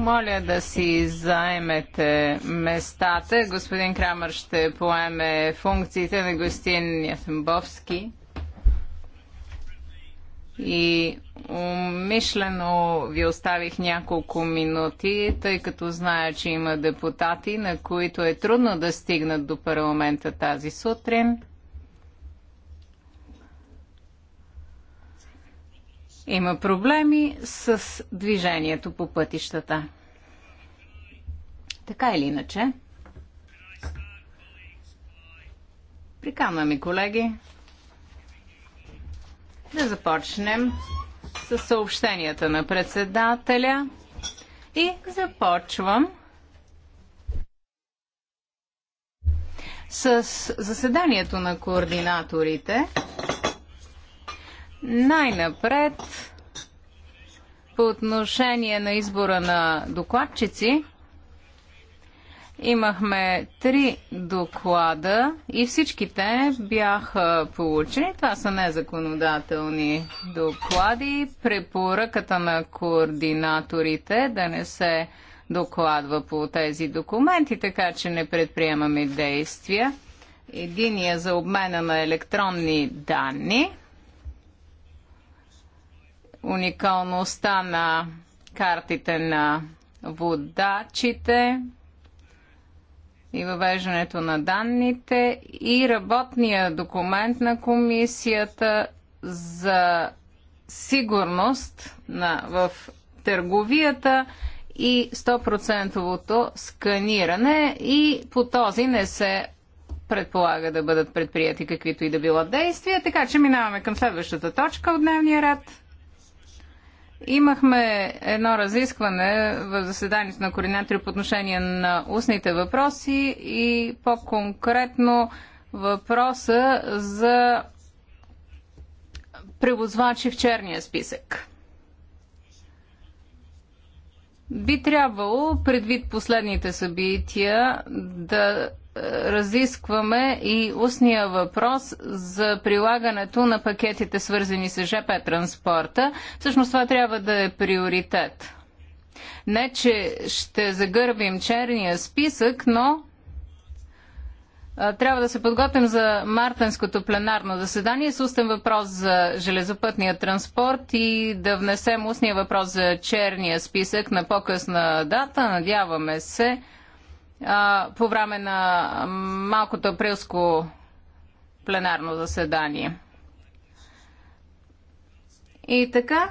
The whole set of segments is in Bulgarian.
Моля да си заемете местата. Господин Крамър ще поеме функциите на гостин Ясенбовски. И умишлено ви оставих няколко минути, тъй като зная, че има депутати, на които е трудно да стигнат до парламента тази сутрин. Има проблеми с движението по пътищата. Така или иначе. Приканвам и колеги да започнем с съобщенията на председателя и започвам с заседанието на координаторите. Най-напред, по отношение на избора на докладчици, имахме три доклада и всичките бяха получени. Това са незаконодателни доклади. Препоръката на координаторите да не се докладва по тези документи, така че не предприемаме действия. Единия за обмена на електронни данни – уникалността на картите на водачите и въвеждането на данните и работния документ на комисията за сигурност на, в търговията и 100 сканиране и по този не се предполага да бъдат предприяти каквито и да било действия, така че минаваме към следващата точка от дневния ред. Имахме едно разискване в заседанието на координатори по отношение на устните въпроси и по-конкретно въпроса за превозвачи в черния списък. Би трябвало, предвид последните събития, да разискваме и устния въпрос за прилагането на пакетите, свързани с ЖП транспорта. Всъщност това трябва да е приоритет. Не, че ще загърбим черния списък, но трябва да се подготвим за мартенското пленарно заседание с устен въпрос за железопътния транспорт и да внесем устния въпрос за черния списък на по-късна дата. Надяваме се а, по време на малкото априлско пленарно заседание. И така,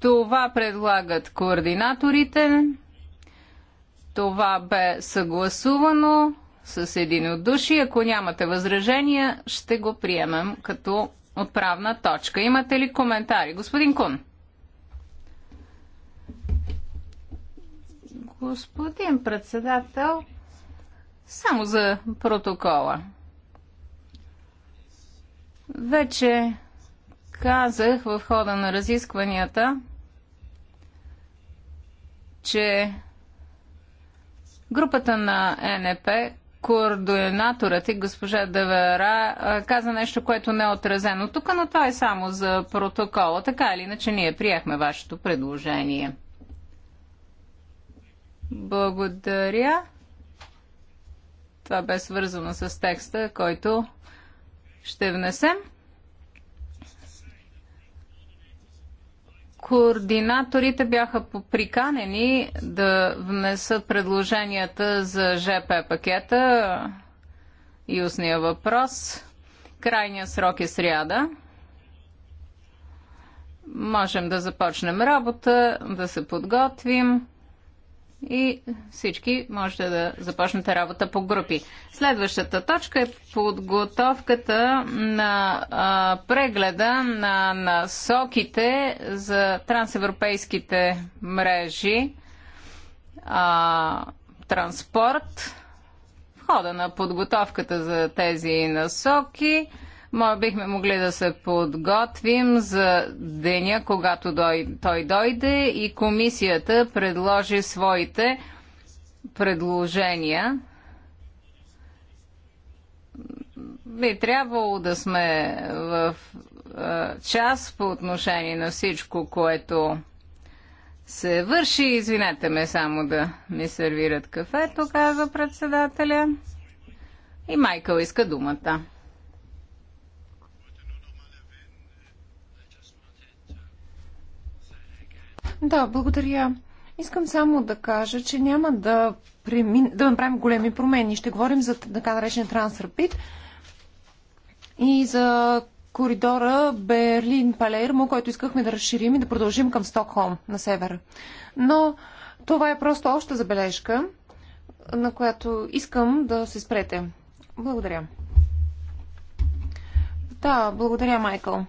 това предлагат координаторите. Това бе съгласувано с един от души. Ако нямате възражения, ще го приемем като отправна точка. Имате ли коментари? Господин Кун. Господин председател, само за протокола. Вече казах в хода на разискванията, че групата на е НП, координаторът и госпожа Девера каза нещо, което не е отразено тук, но това е само за протокола. Така или иначе ние приехме вашето предложение. Благодаря. Това бе свързано с текста, който ще внесем. Координаторите бяха приканени да внесат предложенията за ЖП пакета и устния въпрос. Крайният срок е сряда. Можем да започнем работа, да се подготвим и всички можете да започнете работа по групи. Следващата точка е подготовката на а, прегледа на насоките за трансевропейските мрежи а, транспорт. входа хода на подготовката за тези насоки може бихме могли да се подготвим за деня, когато той дойде и комисията предложи своите предложения. Би трябвало да сме в час по отношение на всичко, което се върши. Извинете ме само да ми сервират кафето, казва председателя. И Майкъл иска думата. Да, благодаря. Искам само да кажа, че няма да, премин... да направим големи промени. Ще говорим за така наречения трансрапид и за коридора Берлин-Палермо, който искахме да разширим и да продължим към Стокхолм на север. Но това е просто още забележка, на която искам да се спрете. Благодаря. Да, благодаря, Майкъл.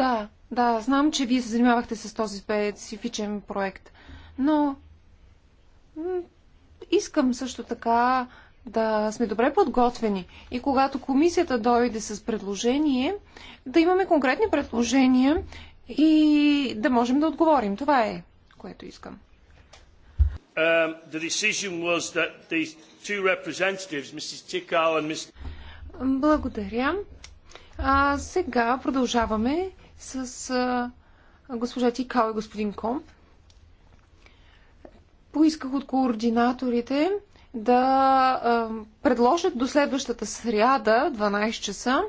Да, да, знам, че вие се занимавахте с този специфичен проект, но искам също така да сме добре подготвени и когато комисията дойде с предложение, да имаме конкретни предложения и да можем да отговорим. Това е, което искам. Um, Благодаря. А сега продължаваме с госпожа Тикал и господин Ком. Поисках от координаторите да предложат до следващата сряда, 12 часа,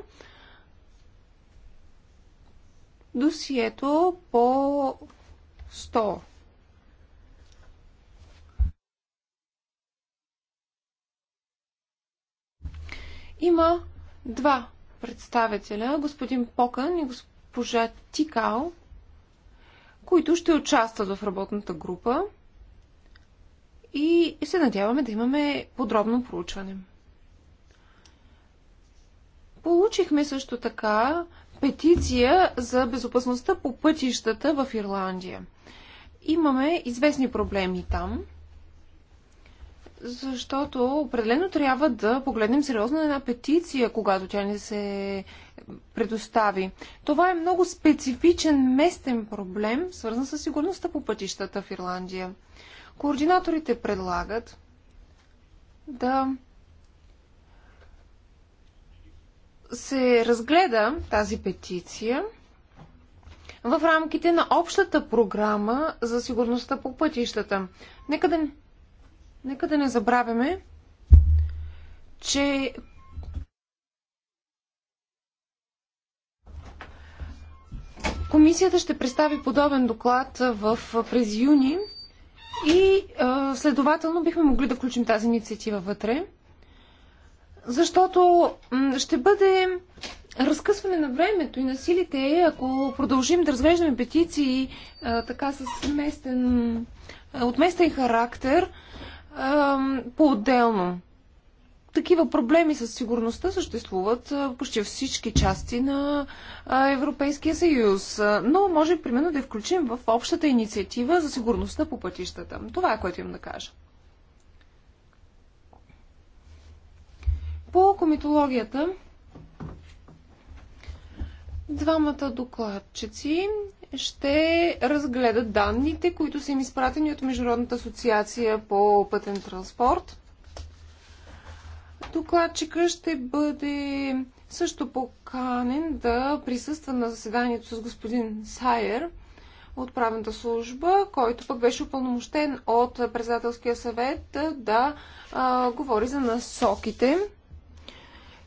досието по 100. Има два представителя, господин Покън и господин госпожа Тикал, които ще участват в работната група и се надяваме да имаме подробно проучване. Получихме също така петиция за безопасността по пътищата в Ирландия. Имаме известни проблеми там, защото определено трябва да погледнем сериозно една петиция, когато тя не се предостави. Това е много специфичен местен проблем, свързан с сигурността по пътищата в Ирландия. Координаторите предлагат да се разгледа тази петиция в рамките на общата програма за сигурността по пътищата. Нека да, нека да не забравяме, че Комисията ще представи подобен доклад в, през юни и а, следователно бихме могли да включим тази инициатива вътре, защото ще бъде разкъсване на времето и на силите, ако продължим да разглеждаме петиции а, така с местен, отместен характер по-отделно такива проблеми със сигурността съществуват в почти всички части на Европейския съюз. Но може, примерно, да включим в общата инициатива за сигурността по пътищата. Това е което им да кажа. По комитологията, двамата докладчици ще разгледат данните, които са им изпратени от Международната асоциация по пътен транспорт – Докладчика ще бъде също поканен да присъства на заседанието с господин Сайер от правната служба, който пък беше упълномощен от председателския съвет да, а, говори за насоките.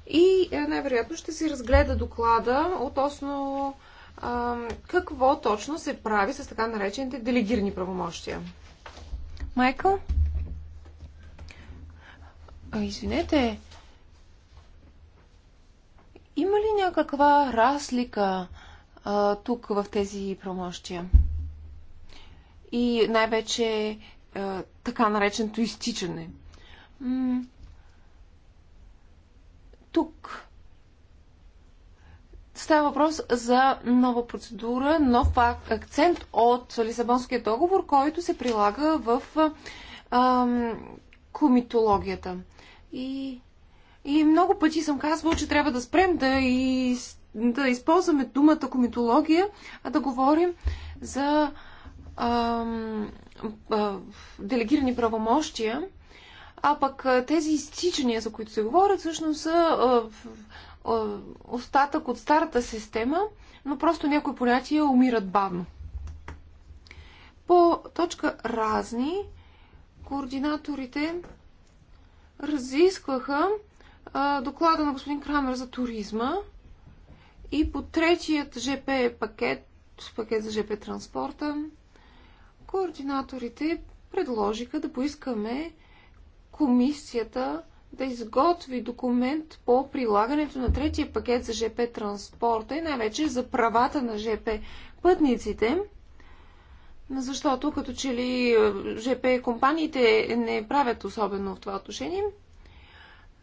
И е, най-вероятно ще си разгледа доклада относно а, какво точно се прави с така наречените делегирани правомощия. Майкъл? А, извинете, има ли някаква разлика а, тук в тези промощия? И най-вече така нареченото изтичане. М тук става въпрос за нова процедура, нов акцент от Лисабонския договор, който се прилага в а, комитологията. И, и много пъти съм казвала, че трябва да спрем да, из, да използваме думата комитология, а да говорим за ам, а, делегирани правомощия. А пък тези изтичания, за които се говорят, всъщност са а, а, остатък от старата система, но просто някои понятия умират бавно. По точка разни, координаторите разискваха а, доклада на господин Крамер за туризма и по третият ЖП пакет, пакет за ЖП транспорта, координаторите предложиха да поискаме комисията да изготви документ по прилагането на третия пакет за ЖП транспорта и най-вече за правата на ЖП пътниците – защото като че ли е, ЖП компаниите не правят особено в това отношение.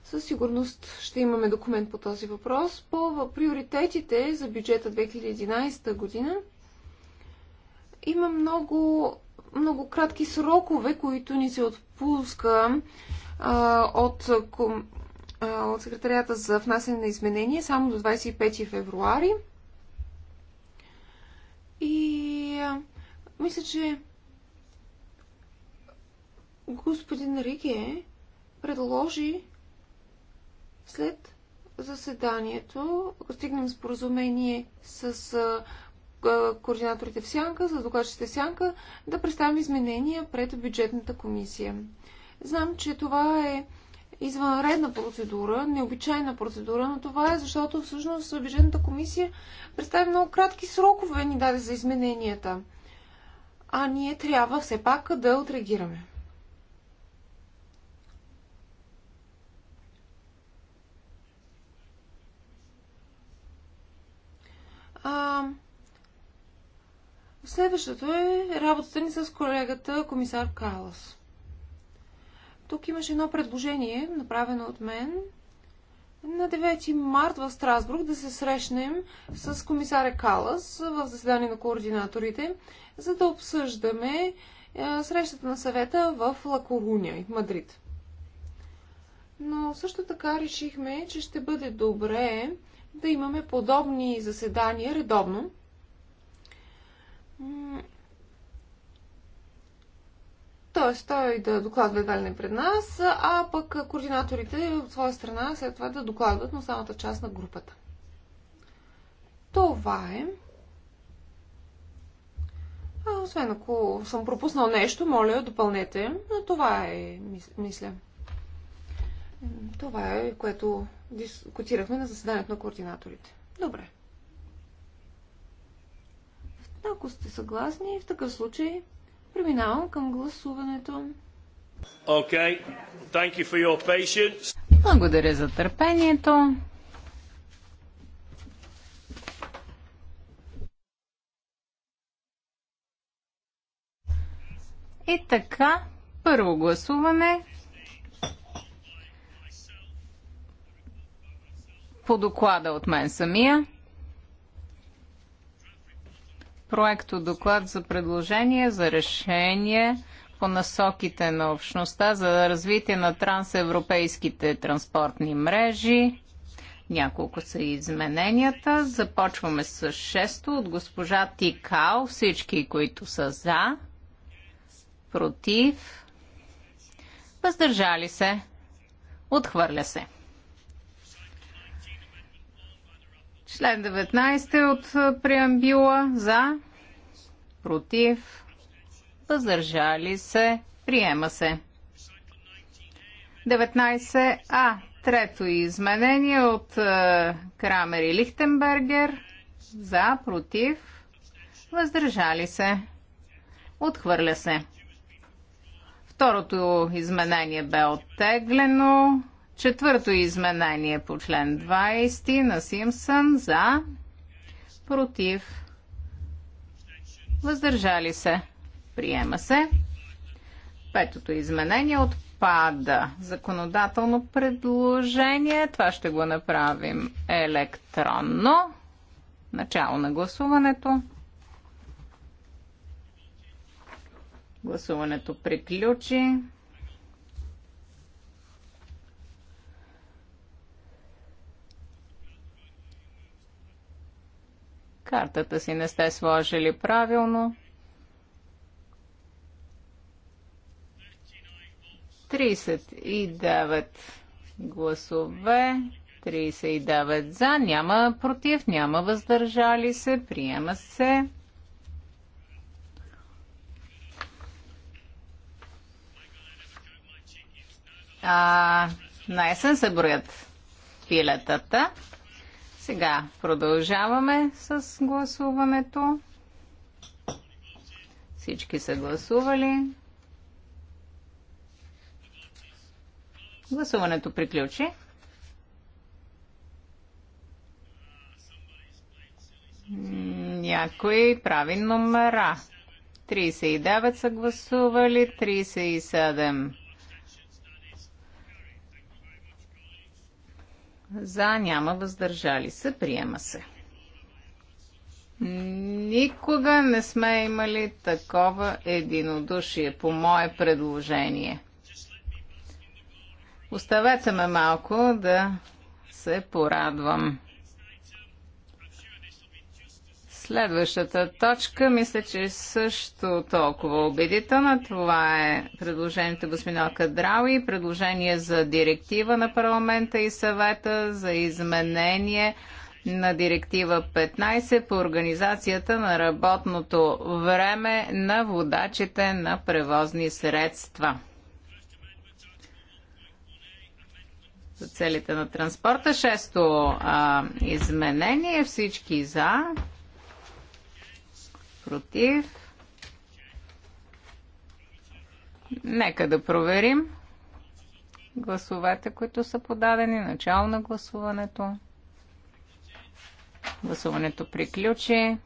Със сигурност ще имаме документ по този въпрос. По приоритетите за бюджета 2011 година има много, много кратки срокове, които ни се отпуска а, от, а, от секретарията за внасяне на изменения само до 25 февруари. И мисля, че господин Риге предложи след заседанието, ако стигнем споразумение с координаторите в Сянка, с докладчите в Сянка, да представим изменения пред бюджетната комисия. Знам, че това е извънредна процедура, необичайна процедура, но това е защото всъщност бюджетната комисия представи много кратки срокове ни даде за измененията а ние трябва все пак да отреагираме. А, следващото е работата ни с колегата комисар Калас. Тук имаше едно предложение, направено от мен, на 9 март в Страсбург да се срещнем с комисаря Калас в заседание на координаторите, за да обсъждаме е, срещата на съвета в Лакоруня, в Мадрид. Но също така решихме, че ще бъде добре да имаме подобни заседания редовно. Тоест, той да докладва едва ли не пред нас, а пък координаторите от своя страна след това да докладват на самата част на групата. Това е. А, освен ако съм пропуснал нещо, моля, допълнете. Но това е, мисля. Това е, което дискутирахме на заседанието на координаторите. Добре. Ако сте съгласни, в такъв случай Преминавам към гласуването. Okay. Thank you for your patience. Благодаря за търпението. И така, първо гласуване по доклада от мен самия проекто доклад за предложение за решение по насоките на общността за развитие на трансевропейските транспортни мрежи. Няколко са измененията. Започваме с шесто от госпожа Тикал. Всички, които са за, против, въздържали се, отхвърля се. Член 19 от преамбила за, против, въздържали се, приема се. 19а. Трето изменение от Крамер и Лихтенбергер. За, против, въздържали се, отхвърля се. Второто изменение бе оттеглено. Четвърто изменение по член 20 на Симпсън за, против, въздържали се, приема се. Петото изменение отпада. Законодателно предложение. Това ще го направим електронно. Начало на гласуването. Гласуването приключи. Картата си не сте сложили правилно. 39 гласове, 39 за, няма против, няма въздържали се, приема се. А, съм се броят пилетата. Сега продължаваме с гласуването. Всички са гласували. Гласуването приключи. Някой прави номера. 39 са гласували, 37 За няма въздържали се. Приема се. Никога не сме имали такова единодушие по мое предложение. Оставете ме малко да се порадвам. Следващата точка, мисля, че е също толкова убедителна. Това е предложението господин Кадрауи, предложение за директива на парламента и съвета за изменение на директива 15 по организацията на работното време на водачите на превозни средства. За целите на транспорта. Шесто а, изменение. Всички за против. Нека да проверим гласовете, които са подадени, начало на гласуването. Гласуването приключи.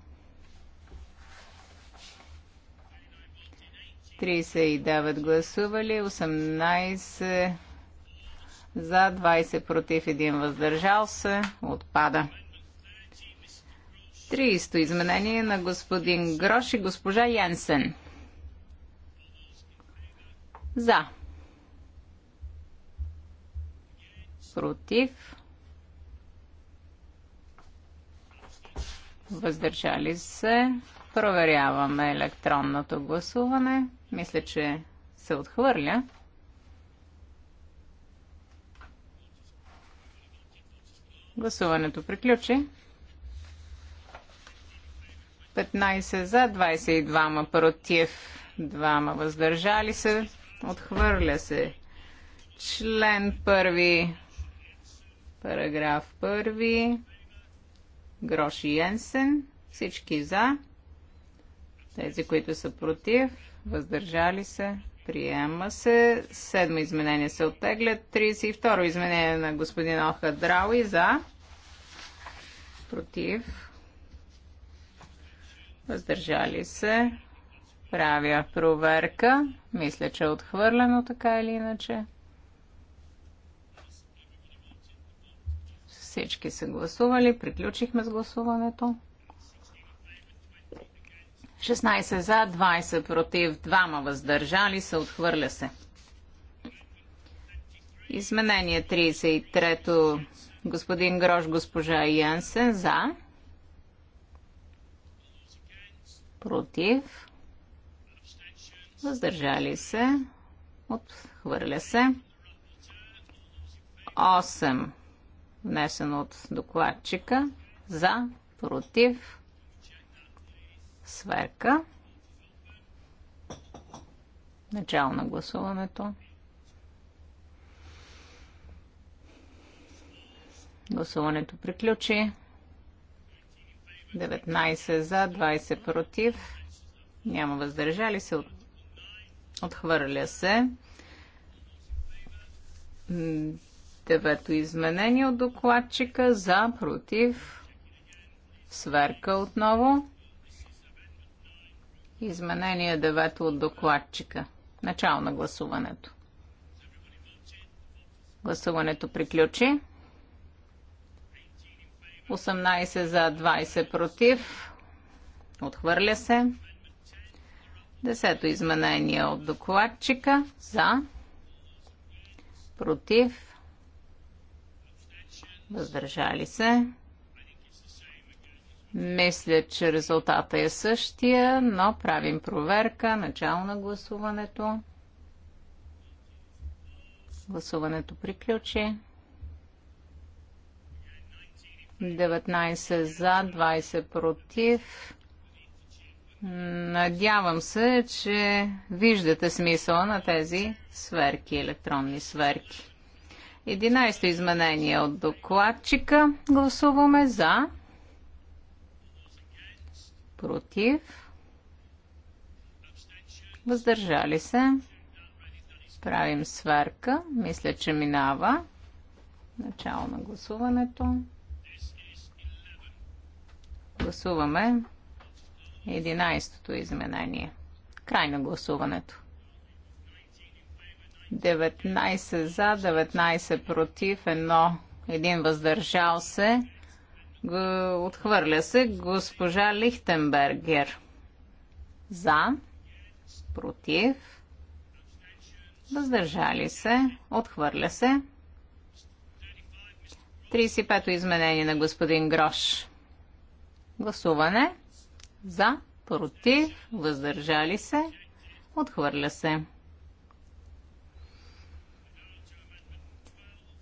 39 гласували, 18 за, 20 против, 1 въздържал се, отпада. 30 изменение на господин Грош и госпожа Янсен. За. Против. Въздържали се. Проверяваме електронното гласуване. Мисля, че се отхвърля. Гласуването приключи. 15 за, 22 против, 2 въздържали се. Отхвърля се. Член 1, параграф 1. Грош и Йенсен, всички за, тези, които са против, въздържали се, приема се. Седмо изменение се оттегля. 32 изменение на господин Охадрауи за, против, въздържали се. Правя проверка. Мисля, че е отхвърлено така или иначе. Всички са гласували. Приключихме с гласуването. 16 за, 20 против, 2 въздържали се, отхвърля се. Изменение 33-то господин Грош, госпожа Янсен за. против, въздържали се, отхвърля се. 8, внесен от докладчика, за, против, сверка. Начало на гласуването. Гласуването приключи. 19 за, 20 против. Няма въздържали се. От... Отхвърля се. Девето изменение от докладчика за, против. Сверка отново. Изменение девето от докладчика. Начало на гласуването. Гласуването приключи. 18 за 20 против. Отхвърля се. Десето изменение от докладчика. За. Против. Въздържали се. Мисля, че резултата е същия, но правим проверка. Начало на гласуването. Гласуването приключи. 19 за, 20 против. Надявам се, че виждате смисъла на тези сверки, електронни сверки. 11 изменение от докладчика. Гласуваме за. Против. Въздържали се. Правим сверка. Мисля, че минава. Начало на гласуването. Гласуваме 11-то изменение. Край на гласуването. 19 за, 19 против, 1, 1 въздържал се. Отхвърля се госпожа Лихтенбергер. За, против, въздържали се, отхвърля се. 35-то изменение на господин Грош. Гласуване за, против, въздържали се, отхвърля се.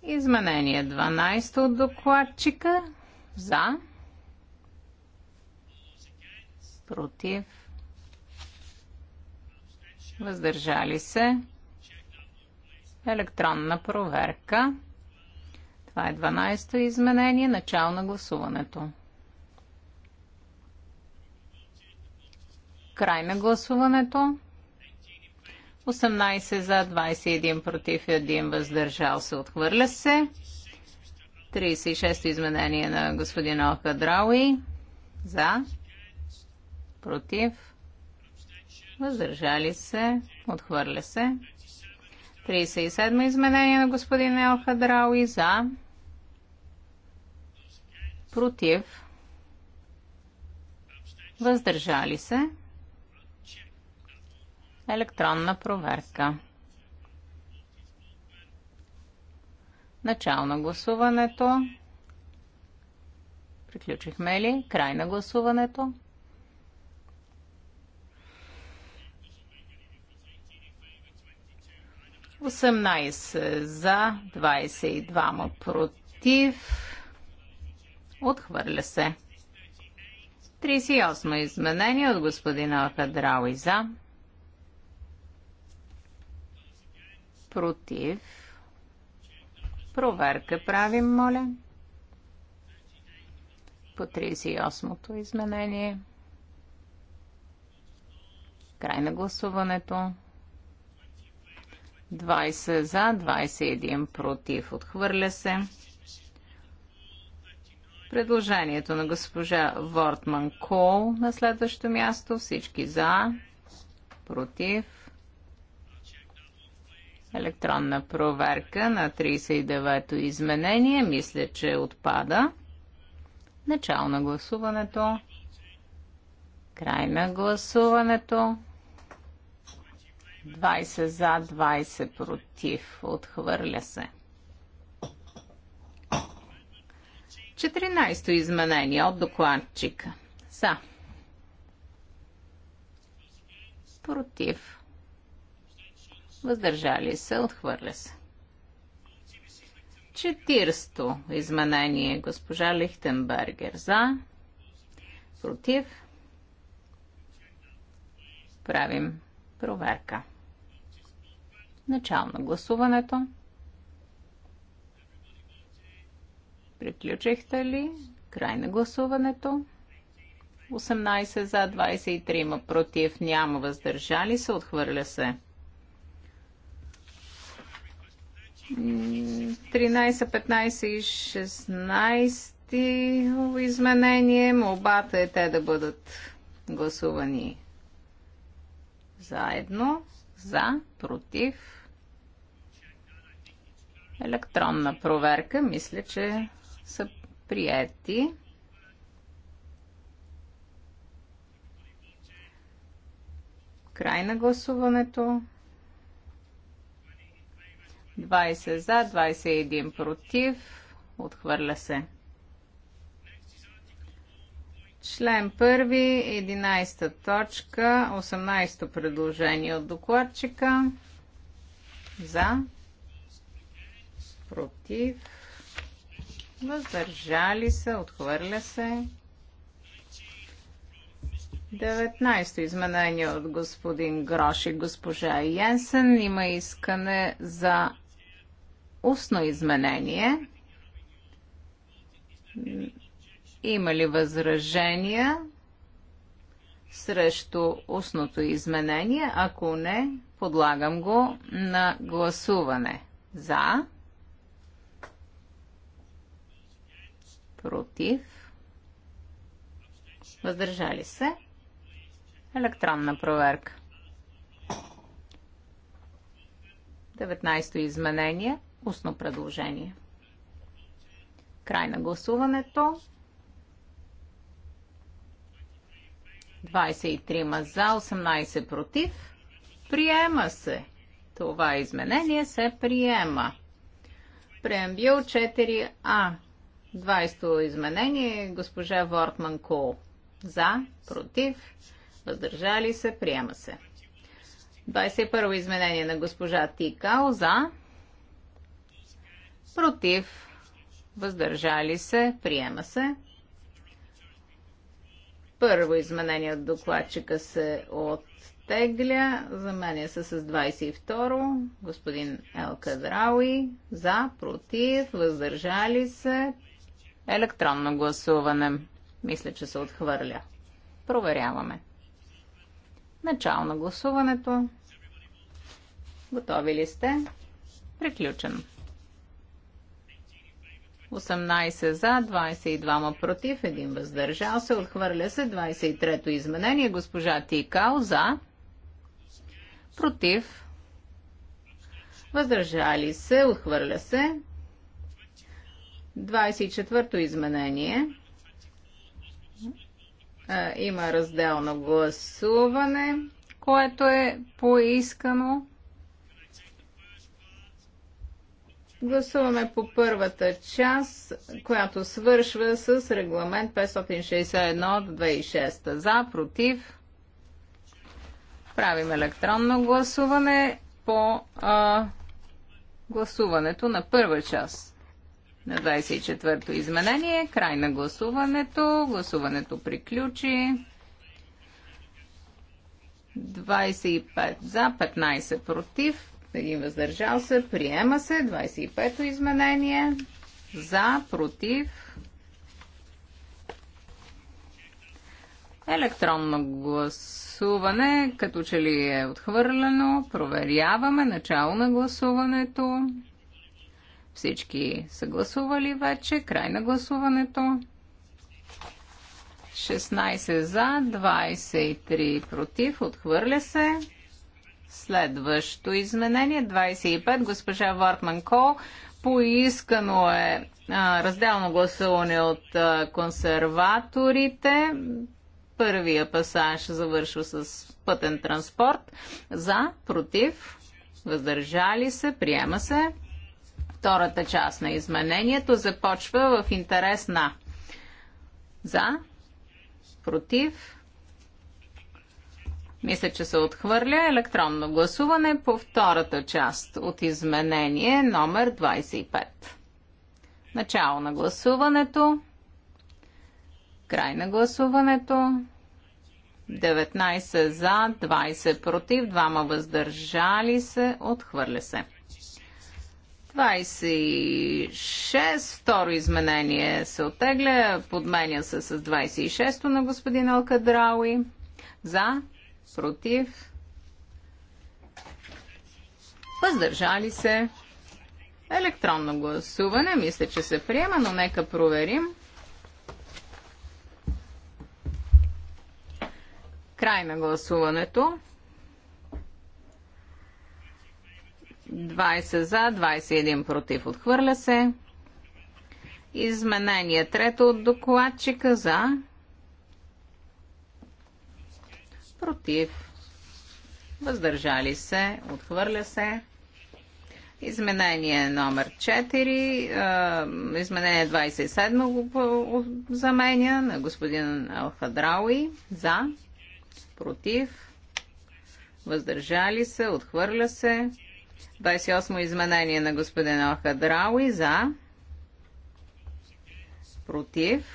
Изменение 12 от докладчика за, против, въздържали се, електронна проверка. Това е 12-то изменение, начало на гласуването. Край на гласуването. 18 за, 21 против и 1 въздържал се. Отхвърля се. 36-то изменение на господин Драуи. За. Против. Въздържали се. Отхвърля се. 37-то изменение на господин Драуи. За. Против. Въздържали се. Електронна проверка. Начало на гласуването. Приключихме ли? Край на гласуването. за, 22 ма против. Отхвърля се. 38 изменение от господина Хадрауи за. против. Проверка правим, моля. По 38-то изменение. Край на гласуването. 20 за, 21 против. Отхвърля се. Предложението на госпожа Вортман Кол на следващо място. Всички за, против електронна проверка на 39-то изменение. Мисля, че отпада. Начало на гласуването. Край на гласуването. 20 за, 20 против. Отхвърля се. 14-то изменение от докладчика. За. Против въздържали се, отхвърля се. Четирсто изменение. Госпожа Лихтенбергер за, против. Правим проверка. Начало на гласуването. Приключихте ли? Край на гласуването. 18 за, 23 против, няма въздържали се, отхвърля се. 13, 15 и 16 изменение. Молбата е те да бъдат гласувани заедно. За, против. Електронна проверка. Мисля, че са приети. Край на гласуването. 20 за, 21 против. Отхвърля се. Член 1, 11 точка, 18 предложение от докладчика. За, против, въздържали се, отхвърля се. 19-то изменение от господин Грош и госпожа Йенсен. Има искане за устно изменение. Има ли възражения срещу устното изменение? Ако не, подлагам го на гласуване. За. Против. Въздържали се. Електронна проверка. 19-то изменение устно предложение. Край на гласуването. 23 ма за, 18 против. Приема се. Това изменение се приема. Преамбил 4А. 20-то изменение. Госпожа Вортман Кол. За, против, въздържали се, приема се. 21-во изменение на госпожа Тикао. За, против, въздържали се, приема се. Първо изменение от докладчика се оттегля, заменя се с 22, господин Драуи. за, против, въздържали се, електронно гласуване. Мисля, че се отхвърля. Проверяваме. Начало на гласуването. Готови ли сте? Приключен. 18 за, 22 против, 1 въздържал се. Отхвърля се 23-то изменение. Госпожа Тикал за, против, въздържали се, отхвърля се. 24-то изменение. Е, има разделно гласуване, което е поискано Гласуваме по първата част, която свършва с регламент 561 от 2006. За, против. Правим електронно гласуване по а, гласуването на първа част на 24-то изменение. Край на гласуването. Гласуването приключи. 25 за, 15 против един въздържал се, приема се, 25-то изменение, за, против, електронно гласуване, като че ли е отхвърлено, проверяваме начало на гласуването, всички са гласували вече, край на гласуването. 16 за, 23 против, отхвърля се. Следващо изменение 25. Госпожа Вортман Кол. Поискано е а, разделно гласуване от а, консерваторите. Първия пасаж завършва с пътен транспорт. За, против, въздържали се, приема се. Втората част на изменението започва в интерес на. За, против, мисля, че се отхвърля електронно гласуване по втората част от изменение номер 25. Начало на гласуването. Край на гласуването. 19 за, 20 против, 2 въздържали се, отхвърля се. 26, второ изменение се отегля, подменя се с 26-то на господин Алкадрауи. За, против, въздържали се. Електронно гласуване, мисля, че се приема, но нека проверим. Край на гласуването. 20 за, 21 против. Отхвърля се. Изменение трето от докладчика за против, въздържали се, отхвърля се. Изменение номер 4, изменение 27 го заменя на господин Алхадрауи. За, против, въздържали се, отхвърля се. 28 изменение на господин Алхадрауи. За, против,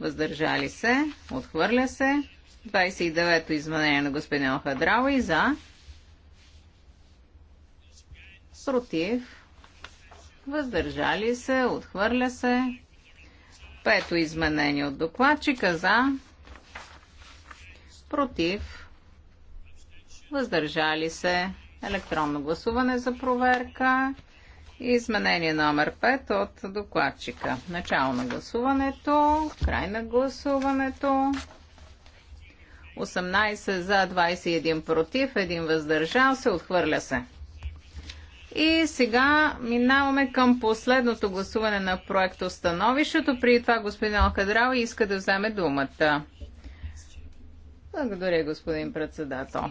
въздържали се, отхвърля се. 29-то изменение на господин Алхадрал и за. Против. Въздържали се. Отхвърля се. Пето изменение от докладчика за. Против. Въздържали се. Електронно гласуване за проверка. Изменение номер 5 от докладчика. Начало на гласуването, край на гласуването. 18 за 21 против, 1 въздържал се, отхвърля се. И сега минаваме към последното гласуване на проекто становището. При това господин Алкадрал иска да вземе думата. Благодаря, господин председател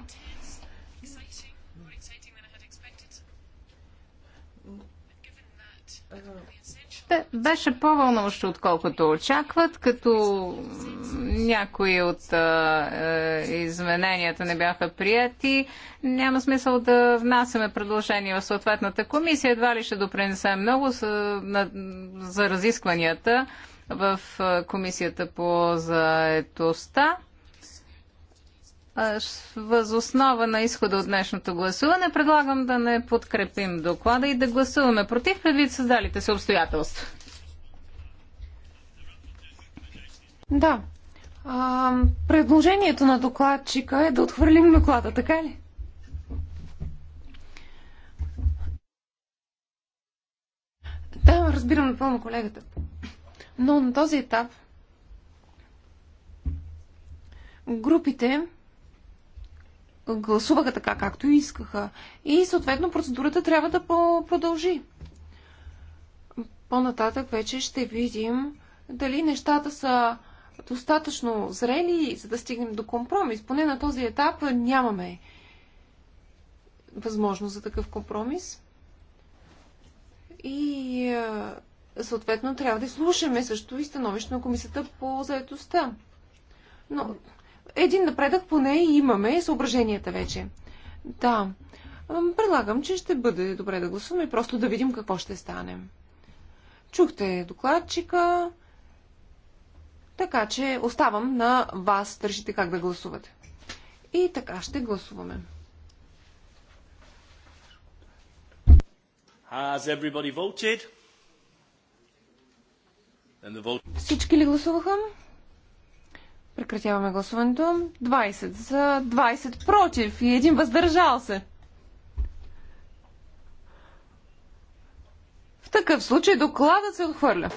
ще, беше по-вълнуващо, отколкото очакват, като някои от а, е, измененията не бяха прияти. Няма смисъл да внасяме предложения в съответната комисия. Едва ли ще допринесе много с, на, за разискванията в Комисията по заетостта. Възоснова на изхода от днешното гласуване предлагам да не подкрепим доклада и да гласуваме против предвид създалите се обстоятелства. Да. А, предложението на докладчика е да отхвърлим доклада, така ли? Да, разбирам напълно колегата. Но на този етап групите гласуваха така, както искаха. И съответно процедурата трябва да продължи. По-нататък вече ще видим дали нещата са достатъчно зрели, за да стигнем до компромис. Поне на този етап нямаме възможност за такъв компромис. И е, съответно трябва да слушаме също и становище на комисията по заедостта. Но един напредък поне имаме съображенията вече. Да. Предлагам, че ще бъде добре да гласуваме и просто да видим какво ще стане. Чухте докладчика, така че оставам на вас да решите как да гласувате. И така ще гласуваме. Vote... Всички ли гласуваха? Прекратяваме гласуването. 20 за, 20 против и един въздържал се. В такъв случай докладът се отхвърля.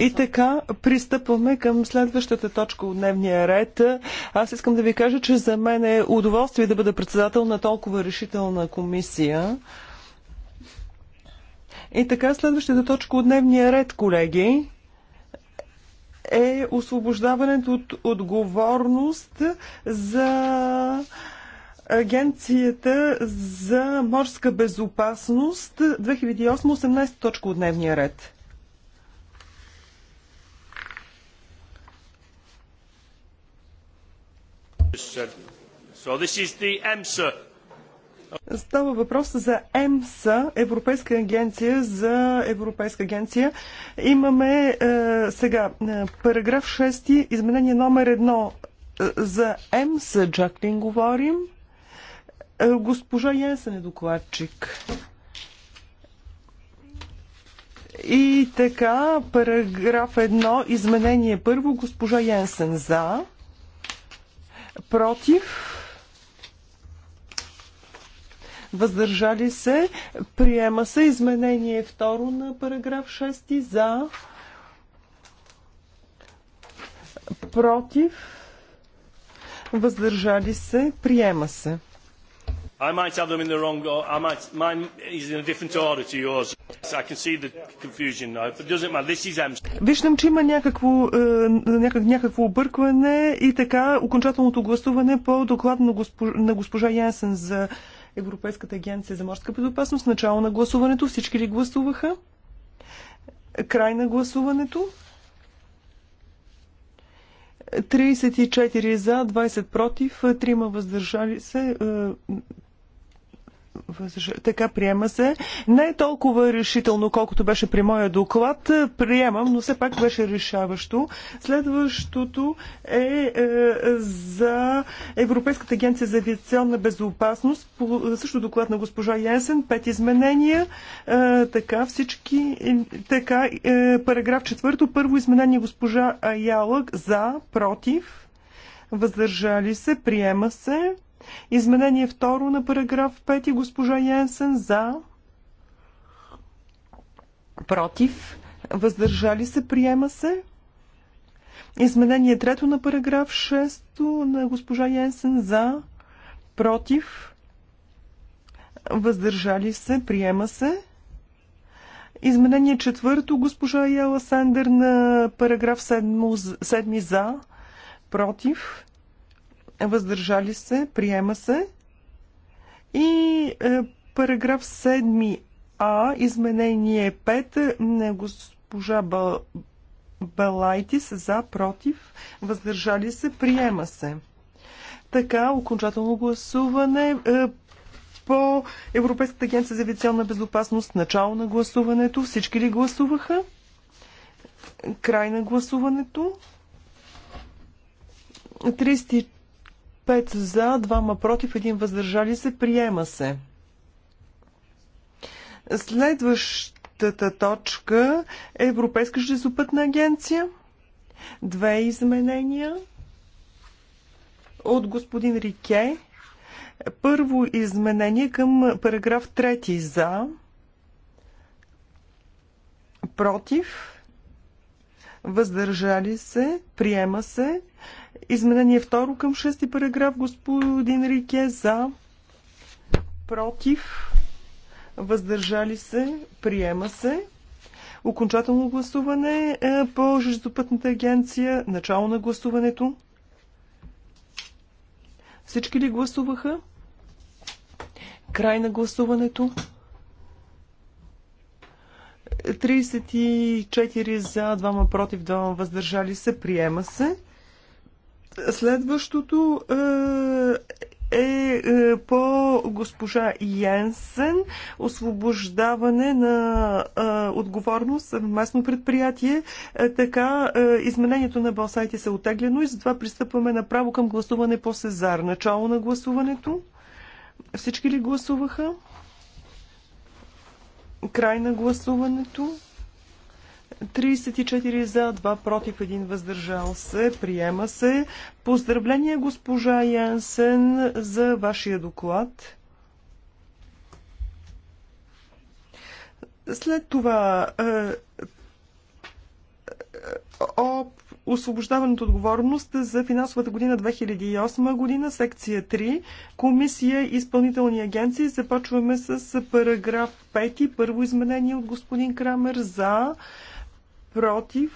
И така, пристъпваме към следващата точка от дневния ред. Аз искам да ви кажа, че за мен е удоволствие да бъда председател на толкова решителна комисия. И така, следващата точка от дневния ред, колеги, е освобождаването от отговорност за Агенцията за морска безопасност 2008-18 точка от дневния ред. So this is the EMSA Става въпрос за ЕМСА, Европейска агенция за Европейска агенция. Имаме е, сега е, параграф 6, изменение номер 1 е, за ЕМСА, Джаклин говорим. Е, госпожа Янсен е докладчик. И така, параграф 1, изменение първо, госпожа Янсен за, против, въздържали се, приема се изменение второ на параграф 6 за, против, въздържали се, приема се. I might have them in the wrong order. I might, mine is in a different order to yours. I can see the confusion now. But doesn't matter. This is M. Виждам, че има някакво, е, някак, някакво объркване и така окончателното гласуване по доклад на, госпож, на госпожа Янсен за Европейската агенция за морска безопасност. Начало на гласуването. Всички ли гласуваха? Край на гласуването. 34 за, 20 против, 3 въздържали се. Е, така приема се. Не е толкова решително, колкото беше при моя доклад. Приемам, но все пак беше решаващо. Следващото е, е за Европейската агенция за авиационна безопасност. По, също доклад на госпожа Янсен. Пет изменения. Е, така всички. Е, така, е, параграф четвърто. Първо изменение госпожа Аялък за, против. Въздържали се, приема се. Изменение второ на параграф 5. Госпожа Янсен за. Против. Въздържали се. Приема се. Изменение трето на параграф 6 на госпожа Янсен за. Против. Въздържали се. Приема се. Изменение четвърто, госпожа Яла Сандър на параграф 7, 7 за, против, въздържали се, приема се. И е, параграф 7а, изменение 5 на госпожа Бал... Балайтис за, против, въздържали се, приема се. Така, окончателно гласуване е, по Европейската агенция за авиационна безопасност, начало на гласуването. Всички ли гласуваха? Край на гласуването. 34 5 за, 2 против, 1 въздържали се. Приема се. Следващата точка е Европейска железопътна агенция. Две изменения от господин Рике. Първо изменение към параграф 3 за, против, въздържали се, приема се. Изменение второ към шести параграф. Господин Рике за. Против. Въздържали се. Приема се. Окончателно гласуване е, по Железопътната агенция. Начало на гласуването. Всички ли гласуваха? Край на гласуването. 34 за, 2 против, 2 въздържали се. Приема се. Следващото е, е, е по госпожа Янсен освобождаване на е, отговорност отговорност съвместно предприятие. така изменението на Балсайте се отеглено и затова пристъпваме направо към гласуване по Сезар. Начало на гласуването. Всички ли гласуваха? Край на гласуването. 34 за, 2 против, 1 въздържал се. Приема се. Поздравление госпожа Янсен за вашия доклад. След това е, е, о освобождаването отговорност за финансовата година 2008 година, секция 3, комисия и изпълнителни агенции. Започваме с параграф 5, първо изменение от господин Крамер за против,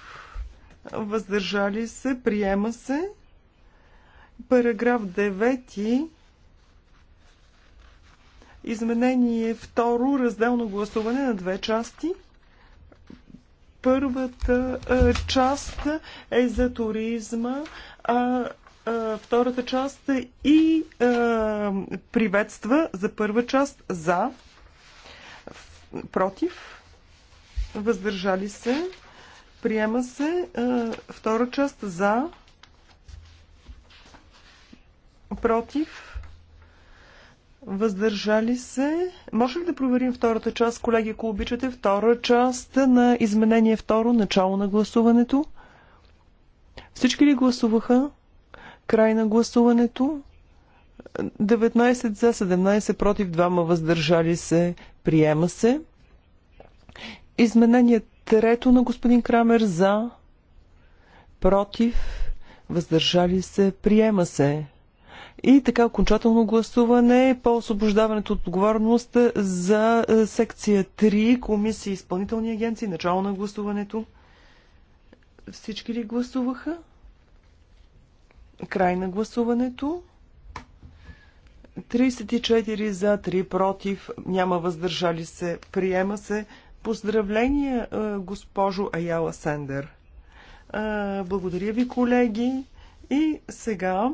въздържали се, приема се. Параграф 9. Изменение второ, разделно гласуване на две части. Първата част е за туризма, а втората част и а, приветства за първа част за, против, въздържали се, Приема се е, втора част за, против, въздържали се. Може ли да проверим втората част, колеги, ако обичате? Втора част на изменение второ, начало на гласуването. Всички ли гласуваха? Край на гласуването. 19 за, 17 против, 2 въздържали се. Приема се. Изменение Трето на господин Крамер за, против, въздържали се, приема се. И така окончателно гласуване по освобождаването от отговорност за е, секция 3, комисии изпълнителни агенции, начало на гласуването. Всички ли гласуваха? Край на гласуването. 34 за, 3 против, няма въздържали се, приема се. Поздравления, госпожо Аяла Сендер. Благодаря ви, колеги. И сега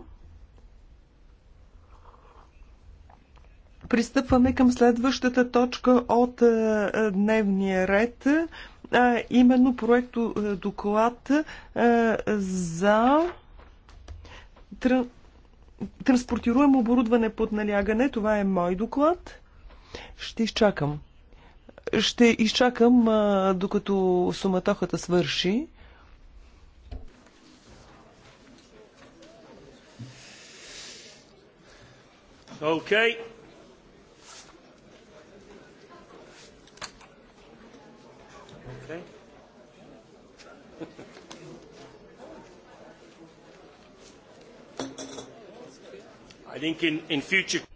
пристъпваме към следващата точка от дневния ред, именно проекто доклад за транспортируемо оборудване под налягане. Това е мой доклад. Ще изчакам. Ще изчакам, докато суматохата свърши. Okay.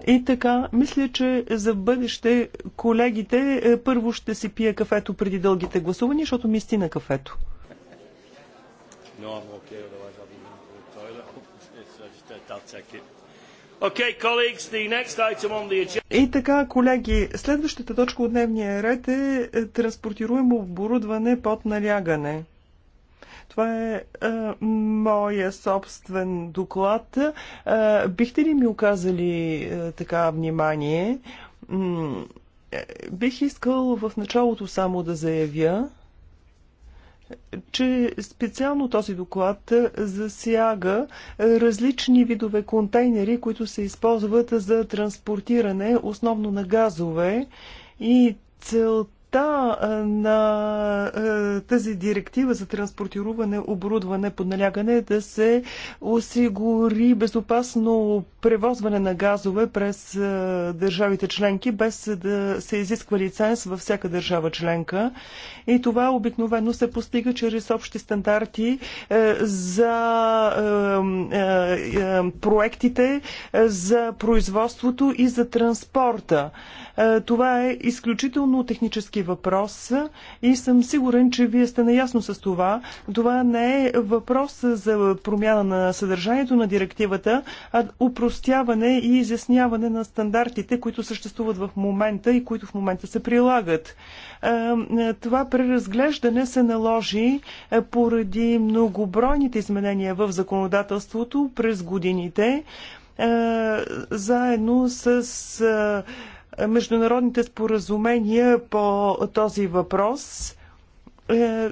И така, мисля, че за бъдеще колегите е, първо ще си пия кафето преди дългите гласувания, защото ми стина кафето. Uh, И така, колеги, следващата точка от дневния ред е, е транспортируемо оборудване под налягане. Това е, е моя собствен доклад. Е, бихте ли ми оказали е, така внимание? Е, бих искал в началото само да заявя, че специално този доклад засяга различни видове контейнери, които се използват за транспортиране, основно на газове и целта Целта на тази директива за транспортируване, оборудване, подналягане е да се осигури безопасно превозване на газове през държавите членки, без да се изисква лиценз във всяка държава членка. И това обикновено се постига чрез общи стандарти за проектите, за производството и за транспорта. Това е изключително технически въпрос и съм сигурен, че вие сте наясно с това. Това не е въпрос за промяна на съдържанието на директивата, а упростяване и изясняване на стандартите, които съществуват в момента и които в момента се прилагат. Е, това преразглеждане се наложи е, поради многобройните изменения в законодателството през годините е, заедно с международните споразумения по този въпрос. Е,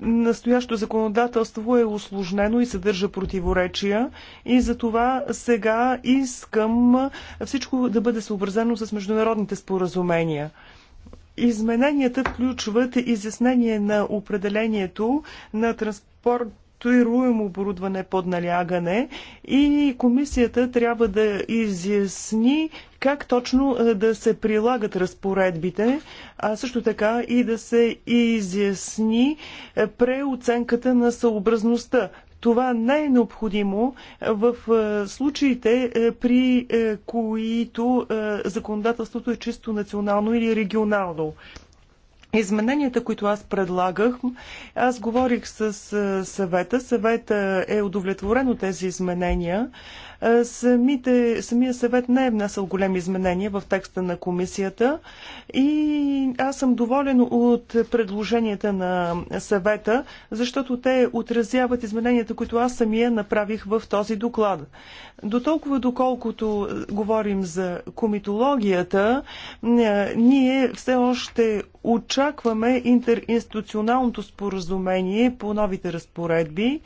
настоящо законодателство е осложнено и съдържа противоречия и за това сега искам всичко да бъде съобразено с международните споразумения. Измененията включват изяснение на определението на транспорт конструируем оборудване под налягане и комисията трябва да изясни как точно е, да се прилагат разпоредбите, а също така и да се изясни е, преоценката на съобразността. Това не е необходимо в е, случаите, при които законодателството е чисто национално или регионално. Измененията, които аз предлагах, аз говорих с съвета. Съвета е удовлетворен от тези изменения. Е, самите, самия съвет не е внесъл големи изменения в текста на комисията и аз съм доволен от предложенията на съвета, защото те отразяват измененията, които аз самия направих в този доклад. До толкова доколкото говорим за комитологията, е, ние все още очакваме интеринституционалното споразумение по новите разпоредби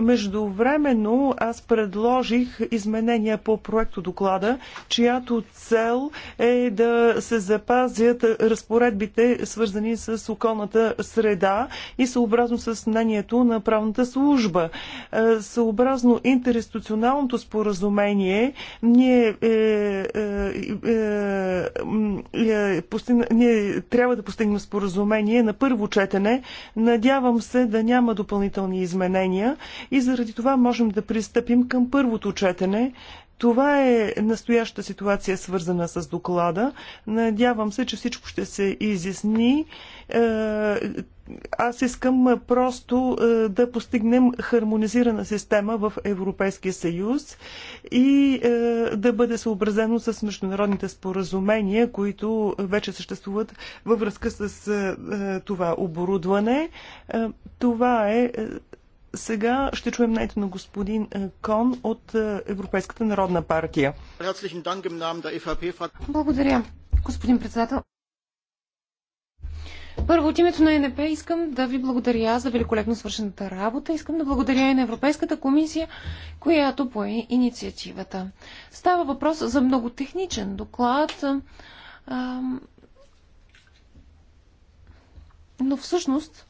Междувременно аз предложих изменения по проекто доклада, чиято цел е да се запазят разпоредбите, свързани с околната среда и съобразно с мнението на правната служба. Съобразно интерституционалното споразумение, ние, е, е, е, постигна, ние трябва да постигнем споразумение на първо четене. Надявам се да няма допълнителни изменения и заради това можем да пристъпим към първото четене. Това е настояща ситуация, свързана с доклада. Надявам се, че всичко ще се изясни. Е, аз искам просто е, да постигнем хармонизирана система в Европейския съюз и е, да бъде съобразено с международните споразумения, които вече съществуват във връзка с това оборудване. Това е сега ще чуем нето на господин е, Кон от е, Европейската народна партия. Благодаря, господин председател. Първо, от името на ЕНП искам да ви благодаря за великолепно свършената работа. Искам да благодаря и на Европейската комисия, която пое инициативата. Става въпрос за много техничен доклад, но всъщност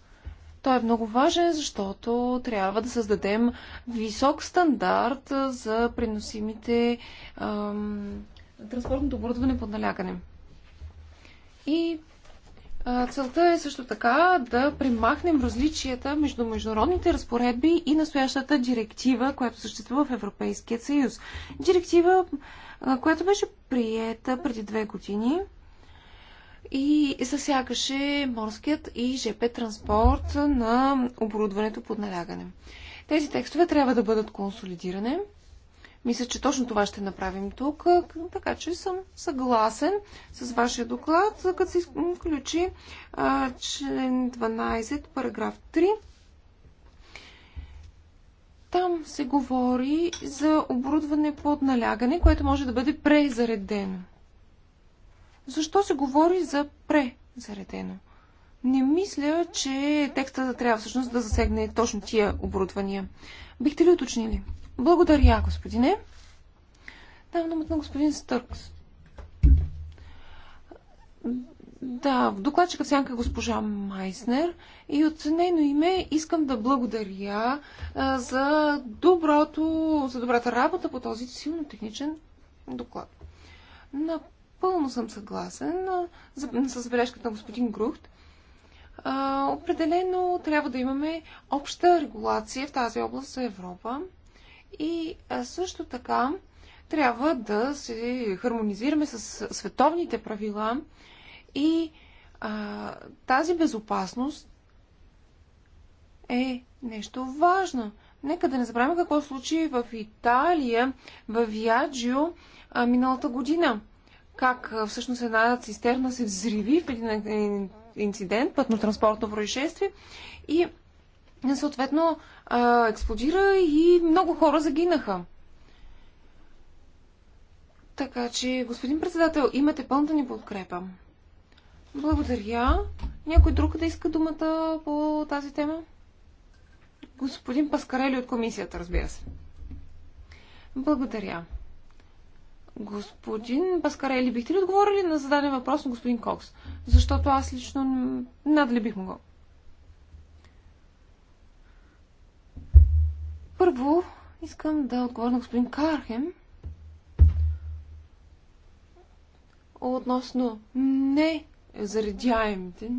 той е много важен, защото трябва да създадем висок стандарт за приносимите ам, транспортното оборудване под налягане. И а, целта е също така да премахнем различията между международните разпоредби и настоящата директива, която съществува в Европейския съюз. Директива, а, която беше приета преди две години и засягаше морският и ЖП транспорт на оборудването под налягане. Тези текстове трябва да бъдат консолидирани. Мисля, че точно това ще направим тук, така че съм съгласен с вашия доклад, като се включи а, член 12, параграф 3. Там се говори за оборудване под налягане, което може да бъде презаредено. Защо се говори за презаредено? Не мисля, че текста трябва всъщност да засегне точно тия оборудвания. Бихте ли уточнили? Благодаря, господине. Давам думата на господин Стъркс. Да, в докладчика сянка е госпожа Майснер и от нейно име искам да благодаря а, за доброто, за добрата работа по този силно техничен доклад. На Пълно съм съгласен с забележката на господин Грухт. Определено трябва да имаме обща регулация в тази област за Европа и също така трябва да се хармонизираме с световните правила и а, тази безопасност е нещо важно. Нека да не забравяме какво случи в Италия, в Виаджио миналата година как всъщност една цистерна се взриви в един инцидент, пътно-транспортно происшествие и съответно експлодира и много хора загинаха. Така че, господин председател, имате пълната ни подкрепа. Благодаря. Някой друг да иска думата по тази тема? Господин Паскарели от комисията, разбира се. Благодаря. Господин Паскарели, бихте ли отговорили на зададен въпрос на господин Кокс? Защото аз лично надали бих могъл. Първо, искам да отговоря на господин Кархем относно не заредяемите,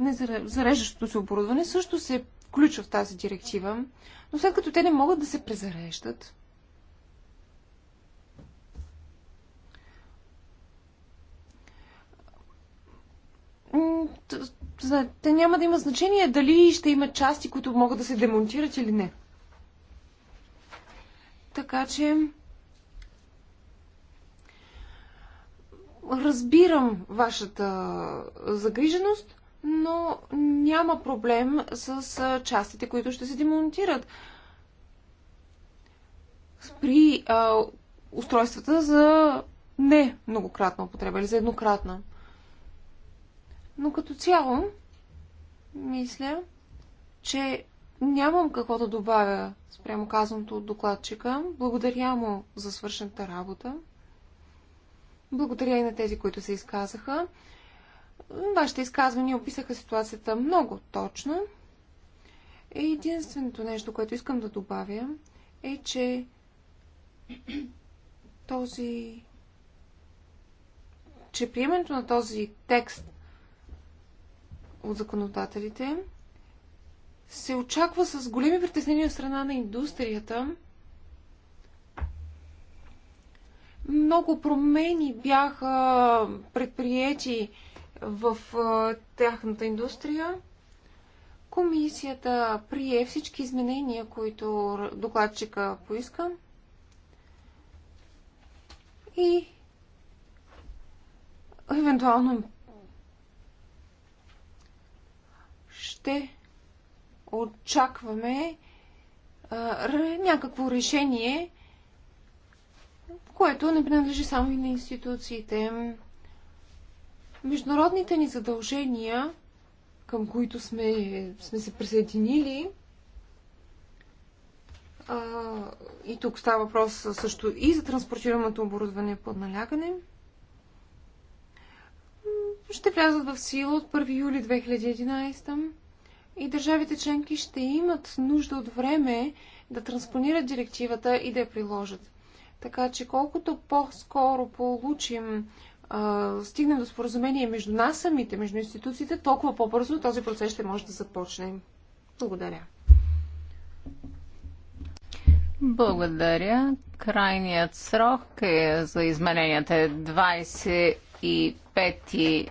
не зареждащото се оборудване също се включва в тази директива, но след като те не могат да се презареждат, те няма да има значение дали ще има части, които могат да се демонтират или не. Така че разбирам вашата загриженост, но няма проблем с частите, които ще се демонтират. При а, устройствата за не многократна употреба или за еднократна. Но като цяло, мисля, че нямам какво да добавя спрямо казаното от докладчика. Благодаря му за свършената работа. Благодаря и на тези, които се изказаха. Вашите изказвания описаха ситуацията много точно. И единственото нещо, което искам да добавя, е, че този че приемането на този текст от законодателите, се очаква с големи притеснения от страна на индустрията. Много промени бяха предприяти в тяхната индустрия. Комисията прие всички изменения, които докладчика поиска. И евентуално ще очакваме а, някакво решение, което не принадлежи само и на институциите. Международните ни задължения, към които сме, сме се присъединили, а, и тук става въпрос също и за транспортираното оборудване под налягане – ще влязат в сила от 1 юли 2011 и държавите членки ще имат нужда от време да транспонират директивата и да я приложат. Така че колкото по-скоро получим, а, стигнем до споразумение между нас самите, между институциите, толкова по-бързо този процес ще може да започне. Благодаря. Благодаря. Крайният срок е за измененията е 25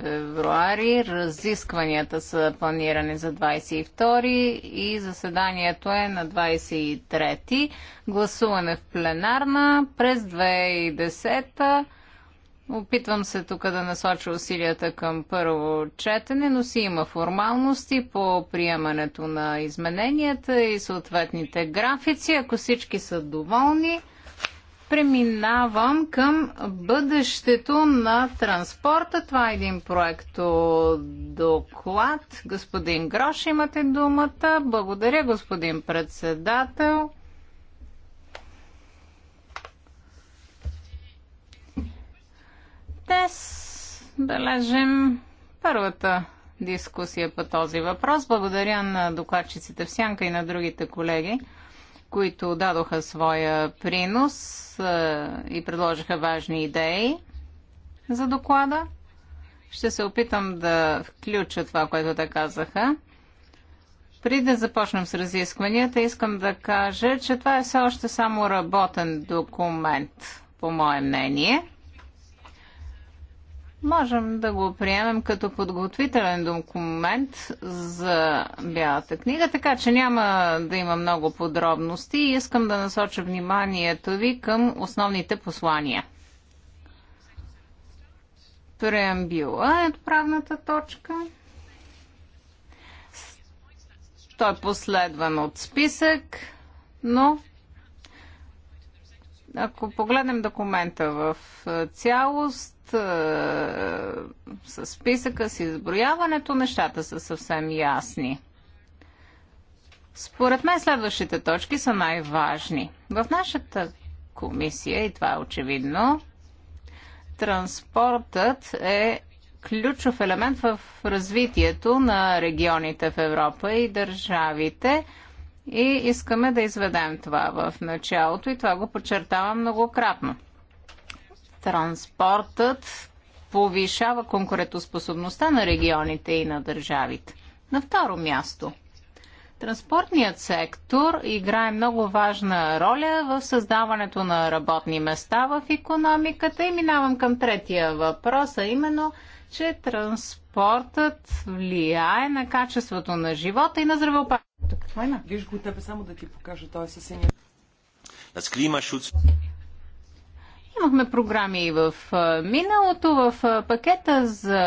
февруари. Разискванията са планирани за 22 и заседанието е на 23. Гласуване в пленарна през 2010. -та. Опитвам се тук да насоча усилията към първо четене, но си има формалности по приемането на измененията и съответните графици. Ако всички са доволни, преминавам към бъдещето на транспорта. Това е един проект доклад. Господин Грош, имате думата. Благодаря, господин председател. Днес бележим първата дискусия по този въпрос. Благодаря на докладчиците в Сянка и на другите колеги които дадоха своя принос и предложиха важни идеи за доклада. Ще се опитам да включа това, което те казаха. Преди да започнем с разискванията, искам да кажа, че това е все още само работен документ, по мое мнение. Можем да го приемем като подготвителен документ за Бялата книга, така че няма да има много подробности и искам да насоча вниманието ви към основните послания. Преамбюла е отправната точка. Той е последван от списък, но ако погледнем документа в цялост, е, с списъка, с изброяването, нещата са съвсем ясни. Според мен следващите точки са най-важни. В нашата комисия, и това е очевидно, транспортът е ключов елемент в развитието на регионите в Европа и държавите. И искаме да изведем това в началото и това го подчертавам многократно. Транспортът повишава конкурентоспособността на регионите и на държавите. На второ място, транспортният сектор играе много важна роля в създаването на работни места в економиката. И минавам към третия въпрос, а именно, че транспортът влияе на качеството на живота и на здравеопазването. Какво има? Виж го тебе само да ти покажа, той е със синия. Имахме програми и в миналото, в пакета за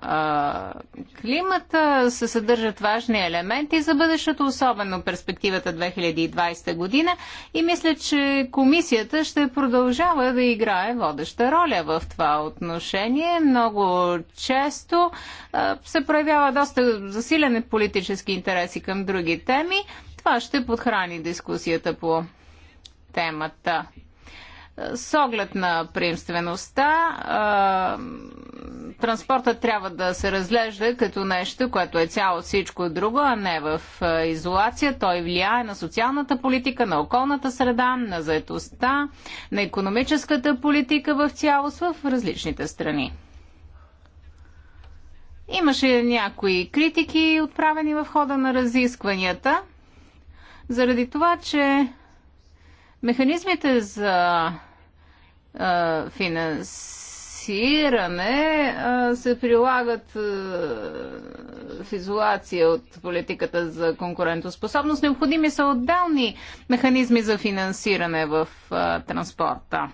а, климата се съдържат важни елементи за бъдещето, особено перспективата 2020 година и мисля, че комисията ще продължава да играе водеща роля в това отношение. Много често а, се проявява доста засилен политически интереси към други теми. Това ще подхрани дискусията по темата. С оглед на приемствеността, транспортът трябва да се разглежда като нещо, което е цяло всичко друго, а не в изолация. Той влияе на социалната политика, на околната среда, на заетостта, на економическата политика в цялост в различните страни. Имаше някои критики, отправени в хода на разискванията, заради това, че механизмите за финансиране се прилагат в изолация от политиката за конкурентоспособност. Необходими са отделни механизми за финансиране в транспорта.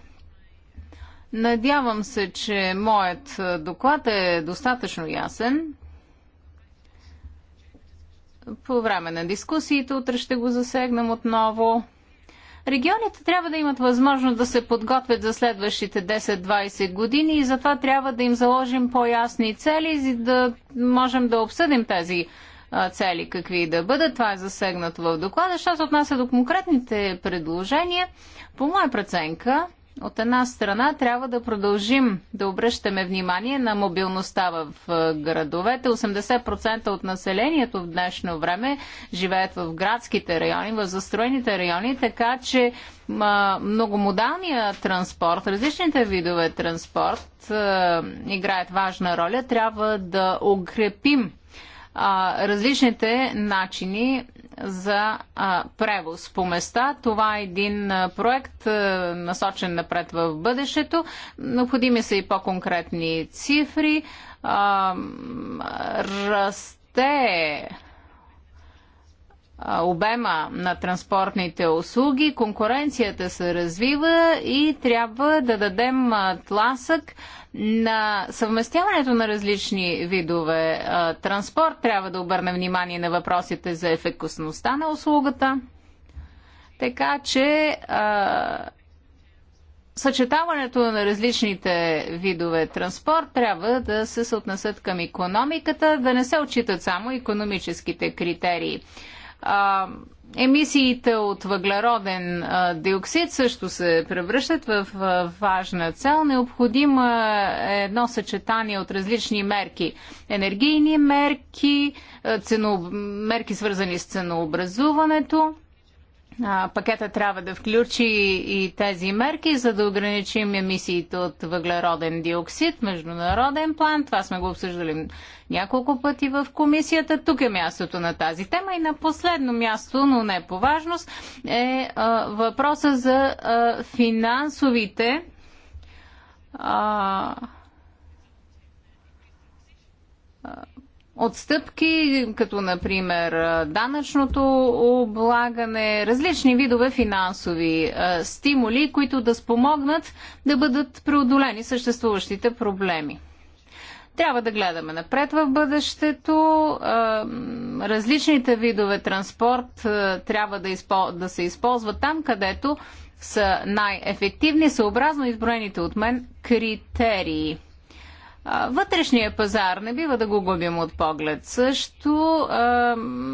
Надявам се, че моят доклад е достатъчно ясен. По време на дискусиите утре ще го засегнем отново. Регионите трябва да имат възможност да се подготвят за следващите 10-20 години и затова трябва да им заложим по-ясни цели, за да можем да обсъдим тези цели, какви да бъдат. Това е засегнато в доклада. Що се отнася до конкретните предложения, по моя преценка, от една страна трябва да продължим да обръщаме внимание на мобилността в е, градовете. 80% от населението в днешно време живеят в градските райони, в застроените райони, така че многомодалният транспорт, различните видове транспорт е, играят важна роля. Трябва да укрепим различните начини за а, превоз по места. Това е един а, проект, а, насочен напред в бъдещето. Необходими са и по-конкретни цифри. А, расте обема на транспортните услуги, конкуренцията се развива и трябва да дадем тласък на съвместяването на различни видове транспорт. Трябва да обърнем внимание на въпросите за ефективността на услугата. Така че а, съчетаването на различните видове транспорт трябва да се съотнесат към економиката, да не се отчитат само економическите критерии а, емисиите от въглероден а, диоксид също се превръщат в важна цел. Необходимо е едно съчетание от различни мерки. Енергийни мерки, цено, мерки свързани с ценообразуването пакета трябва да включи и тези мерки, за да ограничим емисиите от въглероден диоксид, международен план. Това сме го обсъждали няколко пъти в комисията. Тук е мястото на тази тема. И на последно място, но не по важност, е а, въпроса за а, финансовите. А, а отстъпки, като например данъчното облагане, различни видове финансови стимули, които да спомогнат да бъдат преодолени съществуващите проблеми. Трябва да гледаме напред в бъдещето. Различните видове транспорт трябва да, да се използват там, където са най-ефективни, съобразно изброените от мен критерии. Вътрешния пазар не бива да го губим от поглед. Също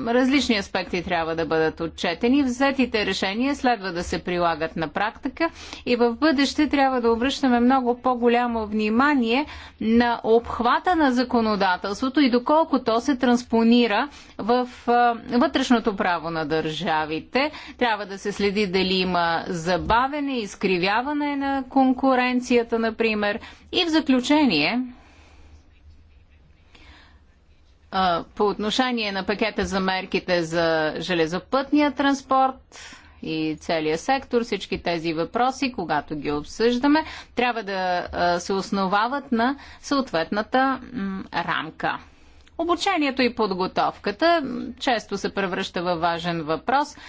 различни аспекти трябва да бъдат отчетени. Взетите решения следва да се прилагат на практика и в бъдеще трябва да обръщаме много по-голямо внимание на обхвата на законодателството и доколко то се транспонира в вътрешното право на държавите. Трябва да се следи дали има забавене, изкривяване на конкуренцията, например. И в заключение, по отношение на пакета за мерките за железопътния транспорт и целия сектор, всички тези въпроси, когато ги обсъждаме, трябва да се основават на съответната рамка. Обучението и подготовката често се превръща във важен въпрос –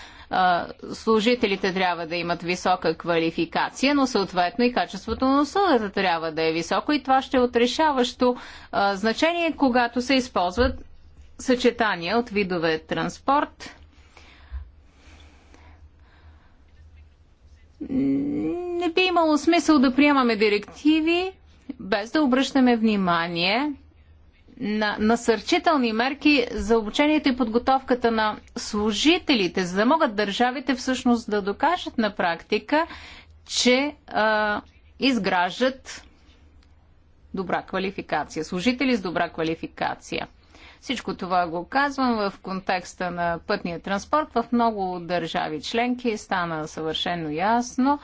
служителите трябва да имат висока квалификация, но съответно и качеството на услугата трябва да е високо и това ще е отрешаващо значение, когато се използват съчетания от видове транспорт. Не би имало смисъл да приемаме директиви, без да обръщаме внимание на насърчителни мерки за обучението и подготовката на служителите, за да могат държавите всъщност да докажат на практика, че а, изграждат добра квалификация, служители с добра квалификация. Всичко това го казвам в контекста на пътния транспорт. В много държави членки стана съвършено ясно,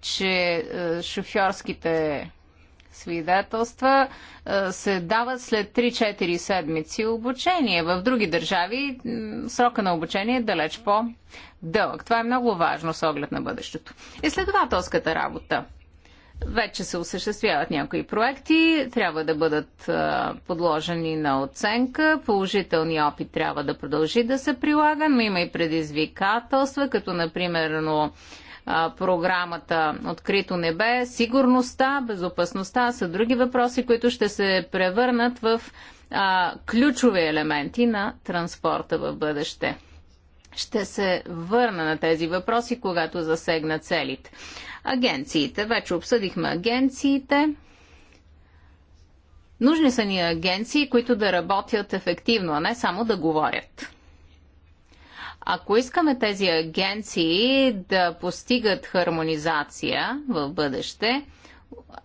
че шофьорските свидетелства се дават след 3-4 седмици обучение. В други държави срока на обучение е далеч по-дълъг. Това е много важно с оглед на бъдещето. следователската работа. Вече се осъществяват някои проекти, трябва да бъдат подложени на оценка, положителният опит трябва да продължи да се прилага, но има и предизвикателства, като например програмата Открито небе. Сигурността, безопасността са други въпроси, които ще се превърнат в ключови елементи на транспорта в бъдеще. Ще се върна на тези въпроси, когато засегна целите. Агенциите. Вече обсъдихме агенциите. Нужни са ни агенции, които да работят ефективно, а не само да говорят. Ако искаме тези агенции да постигат хармонизация в бъдеще,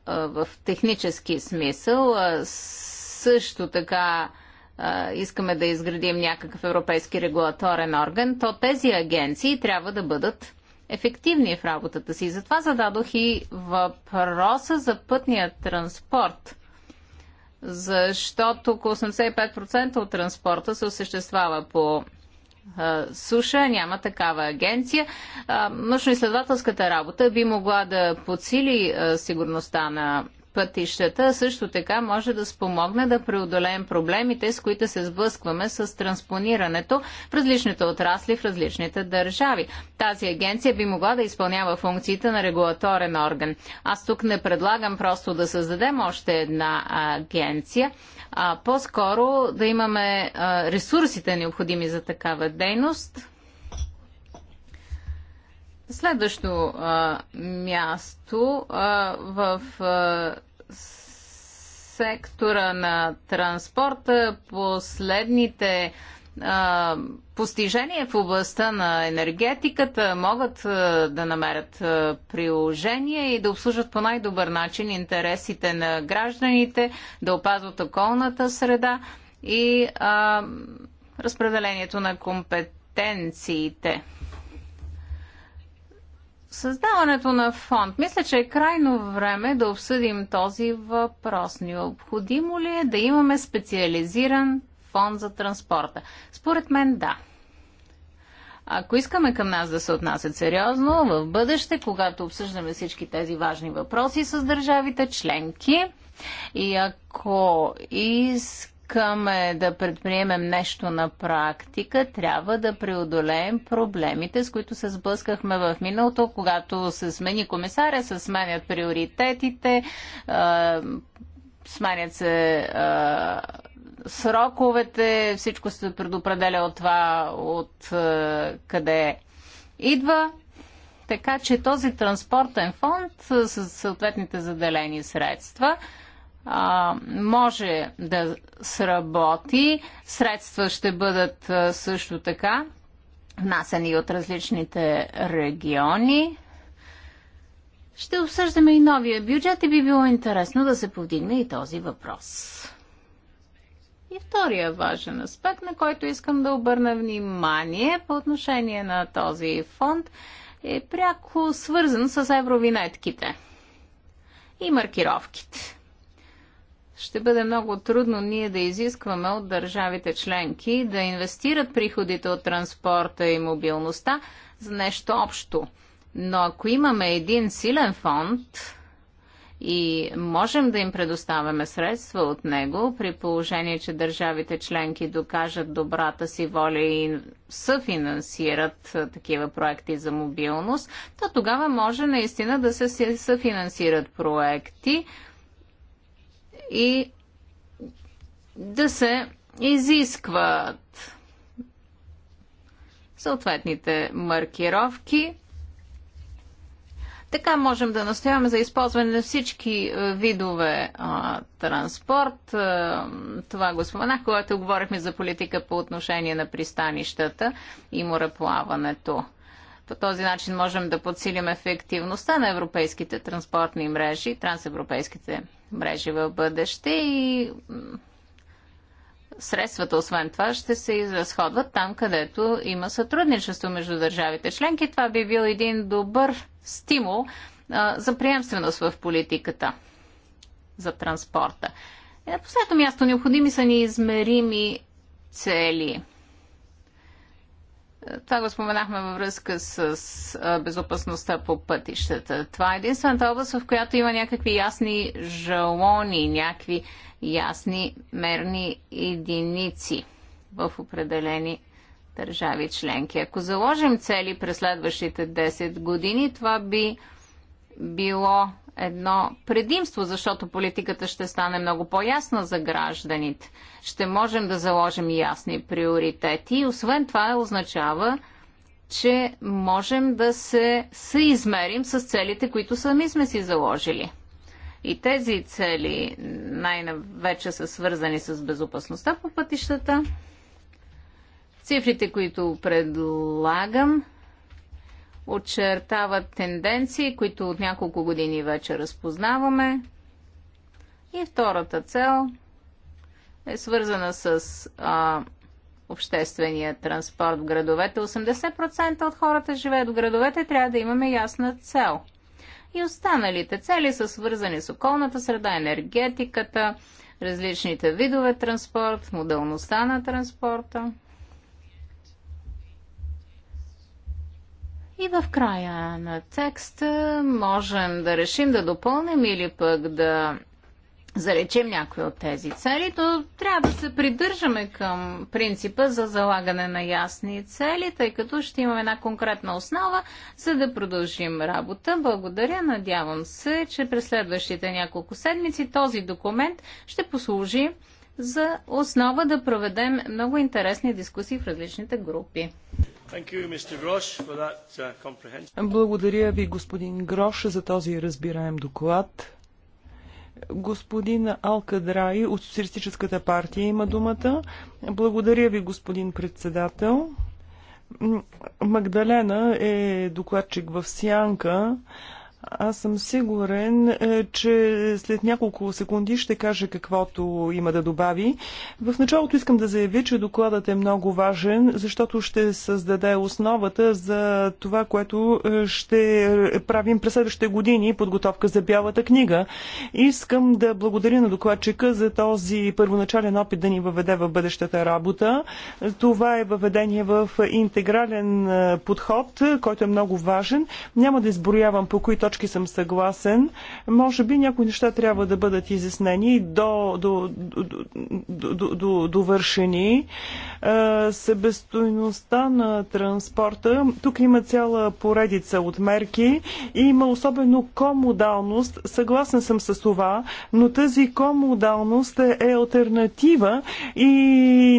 в технически смисъл, също така искаме да изградим някакъв европейски регулаторен орган, то тези агенции трябва да бъдат ефективни в работата си. Затова зададох и въпроса за пътния транспорт, защото около 85% от транспорта се осъществява по суша, няма такава агенция. Научно-изследователската работа би могла да подсили сигурността на пътищата, също така може да спомогне да преодолеем проблемите, с които се сблъскваме с транспонирането в различните отрасли в различните държави. Тази агенция би могла да изпълнява функциите на регулаторен орган. Аз тук не предлагам просто да създадем още една агенция, а по-скоро да имаме ресурсите необходими за такава дейност Следващо а, място а, в а, сектора на транспорта последните а, постижения в областта на енергетиката могат а, да намерят а, приложение и да обслужат по най-добър начин интересите на гражданите, да опазват околната среда и а, разпределението на компетенциите. Създаването на фонд. Мисля, че е крайно време да обсъдим този въпрос. Необходимо ли е да имаме специализиран фонд за транспорта? Според мен да. Ако искаме към нас да се отнасят сериозно, в бъдеще, когато обсъждаме всички тези важни въпроси с държавите членки, и ако искаме искаме да предприемем нещо на практика, трябва да преодолеем проблемите, с които се сблъскахме в миналото, когато се смени комисаря, се сменят приоритетите, сменят се сроковете, всичко се предопределя от това, от къде идва. Така че този транспортен фонд с съответните заделени средства – а, може да сработи. Средства ще бъдат а, също така внасени от различните региони. Ще обсъждаме и новия бюджет и би било интересно да се повдигне и този въпрос. И втория важен аспект, на който искам да обърна внимание по отношение на този фонд, е пряко свързан с евровинетките и маркировките ще бъде много трудно ние да изискваме от държавите членки да инвестират приходите от транспорта и мобилността за нещо общо. Но ако имаме един силен фонд и можем да им предоставяме средства от него, при положение, че държавите членки докажат добрата си воля и съфинансират такива проекти за мобилност, то тогава може наистина да се съфинансират проекти, и да се изискват съответните маркировки. Така можем да настояваме за използване на всички е, видове а, транспорт. А, е, това го споменах, когато говорихме за политика по отношение на пристанищата и мореплаването. По този начин можем да подсилим ефективността на европейските транспортни мрежи, трансевропейските мрежи в бъдеще и средствата, освен това, ще се изразходват там, където има сътрудничество между държавите членки. Това би бил един добър стимул а, за приемственост в политиката за транспорта. И на последното място необходими са ни измерими цели – това го споменахме във връзка с безопасността по пътищата. Това е единствената област, в която има някакви ясни жалони, някакви ясни мерни единици в определени държави членки. Ако заложим цели през следващите 10 години, това би било едно предимство, защото политиката ще стане много по-ясна за гражданите. Ще можем да заложим ясни приоритети. Освен това означава, че можем да се съизмерим с целите, които сами сме си заложили. И тези цели най-вече са свързани с безопасността по пътищата. Цифрите, които предлагам, очертават тенденции, които от няколко години вече разпознаваме. И втората цел е свързана с а, обществения транспорт в градовете. 80% от хората живеят в градовете, трябва да имаме ясна цел. И останалите цели са свързани с околната среда, енергетиката, различните видове транспорт, модалността на транспорта. И в края на текста можем да решим да допълним или пък да заречем някои от тези цели, то трябва да се придържаме към принципа за залагане на ясни цели, тъй като ще имаме една конкретна основа, за да продължим работа. Благодаря, надявам се, че през следващите няколко седмици този документ ще послужи за основа да проведем много интересни дискусии в различните групи. Uh, Благодаря ви, господин Грош, за този разбираем доклад. Господин Алкадрай от Социалистическата партия има думата. Благодаря ви, господин председател. Магдалена е докладчик в Сянка. Аз съм сигурен, е, че след няколко секунди ще каже каквото има да добави. В началото искам да заявя, че докладът е много важен, защото ще създаде основата за това, което е, ще правим през следващите години подготовка за Бялата книга. Искам да благодаря на докладчика за този първоначален опит да ни въведе в бъдещата работа. Това е въведение в интегрален е, подход, който е много важен. Няма да изброявам по кои точки точки съм съгласен. Може би някои неща трябва да бъдат изяснени до, до, до, довършени. Е, себестойността на транспорта. Тук има цяла поредица от мерки и има особено комодалност. Съгласен съм с това, но тази комодалност е альтернатива и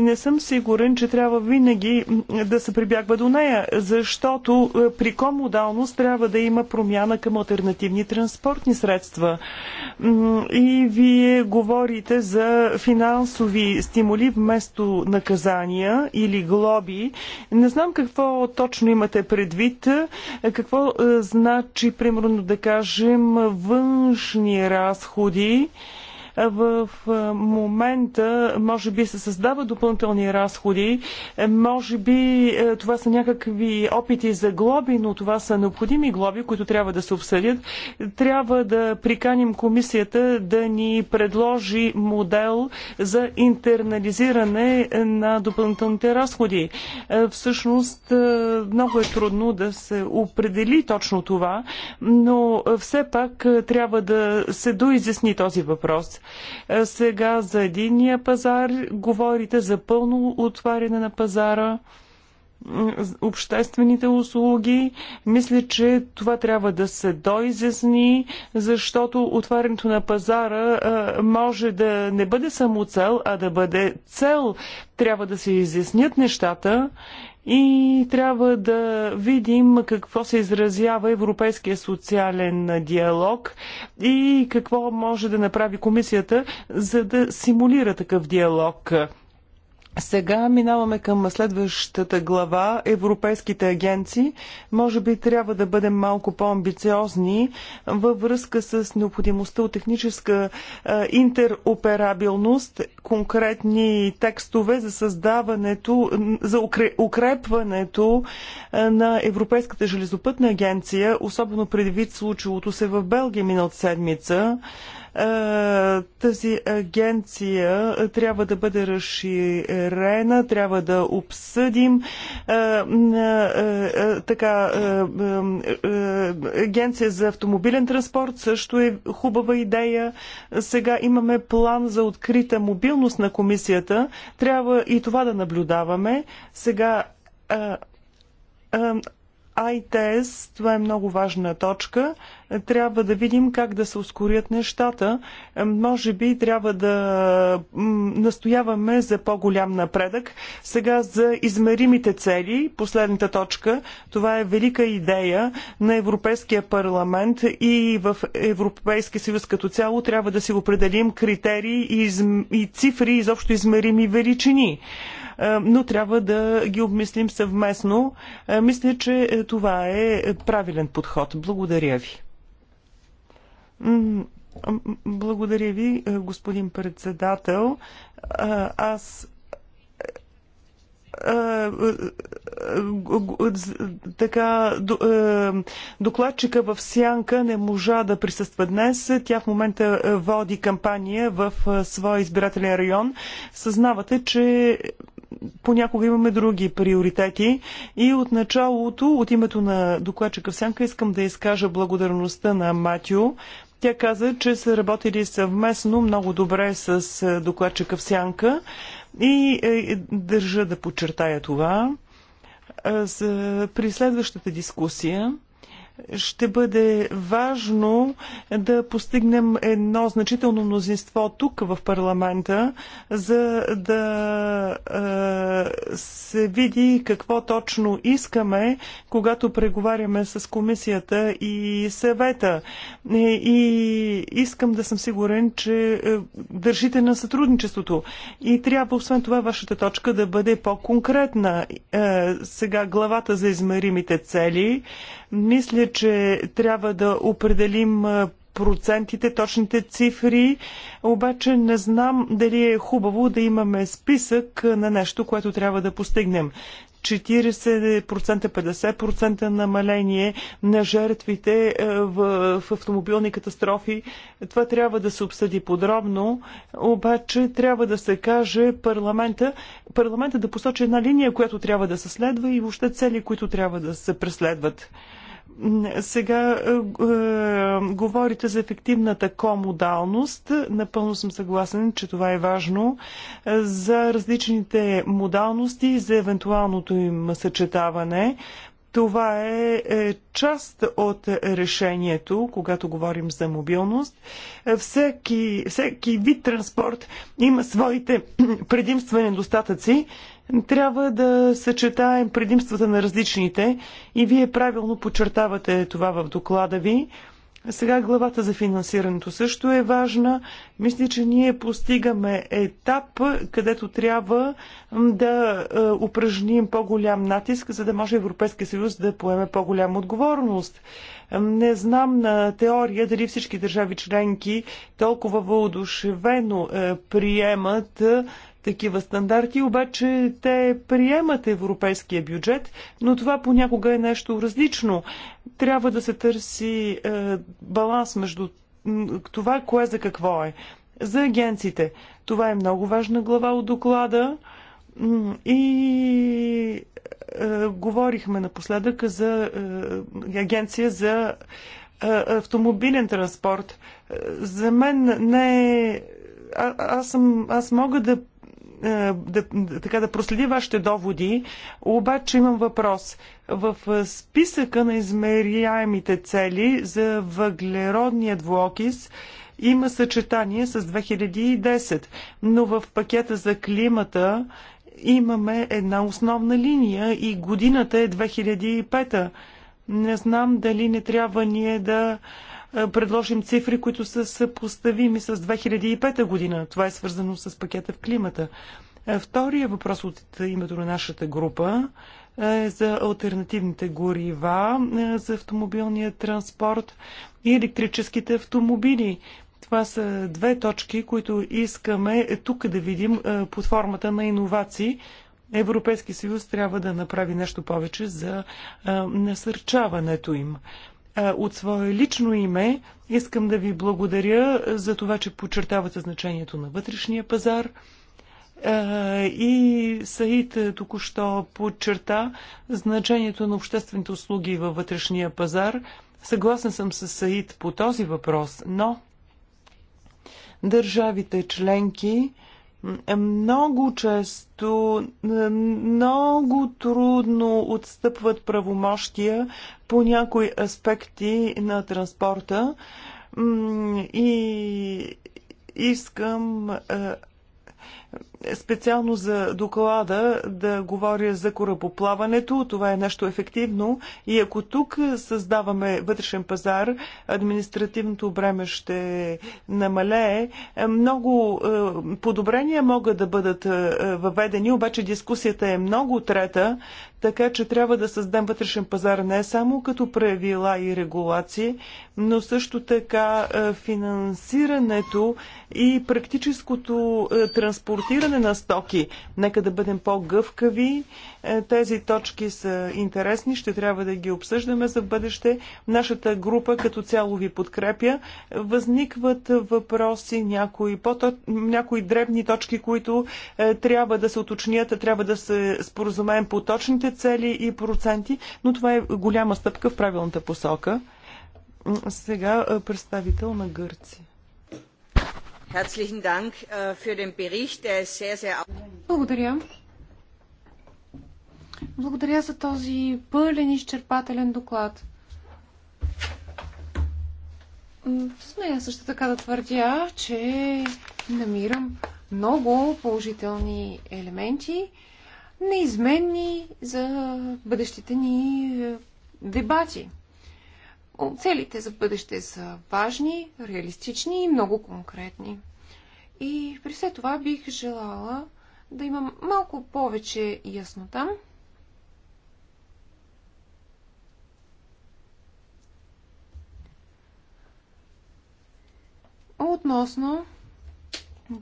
не съм сигурен, че трябва винаги да се прибягва до нея, защото е, при комодалност трябва да има промяна към альтернативни транспортни средства. И вие говорите за финансови стимули вместо наказания или глоби. Не знам какво точно имате предвид. Какво е, значи, примерно, да кажем, външни разходи? В момента може би се създава допълнителни разходи, е, може би е, това са някакви опити за глоби, но това са необходими глоби, които трябва да се обсъдят. Трябва да приканим комисията да ни предложи модел за интернализиране на допълнителните разходи. Е, всъщност много е трудно да се определи точно това, но все пак трябва да се доизясни този въпрос. Е, сега за единния пазар говорите за пълно отваряне на пазара обществените услуги. Мисля, че това трябва да се доизясни, защото отварянето на пазара е, може да не бъде само цел, а да бъде цел. Трябва да се изяснят нещата и трябва да видим какво се изразява европейския социален диалог и какво може да направи комисията, за да симулира такъв диалог. Сега минаваме към следващата глава Европейските агенции. Може би трябва да бъдем малко по-амбициозни във връзка с необходимостта от техническа интероперабилност, конкретни текстове за създаването, за укрепването на Европейската железопътна агенция, особено предвид случилото се в Белгия миналата седмица. Е, тази агенция трябва да бъде разширена, трябва да обсъдим е, е, така агенция за автомобилен транспорт също е хубава идея. Сега имаме план за открита мобилност на комисията. Трябва и това да наблюдаваме. Сега ITS, това е много важна точка. Трябва да видим как да се ускорят нещата. Може би трябва да настояваме за по-голям напредък. Сега за измеримите цели, последната точка, това е велика идея на Европейския парламент и в Европейския съюз като цяло трябва да си определим критерии и, изм... и цифри, изобщо измерими величини но трябва да ги обмислим съвместно. Мисля, че е, това е правилен подход. Благодаря ви. Благодаря ви, е, господин председател. Аз е, е, така докладчика в Сянка не можа да присъства днес. Тя в момента води кампания в своя избирателен район. Съзнавате, че понякога имаме други приоритети. И от началото, от името на докладчика в Сянка, искам да изкажа благодарността на Матио. Тя каза, че са работили съвместно много добре с е, докладчика в Сянка е, и държа да подчертая това. Е, при следващата дискусия ще бъде важно да постигнем едно значително мнозинство тук в парламента, за да е, се види какво точно искаме, когато преговаряме с комисията и съвета. И искам да съм сигурен, че държите на сътрудничеството. И трябва, освен това, вашата точка да бъде по-конкретна. Е, сега главата за измеримите цели. Мисля, че трябва да определим процентите, точните цифри, обаче не знам дали е хубаво да имаме списък на нещо, което трябва да постигнем. 40%, 50% намаление на жертвите в, в автомобилни катастрофи. Това трябва да се обсъди подробно, обаче трябва да се каже парламента, парламента да посочи една линия, която трябва да се следва и въобще цели, които трябва да се преследват. Сега е, е, говорите за ефективната комодалност. Напълно съм съгласен, че това е важно е, за различните модалности и за евентуалното им съчетаване. Това е, е част от решението, когато говорим за мобилност. Е, всеки, всеки вид транспорт има своите предимства и недостатъци. Трябва да съчетаем предимствата на различните и вие правилно подчертавате това в доклада ви. Сега главата за финансирането също е важна. Мисля, че ние постигаме етап, където трябва да е, упражним по-голям натиск, за да може Европейския съюз да поеме по-голяма отговорност. Не знам на теория дали всички държави членки толкова въодушевено е, приемат такива стандарти, обаче те приемат европейския бюджет, но това понякога е нещо различно. Трябва да се търси е, баланс между това, кое за какво е. За агенците. Това е много важна глава от доклада и е, говорихме напоследък за е, агенция за е, автомобилен транспорт. Е, за мен не е. А, аз, съм, аз мога да е, да, така да проследи вашите доводи, обаче имам въпрос. В е, списъка на измеряемите цели за въглеродния двуокис има съчетание с 2010, но в пакета за климата имаме една основна линия и годината е 2005. Не знам дали не трябва ние да е, предложим цифри, които са съпоставими с 2005 година. Това е свързано с пакета в климата. Е, втория въпрос от името на нашата група е за альтернативните горива е, за автомобилния транспорт и електрическите автомобили. Това са две точки, които искаме тук да видим под формата на иновации. Европейски съюз трябва да направи нещо повече за насърчаването им. От свое лично име искам да ви благодаря за това, че подчертавате значението на вътрешния пазар. И Саид току-що подчерта значението на обществените услуги във вътрешния пазар. Съгласен съм с Саид по този въпрос, но държавите членки е много често, е, много трудно отстъпват правомощия по някои аспекти на транспорта и искам е, специално за доклада да говоря за корабоплаването. Това е нещо ефективно и ако тук създаваме вътрешен пазар, административното бреме ще намалее. Много е, подобрения могат да бъдат е, въведени, обаче дискусията е много трета, така че трябва да създадем вътрешен пазар не само като правила и регулации, но също така е, финансирането и практическото транспортиране събиране на стоки. Нека да бъдем по-гъвкави. Е, тези точки са интересни, ще трябва да ги обсъждаме за бъдеще. Нашата група като цяло ви подкрепя. Възникват въпроси, някои, някои дребни точки, които е, трябва да се уточнят, трябва да се споразумеем по точните цели и проценти, но това е голяма стъпка в правилната посока. Сега е, представител на Гърция. Благодаря. Благодаря за този пълен изчерпателен доклад. Смея също така да твърдя, че намирам много положителни елементи, неизменни за бъдещите ни е, дебати. Целите за бъдеще са важни, реалистични и много конкретни. И при все това бих желала да имам малко повече яснота. Относно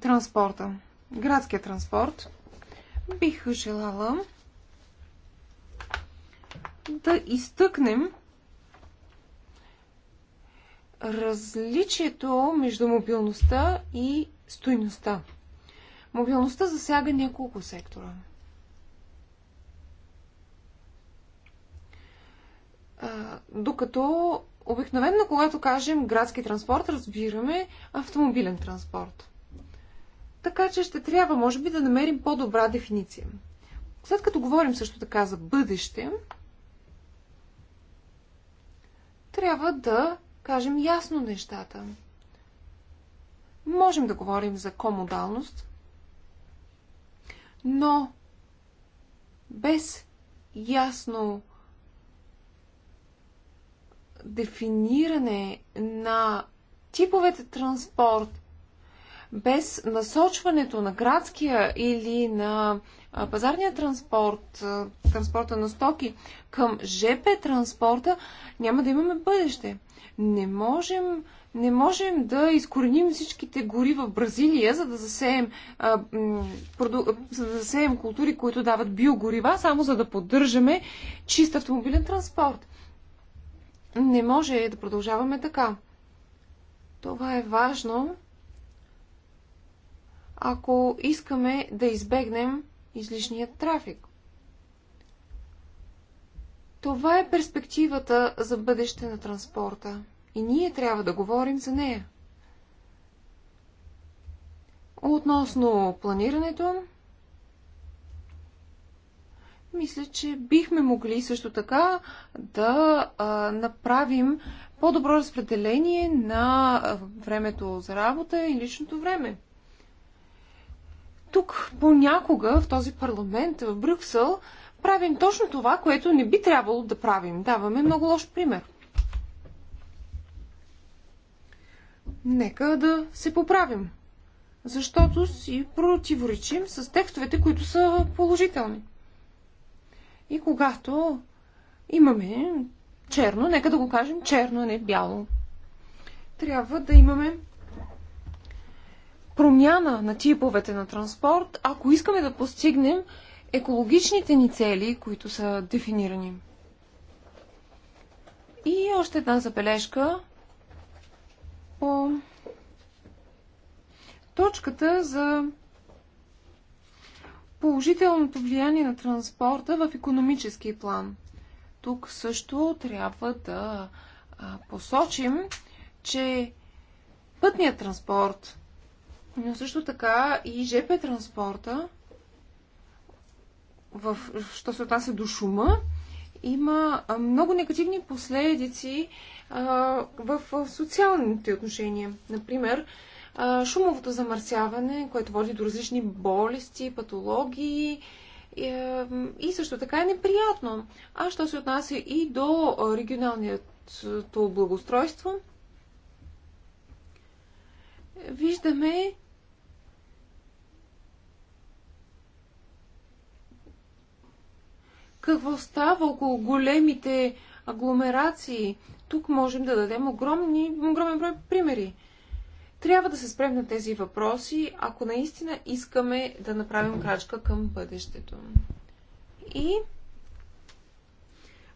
транспорта, градския транспорт, бих желала да изтъкнем различието между мобилността и стойността. Мобилността засяга няколко сектора. Докато обикновено, когато кажем градски транспорт, разбираме автомобилен транспорт. Така че ще трябва, може би, да намерим по-добра дефиниция. След като говорим също така за бъдеще, трябва да кажем ясно нещата. Можем да говорим за комодалност, но без ясно дефиниране на типовете транспорт, без насочването на градския или на пазарния транспорт, транспорта на стоки към ЖП транспорта, няма да имаме бъдеще. Не можем, не можем да изкореним всичките гори в Бразилия, за да засеем, а, проду, за да засеем култури, които дават биогорива, само за да поддържаме чист автомобилен транспорт. Не може да продължаваме така. Това е важно, ако искаме да избегнем излишният трафик. Това е перспективата за бъдеще на транспорта. И ние трябва да говорим за нея. Относно планирането, мисля, че бихме могли също така да а, направим по-добро разпределение на времето за работа и личното време. Тук понякога в този парламент в Брюксел правим точно това, което не би трябвало да правим. Даваме много лош пример. Нека да се поправим, защото си противоречим с текстовете, които са положителни. И когато имаме черно, нека да го кажем черно, а не бяло. Трябва да имаме промяна на типовете на транспорт, ако искаме да постигнем екологичните ни цели, които са дефинирани. И още една забележка по точката за положителното влияние на транспорта в економически план. Тук също трябва да посочим, че пътният транспорт, но също така и ЖП транспорта в, що се отнася до шума, има много негативни последици в социалните отношения. Например, шумовото замърсяване, което води до различни болести, патологии и също така е неприятно. А що се отнася и до регионалното благоустройство, виждаме, какво става около големите агломерации. Тук можем да дадем огромни, огромен брой примери. Трябва да се спрем на тези въпроси, ако наистина искаме да направим крачка към бъдещето. И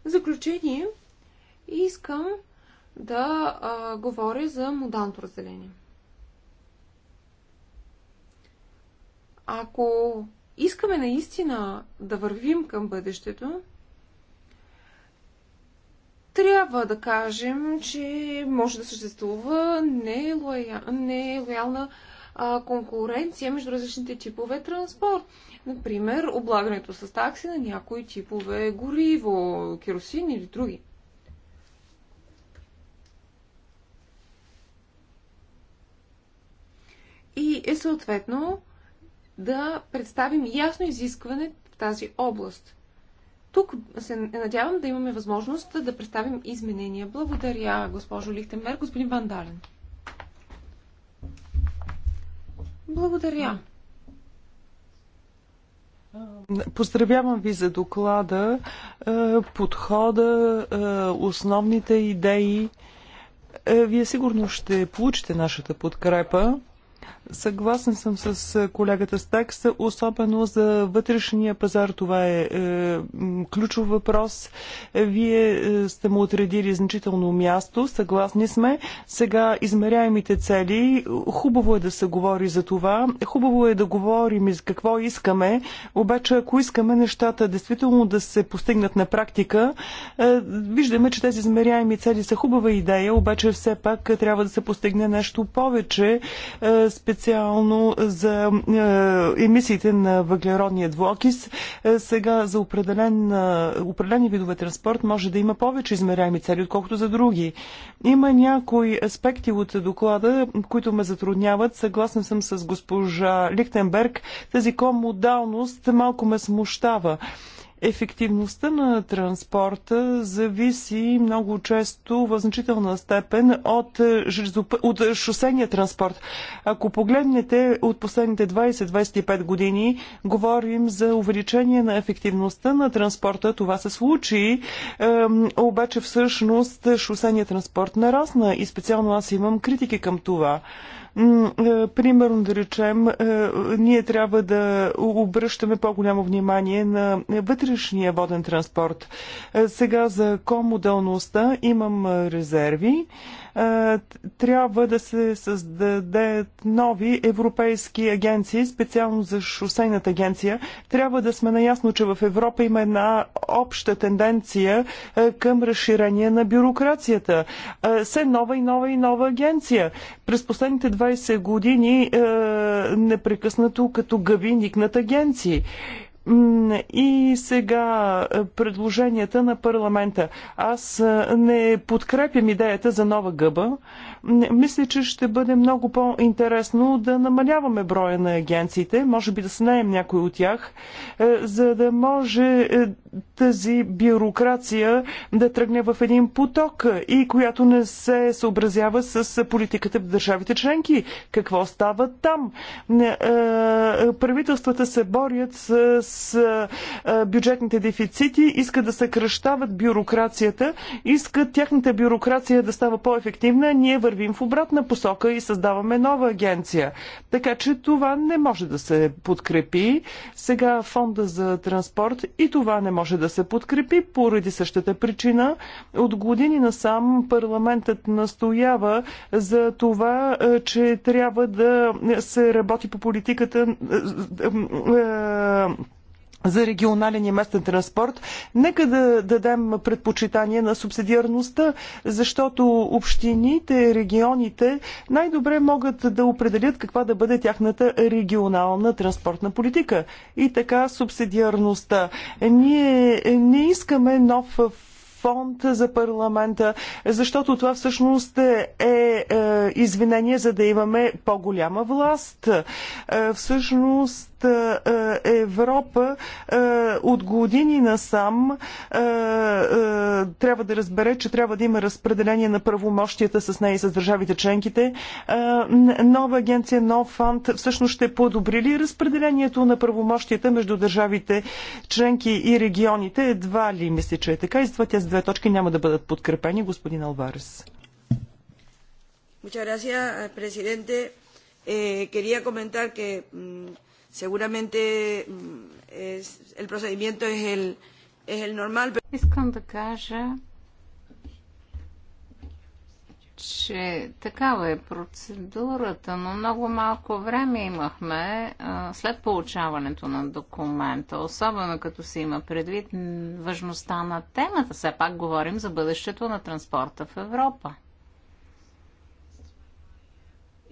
в заключение искам да а, говоря за модалното разделение. Ако искаме наистина да вървим към бъдещето, трябва да кажем, че може да съществува нелоялна, не конкуренция между различните типове транспорт. Например, облагането с такси на някои типове гориво, керосин или други. И е съответно да представим ясно изискване в тази област. Тук се надявам да имаме възможност да представим изменения. Благодаря, госпожо Лихтенберг. Господин Вандален. Благодаря. Поздравявам ви за доклада, е, подхода, е, основните идеи. Е, вие сигурно ще получите нашата подкрепа. Съгласен съм с е, колегата Стекс, особено за вътрешния пазар. Това е, е ключов въпрос. Е, вие е, сте му отредили значително място, съгласни сме. Сега измеряемите цели. Хубаво е да се говори за това. Хубаво е да говорим и за какво искаме. Обаче, ако искаме нещата действително да се постигнат на практика, е, виждаме, че тези измеряеми цели са хубава идея, обаче все пак трябва да се постигне нещо повече. Е, специ специално за е, емисиите на въглеродния двуокис. Е, сега за определен, е, определени видове транспорт може да има повече измеряеми цели, отколкото за други. Има някои аспекти от доклада, които ме затрудняват. Съгласна съм с госпожа Лихтенберг. Тази комодалност малко ме смущава. Ефективността на транспорта зависи много често в значителна степен от, железоп... от шосения транспорт. Ако погледнете от последните 20-25 години, говорим за увеличение на ефективността на транспорта. Това се случи, ем, обаче всъщност шосения транспорт нарасна и специално аз имам критики към това. Е, примерно да речем, е, ние трябва да обръщаме по-голямо внимание на вътрешния воден транспорт. Е, сега за комоделността имам резерви трябва да се създадат нови европейски агенции, специално за шосейната агенция. Трябва да сме наясно, че в Европа има една обща тенденция към разширение на бюрокрацията. Се нова и нова и нова агенция. През последните 20 години е, непрекъснато като гъби никнат агенции. И сега е, предложенията на парламента. Аз е, не подкрепям идеята за нова гъба. Мисля, че ще бъде много по-интересно да намаляваме броя на агенциите, може би да снаем някой от тях, е, за да може е, тази бюрокрация да тръгне в един поток и която не се съобразява с политиката в държавите членки. Какво става там? Е, правителствата се борят с бюджетните дефицити, искат да съкръщават бюрокрацията, искат тяхната бюрокрация да става по-ефективна. Ние в вървим в обратна посока и създаваме нова агенция. Така че това не може да се подкрепи. Сега фонда за транспорт и това не може да се подкрепи поради същата причина. От години насам парламентът настоява за това, е, че трябва да се работи по политиката е, е, за регионален и местен транспорт, нека да дадем предпочитание на субсидиарността, защото общините, регионите най-добре могат да определят каква да бъде тяхната регионална транспортна политика. И така субсидиарността. Ние не искаме нов фонд за парламента, защото това всъщност е, е, е извинение за да имаме по-голяма власт. Е, всъщност е, Европа от години насам трябва да разбере, че трябва да има разпределение на правомощията с нея и с държавите членките. Нова агенция, нов фонд всъщност ще подобри ли разпределението на правомощията между държавите членки и регионите? Едва ли мисля, че е така и затова тя две точки няма да бъдат подкрепени. Господин Алварес. Muchas gracias, presidente. Eh, quería comentar que mm, seguramente mm, es, el procedimiento es el, es el normal. Pero... Искам да кажа, че такава е процедурата, но много малко време имахме а, след получаването на документа, особено като се има предвид важността на темата. Все пак говорим за бъдещето на транспорта в Европа.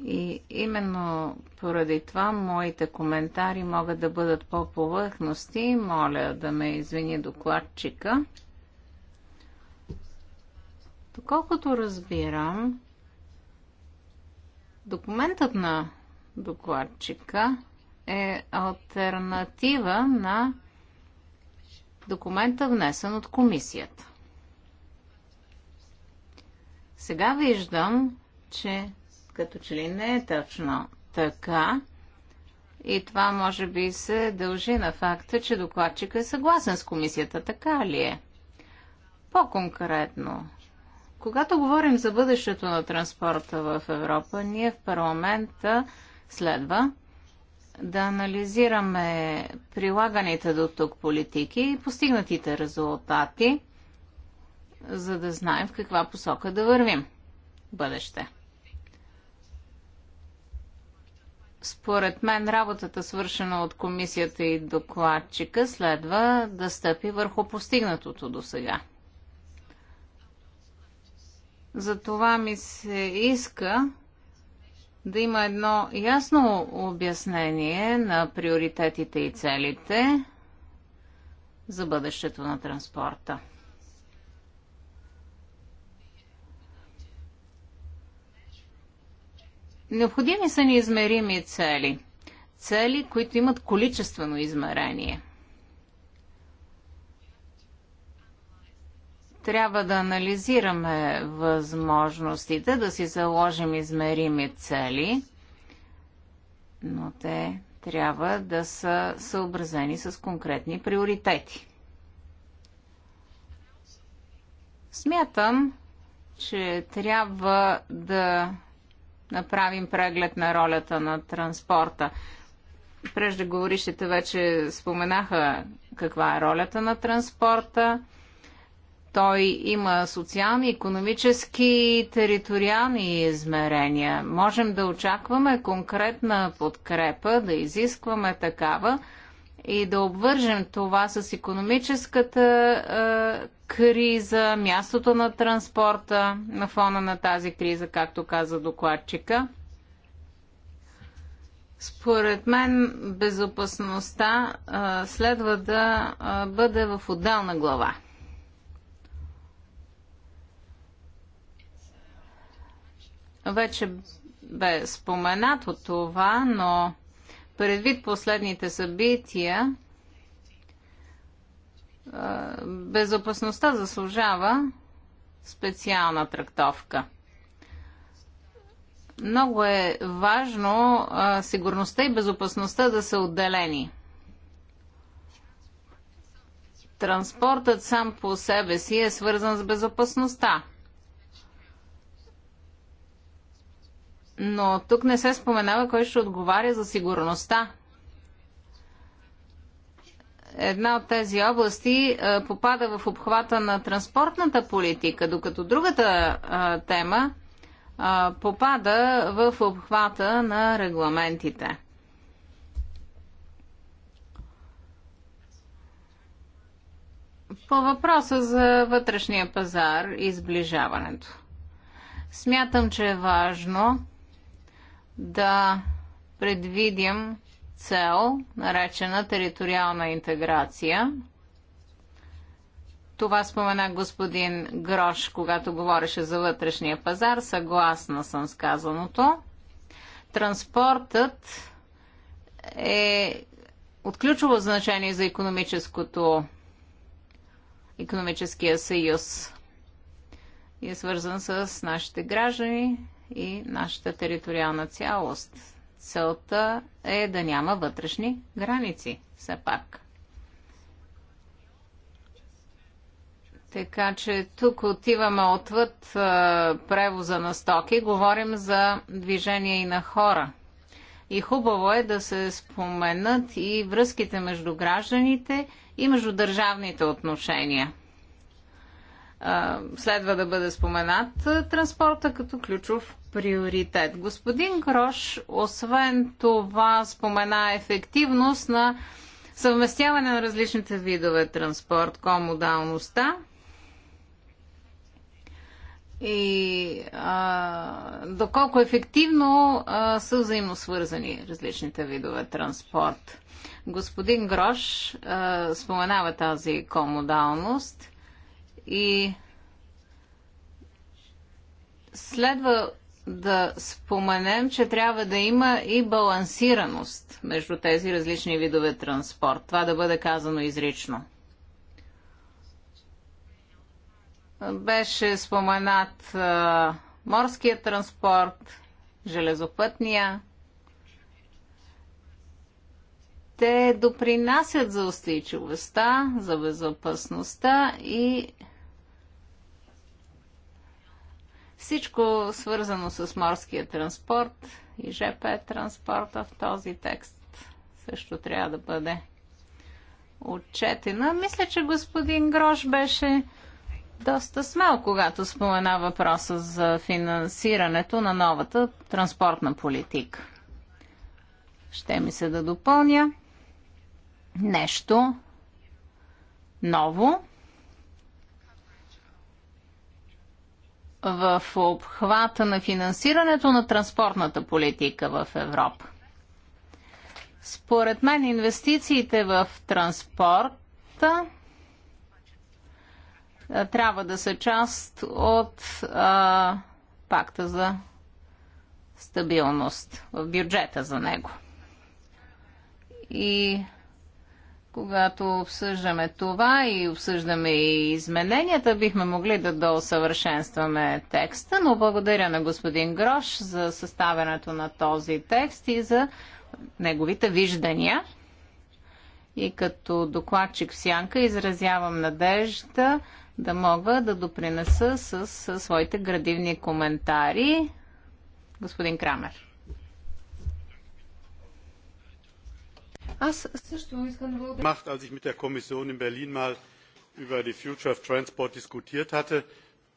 И именно поради това моите коментари могат да бъдат по-повърхности. Моля да ме извини докладчика. Доколкото разбирам, документът на докладчика е альтернатива на документа внесен от комисията. Сега виждам, че като че ли не е точно така и това може би се дължи на факта, че докладчик е съгласен с комисията, така ли е? По-конкретно, когато говорим за бъдещето на транспорта в Европа, ние в парламента следва да анализираме прилаганите до тук политики и постигнатите резултати, за да знаем в каква посока да вървим в бъдеще. Според мен работата, свършена от комисията и докладчика, следва да стъпи върху постигнатото до сега. За това ми се иска да има едно ясно обяснение на приоритетите и целите за бъдещето на транспорта. Необходими са неизмерими цели. Цели, които имат количествено измерение. трябва да анализираме възможностите, да си заложим измерими цели, но те трябва да са съобразени с конкретни приоритети. Смятам, че трябва да направим преглед на ролята на транспорта. Преждеговорищите вече споменаха каква е ролята на транспорта. Той има социални, економически и териториални измерения. Можем да очакваме конкретна подкрепа, да изискваме такава и да обвържем това с економическата е, криза, мястото на транспорта на фона на тази криза, както каза докладчика. Според мен безопасността а, е, следва да а, е, бъде в отделна глава. Вече бе споменато това, но предвид последните събития, безопасността заслужава специална трактовка. Много е важно сигурността и безопасността да са отделени. Транспортът сам по себе си е свързан с безопасността. но тук не се споменава кой ще отговаря за сигурността. Една от тези области а, е, попада в обхвата на транспортната политика, докато другата а, е, тема а, е, попада в обхвата на регламентите. По въпроса за вътрешния пазар и сближаването. Смятам, че е важно да предвидим цел, наречена териториална интеграция. Това спомена господин Грош, когато говореше за вътрешния пазар. Съгласна съм с казаното. Транспортът е от ключово значение за економическото економическия съюз и е свързан с нашите граждани, и нашата териториална цялост. Целта е да няма вътрешни граници, все пак. Така че тук отиваме отвъд а, превоза на стоки, говорим за движение и на хора. И хубаво е да се споменат и връзките между гражданите и между държавните отношения следва да бъде споменат транспорта като ключов приоритет. Господин Грош, освен това, спомена ефективност на съвместяване на различните видове транспорт, комодалността и а, доколко ефективно а, са взаимно свързани различните видове транспорт. Господин Грош а, споменава тази комодалност – и следва да споменем, че трябва да има и балансираност между тези различни видове транспорт. Това да бъде казано изрично. Беше споменат а, морския транспорт, железопътния. Те допринасят за устойчивостта, за безопасността и всичко свързано с морския транспорт и ЖП транспорта в този текст също трябва да бъде отчетена. Мисля, че господин Грош беше доста смел, когато спомена въпроса за финансирането на новата транспортна политика. Ще ми се да допълня нещо ново в обхвата на финансирането на транспортната политика в Европа. Според мен инвестициите в транспорта трябва да са част от а, пакта за стабилност в бюджета за него. И когато обсъждаме това и обсъждаме и измененията, бихме могли да доусъвършенстваме текста, но благодаря на господин Грош за съставянето на този текст и за неговите виждания. И като докладчик в Сянка изразявам надежда да мога да допринеса с, с своите градивни коментари. Господин Крамер. Аз също искам да благодаря. Macht, als ich mit der Kommission in Berlin mal über die Future of Transport diskutiert hatte,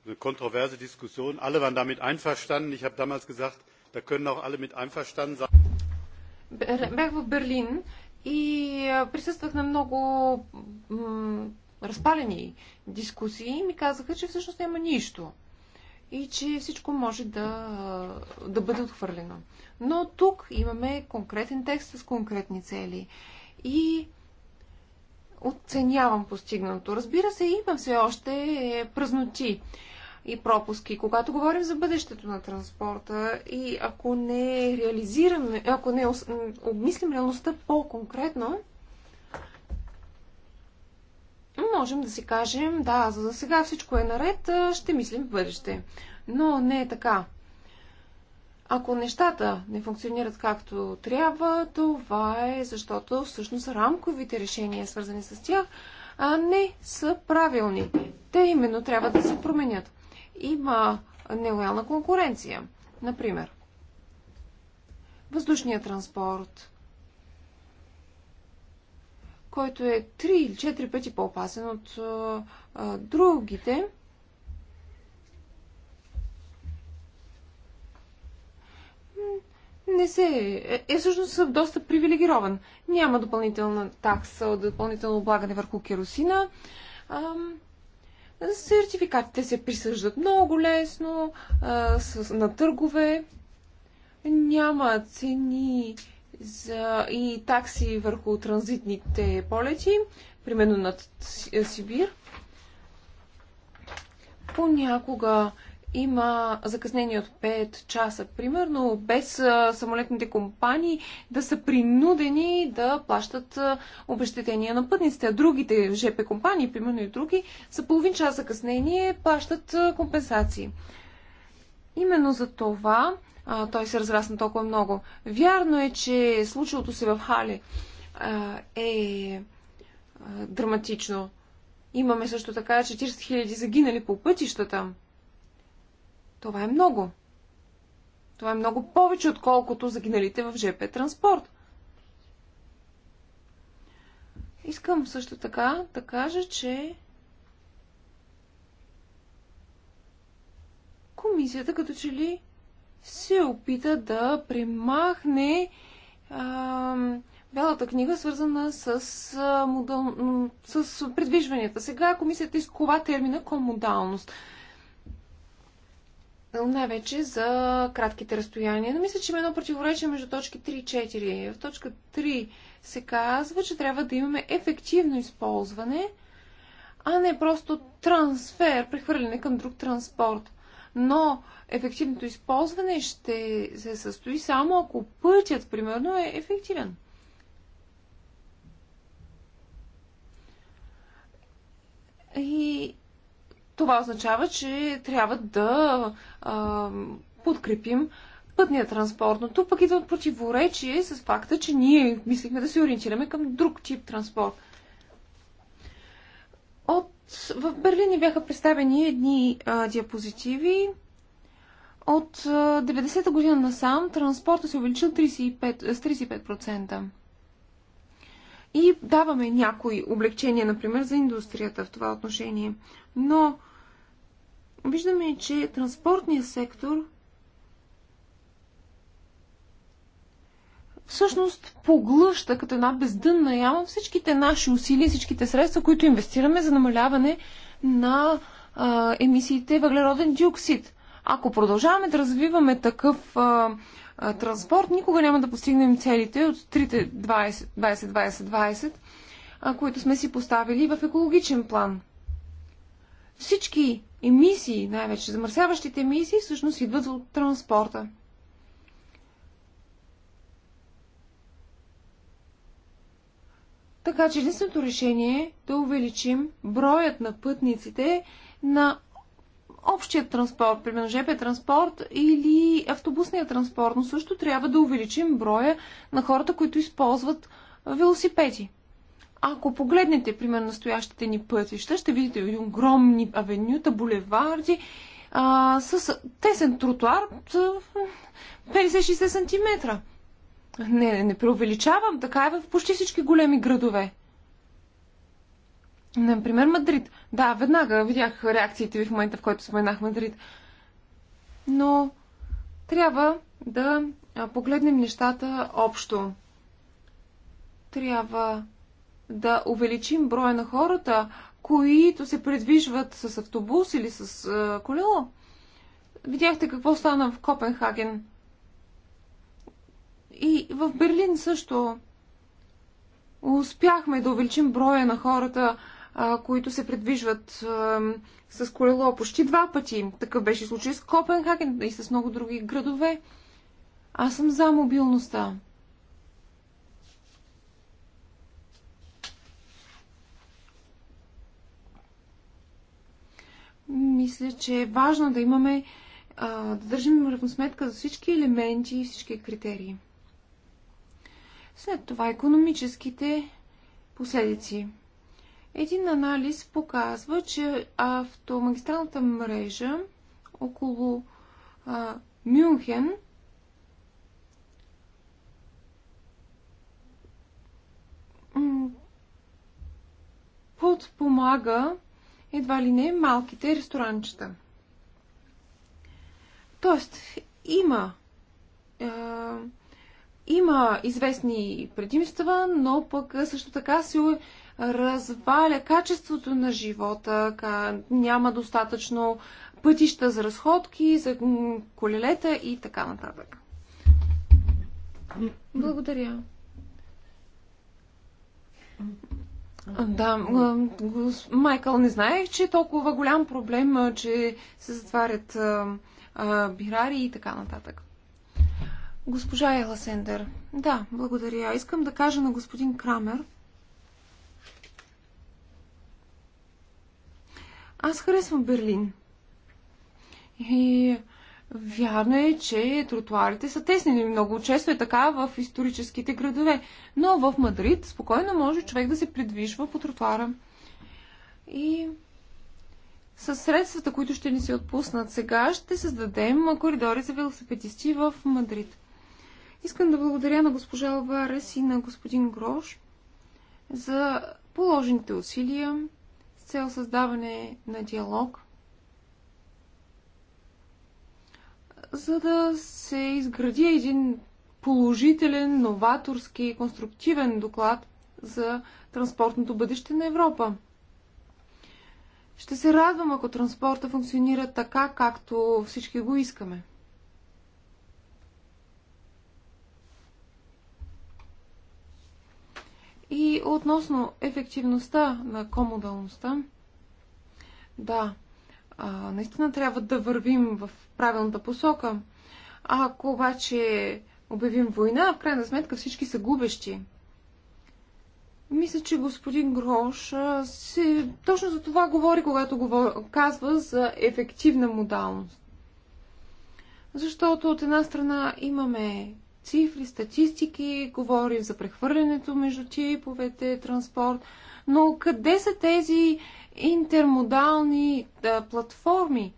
eine kontroverse Diskussion, alle waren damit einverstanden. Ich habe damals gesagt, da können auch alle mit einverstanden sein. Бях в Берлин и присъствах на много разпалени дискусии и ми казаха, че всъщност няма нищо и че всичко може да, да бъде отхвърлено. Но тук имаме конкретен текст с конкретни цели и оценявам постигнато. Разбира се, имам все още празноти и пропуски. Когато говорим за бъдещето на транспорта и ако не реализираме, ако не обмислим реалността по-конкретно, можем да си кажем, да, за сега всичко е наред, ще мислим в бъдеще. Но не е така. Ако нещата не функционират както трябва, това е защото всъщност рамковите решения, свързани с тях, не са правилни. Те именно трябва да се променят. Има нелоялна конкуренция. Например, въздушният транспорт, който е 3 или 4 пъти по-опасен от а, а, другите. Не се. Е, е, всъщност съм доста привилегирован. Няма допълнителна такса, допълнително облагане върху керосина. А, сертификатите се присъждат много лесно а, с, на търгове. Няма цени за, и такси върху транзитните полети, примерно над е, Сибир. Понякога има закъснение от 5 часа, примерно, без е, самолетните компании да са принудени да плащат е, обещетения на пътниците. А другите ЖП компании, примерно и други, за половин час закъснение плащат компенсации. Именно за това а, той се разрасна толкова много. Вярно е, че случилото се в Хали а, е а, драматично. Имаме също така 40 000 загинали по пътищата. Това е много. Това е много повече, отколкото загиналите в ЖП транспорт. Искам също така да кажа, че комисията като че ли се опита да премахне а, Бялата книга, свързана с, а, модал... с предвижванията. Сега комисията изкова термина комодалност. Най-вече за кратките разстояния. Но мисля, че има едно противоречие между точки 3 и 4. В точка 3 се казва, че трябва да имаме ефективно използване, а не просто трансфер, прехвърляне към друг транспорт но ефективното използване ще се състои само ако пътят, примерно, е ефективен. И това означава, че трябва да а, подкрепим пътния транспорт, но тук пък идва противоречие с факта, че ние мислихме да се ориентираме към друг тип транспорт – от, в Берлин ни бяха представени едни а, диапозитиви. От 90-та година насам транспорта се увеличил 35, с 35%. И даваме някои облегчения, например, за индустрията в това отношение. Но виждаме, че транспортният сектор всъщност поглъща като една бездънна яма всичките наши усилия, всичките средства, които инвестираме за намаляване на а, емисиите въглероден диоксид. Ако продължаваме да развиваме такъв а, а, транспорт, никога няма да постигнем целите от 3-20-20-20, които сме си поставили в екологичен план. Всички емисии, най-вече замърсяващите емисии, всъщност идват от транспорта. Така че единственото решение е да увеличим броят на пътниците на общия транспорт, примерно ЖП транспорт или автобусния транспорт, но също трябва да увеличим броя на хората, които използват велосипеди. Ако погледнете, примерно, настоящите ни пътища, ще видите огромни авенюта, булеварди, а, с тесен тротуар 50-60 см. Не, не преувеличавам. Така е в почти всички големи градове. Например, Мадрид. Да, веднага видях реакциите ви в момента, в който споменах Мадрид. Но трябва да погледнем нещата общо. Трябва да увеличим броя на хората, които се предвижват с автобус или с колело. Видяхте какво стана в Копенхаген – и в Берлин също успяхме да увеличим броя на хората, които се предвижват с колело почти два пъти. Такъв беше случай с Копенхаген и с много други градове. Аз съм за мобилността. Мисля, че е важно да имаме, да държим равносметка за всички елементи и всички критерии. След това економическите последици. Един анализ показва, че автомагистралната мрежа около а, Мюнхен подпомага едва ли не малките ресторанчета. Тоест, има а, има известни предимства, но пък също така се разваля качеството на живота, няма достатъчно пътища за разходки, за колелета и така нататък. Благодаря. Да, Майкъл, не знаех, че е толкова голям проблем, че се затварят бирари и така нататък. Госпожа Еласендър, Да, благодаря. Искам да кажа на господин Крамер. Аз харесвам Берлин. И вярно е, че тротуарите са тесни. Много често е така в историческите градове. Но в Мадрид спокойно може човек да се придвижва по тротуара. И с средствата, които ще ни се отпуснат сега, ще създадем коридори за велосипедисти в Мадрид. Искам да благодаря на госпожа Лаварес и на господин Грош за положените усилия с цел създаване на диалог, за да се изгради един положителен, новаторски и конструктивен доклад за транспортното бъдеще на Европа. Ще се радвам, ако транспорта функционира така, както всички го искаме. И относно ефективността на комодалността, да, а, наистина трябва да вървим в правилната посока. А ако обаче обявим война, в крайна сметка всички са губещи. Мисля, че господин Грош си, точно за това говори, когато говор... казва за ефективна модалност. Защото от една страна имаме цифри, статистики, говорим за прехвърлянето между типовете транспорт, но къде са тези интермодални да, платформи?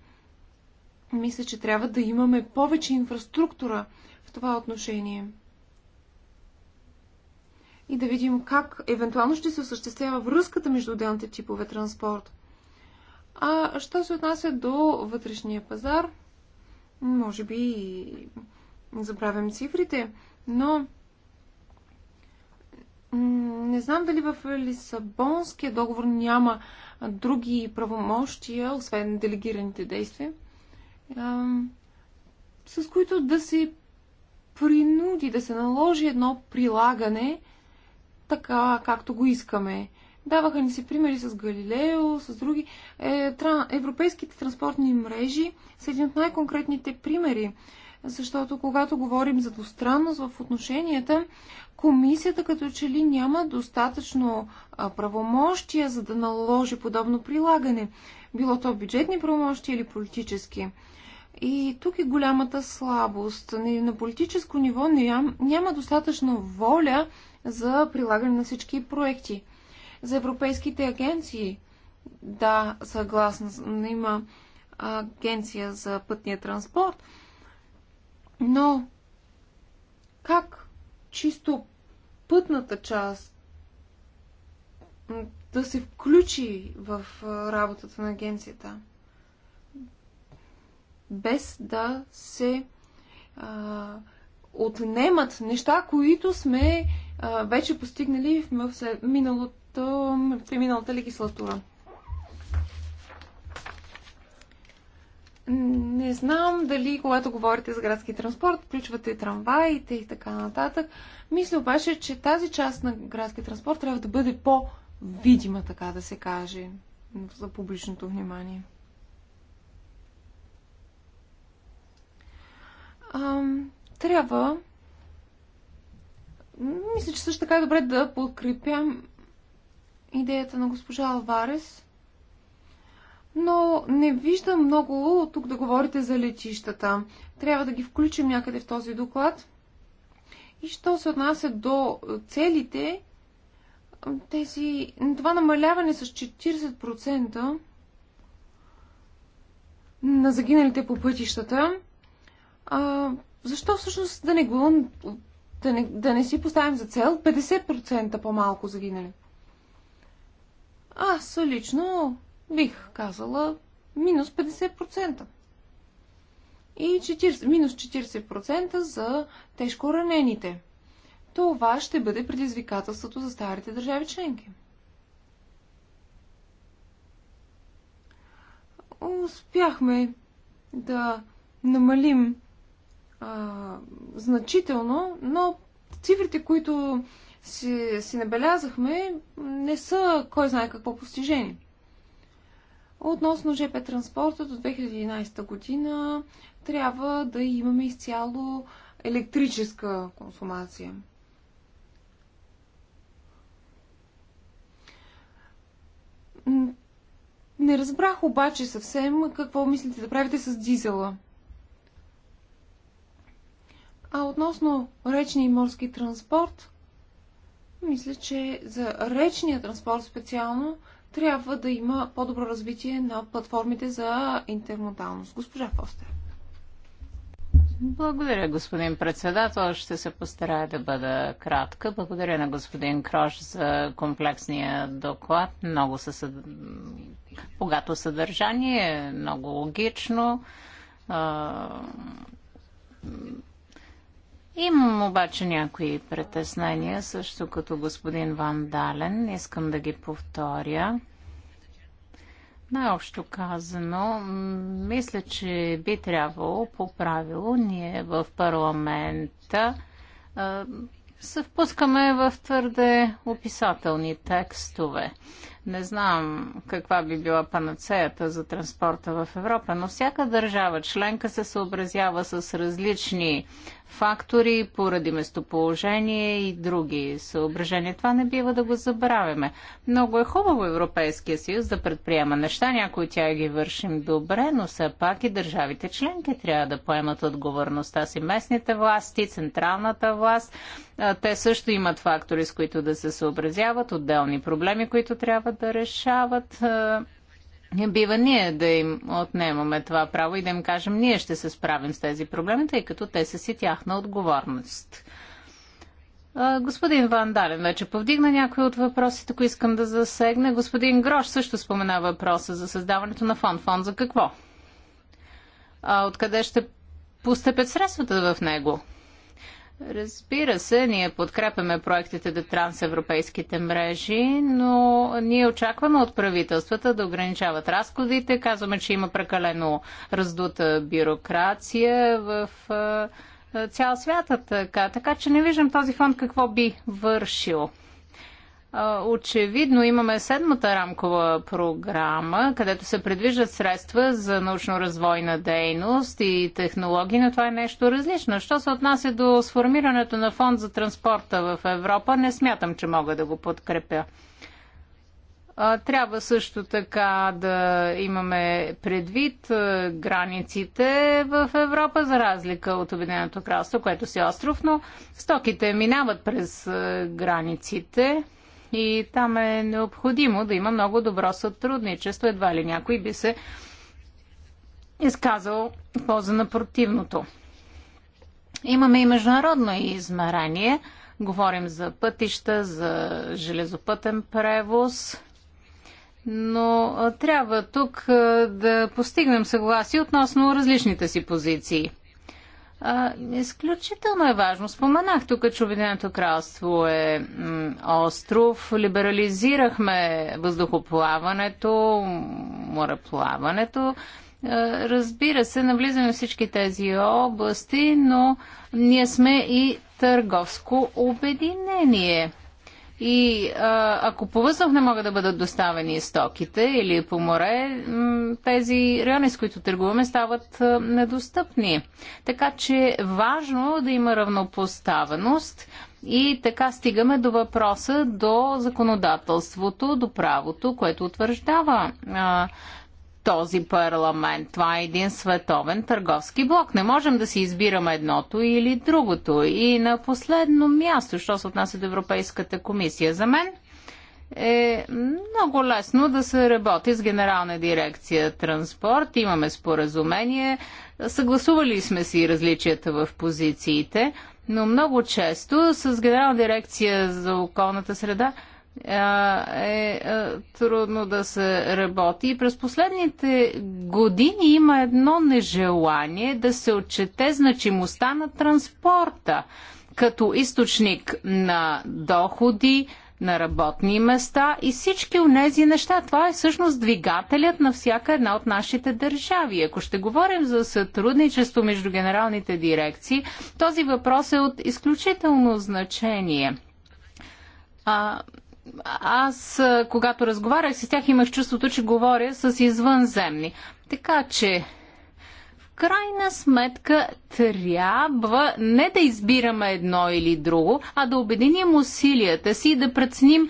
Мисля, че трябва да имаме повече инфраструктура в това отношение. И да видим как евентуално ще се осъществява връзката между отделните типове транспорт. А що се отнася до вътрешния пазар, може би забравям цифрите, но не знам дали в Лисабонския договор няма други правомощия, освен делегираните действия, с които да се принуди, да се наложи едно прилагане така, както го искаме. Даваха ни се примери с Галилео, с други. Е, европейските транспортни мрежи са един от най-конкретните примери защото когато говорим за двустранност в отношенията, комисията като че ли няма достатъчно правомощия, за да наложи подобно прилагане, било то бюджетни правомощия или политически. И тук е голямата слабост. На политическо ниво няма достатъчно воля за прилагане на всички проекти. За европейските агенции, да, съгласна, има агенция за пътния транспорт – но как чисто пътната част да се включи в работата на агенцията, без да се а, отнемат неща, които сме а, вече постигнали в, в, в в, в миналата легислатура. Не знам дали, когато говорите за градски транспорт, включвате трамваите и така нататък. Мисля обаче, че тази част на градски транспорт трябва да бъде по-видима, така да се каже, за публичното внимание. Ам, трябва. Мисля, че също така е добре да подкрепям идеята на госпожа Алварес но не виждам много тук да говорите за летищата. Трябва да ги включим някъде в този доклад. И що се отнася до целите, тези, това намаляване с 40% на загиналите по пътищата, а, защо всъщност да не, го, да, не, да не си поставим за цел 50% по-малко загинали? Аз лично бих казала, минус 50%. И 40, минус 40% за тежко ранените. Това ще бъде предизвикателството за старите държави членки. Успяхме да намалим а, значително, но цифрите, които си, си набелязахме, не са кой знае какво постижение. Относно ЖП транспорта до 2011 година трябва да имаме изцяло електрическа консумация. Не разбрах обаче съвсем какво мислите да правите с дизела. А относно речния и морски транспорт, мисля, че за речния транспорт специално трябва да има по-добро развитие на платформите за интермодалност. Госпожа Фостер. Благодаря, господин председател. Ще се постарая да бъда кратка. Благодаря на господин Крош за комплексния доклад. Много със... богато съдържание, много логично Имам обаче някои притеснения, също като господин Ван Дален. Искам да ги повторя. Най-общо казано, мисля, че би трябвало по правило ние в парламента се впускаме в твърде описателни текстове. Не знам каква би била панацеята за транспорта в Европа, но всяка държава членка се съобразява с различни фактори, поради местоположение и други съображения. Това не бива да го забравяме. Много е хубаво Европейския съюз да предприема неща, някои тя ги вършим добре, но все пак и държавите членки трябва да поемат отговорността си. Местните власти, централната власт, те също имат фактори, с които да се съобразяват, отделни проблеми, които трябва да решават не бива ние да им отнемаме това право и да им кажем, ние ще се справим с тези проблеми, тъй като те са си тяхна отговорност. Господин Ван Дален вече повдигна някои от въпросите, които искам да засегне. Господин Грош също спомена въпроса за създаването на фонд. Фонд за какво? А, откъде ще постъпят средствата в него? Разбира се, ние подкрепяме проектите до трансевропейските мрежи, но ние очакваме от правителствата да ограничават разходите. Казваме, че има прекалено раздута бюрокрация в цял свят. Така, така че не виждам този фонд какво би вършил. Очевидно имаме седмата рамкова програма, където се предвиждат средства за научно-развойна дейност и технологии, но това е нещо различно. Що се отнася до сформирането на фонд за транспорта в Европа, не смятам, че мога да го подкрепя. Трябва също така да имаме предвид границите в Европа, за разлика от Обединеното кралство, което си е остров, но стоките минават през границите и там е необходимо да има много добро сътрудничество. Едва ли някой би се изказал полза на противното. Имаме и международно измерение. Говорим за пътища, за железопътен превоз. Но трябва тук да постигнем съгласие относно различните си позиции. А, изключително е важно. Споменах тук, че Обединеното кралство е остров. Либерализирахме въздухоплаването, мореплаването. Разбира се, навлизаме в всички тези области, но ние сме и търговско обединение. И а, ако по въздух не могат да бъдат доставени стоките или по море, тези райони, с които търгуваме, стават а, недостъпни. Така че е важно да има равнопоставеност и така стигаме до въпроса до законодателството, до правото, което утвърждава а, този парламент. Това е един световен търговски блок. Не можем да си избираме едното или другото. И на последно място, що се отнася до Европейската комисия, за мен е много лесно да се работи с Генерална дирекция транспорт. Имаме споразумение. Съгласували сме си различията в позициите, но много често с Генерална дирекция за околната среда – е трудно да се работи. И през последните години има едно нежелание да се отчете значимостта на транспорта като източник на доходи, на работни места и всички тези неща. Това е всъщност двигателят на всяка една от нашите държави. Ако ще говорим за сътрудничество между генералните дирекции, този въпрос е от изключително значение. А, аз, когато разговарях с тях, имах чувството, че говоря с извънземни. Така че, в крайна сметка, трябва не да избираме едно или друго, а да обединим усилията си и да преценим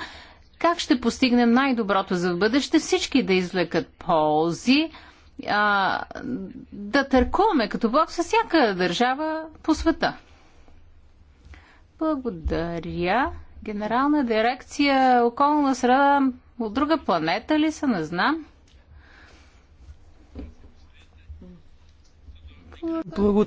как ще постигнем най-доброто за бъдеще, всички да извлекат ползи, а, да търкуваме като Бог с всяка държава по света. Благодаря. Генерална дирекция околна среда от друга планета ли са, не знам.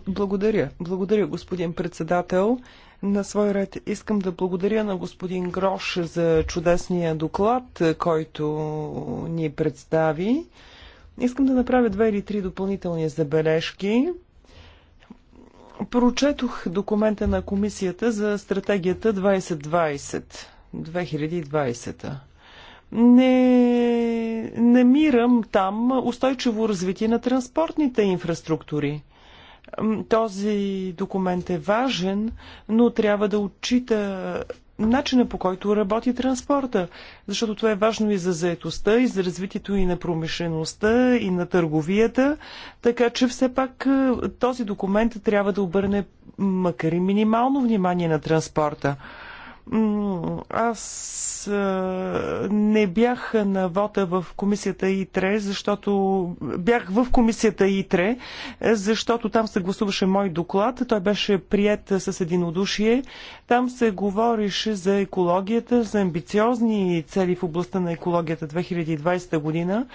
Благодаря. Благодаря, господин председател. На свой ред искам да благодаря на господин Грош за чудесния доклад, който ни представи. Искам да направя две или три допълнителни забележки. Прочетох документа на комисията за стратегията 2020. 2020. Не намирам там устойчиво развитие на транспортните инфраструктури. Този документ е важен, но трябва да отчита начина по който работи транспорта, защото това е важно и за заетостта, и за развитието и на промишлеността, и на търговията, така че все пак е, този документ трябва да обърне макар и минимално внимание на транспорта. Аз не бях на вота в комисията ИТРЕ, защото бях в комисията ИТРЕ, защото там се гласуваше мой доклад. Той беше прият с единодушие. Там се говореше за екологията, за амбициозни цели в областта на екологията 2020 година.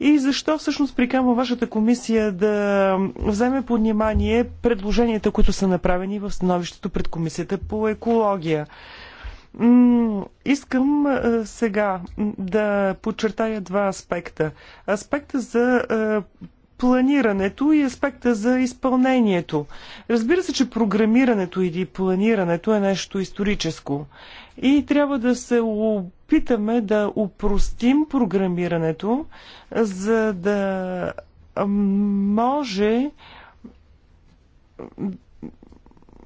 И защо всъщност приканвам вашата комисия да вземе под внимание предложенията, които са направени в становището пред комисията по екология. Искам сега да подчертая два аспекта. Аспекта за планирането и аспекта за изпълнението. Разбира се, че програмирането или планирането е нещо историческо. И трябва да се опитаме да упростим програмирането, за да може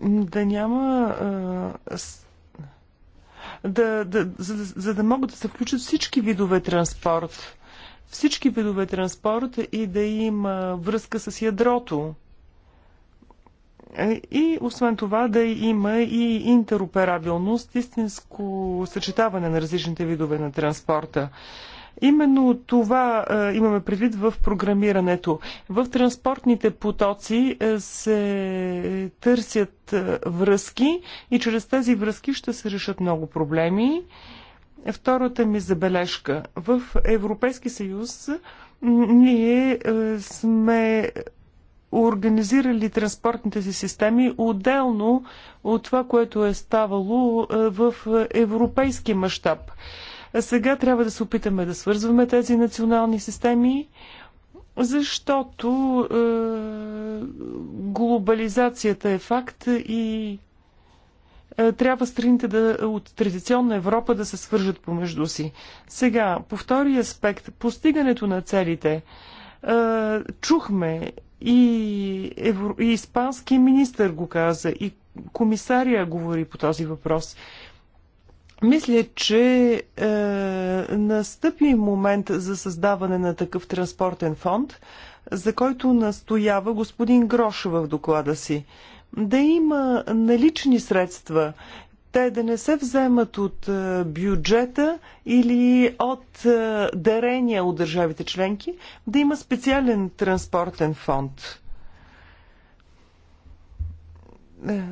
да няма да, да, за, за да могат да се включат всички видове транспорт. Всички видове транспорт и да има връзка с ядрото. Е, и освен това да има и интероперабилност, истинско съчетаване на различните видове на транспорта. Именно това а, е, имаме предвид в програмирането. В транспортните потоци а, е, се търсят а, е, връзки и чрез тези връзки ще се решат много проблеми. Втората ми забележка. В Европейски съюз ние а, сме организирали транспортните си системи отделно от това, което е ставало в европейски мащаб. А сега трябва да се опитаме да свързваме тези национални системи, защото е, глобализацията е факт и е, трябва страните да, от традиционна Европа да се свържат помежду си. Сега, по втори аспект, постигането на целите. Е, чухме и, евро, и испански министър го каза, и комисария говори по този въпрос. Е, мисля, че е, настъпи момент за създаване на такъв транспортен фонд, за който настоява господин Грош в доклада си. Да има налични средства, те да не се вземат от е, бюджета или от е, дарения от държавите членки, да има специален транспортен фонд е,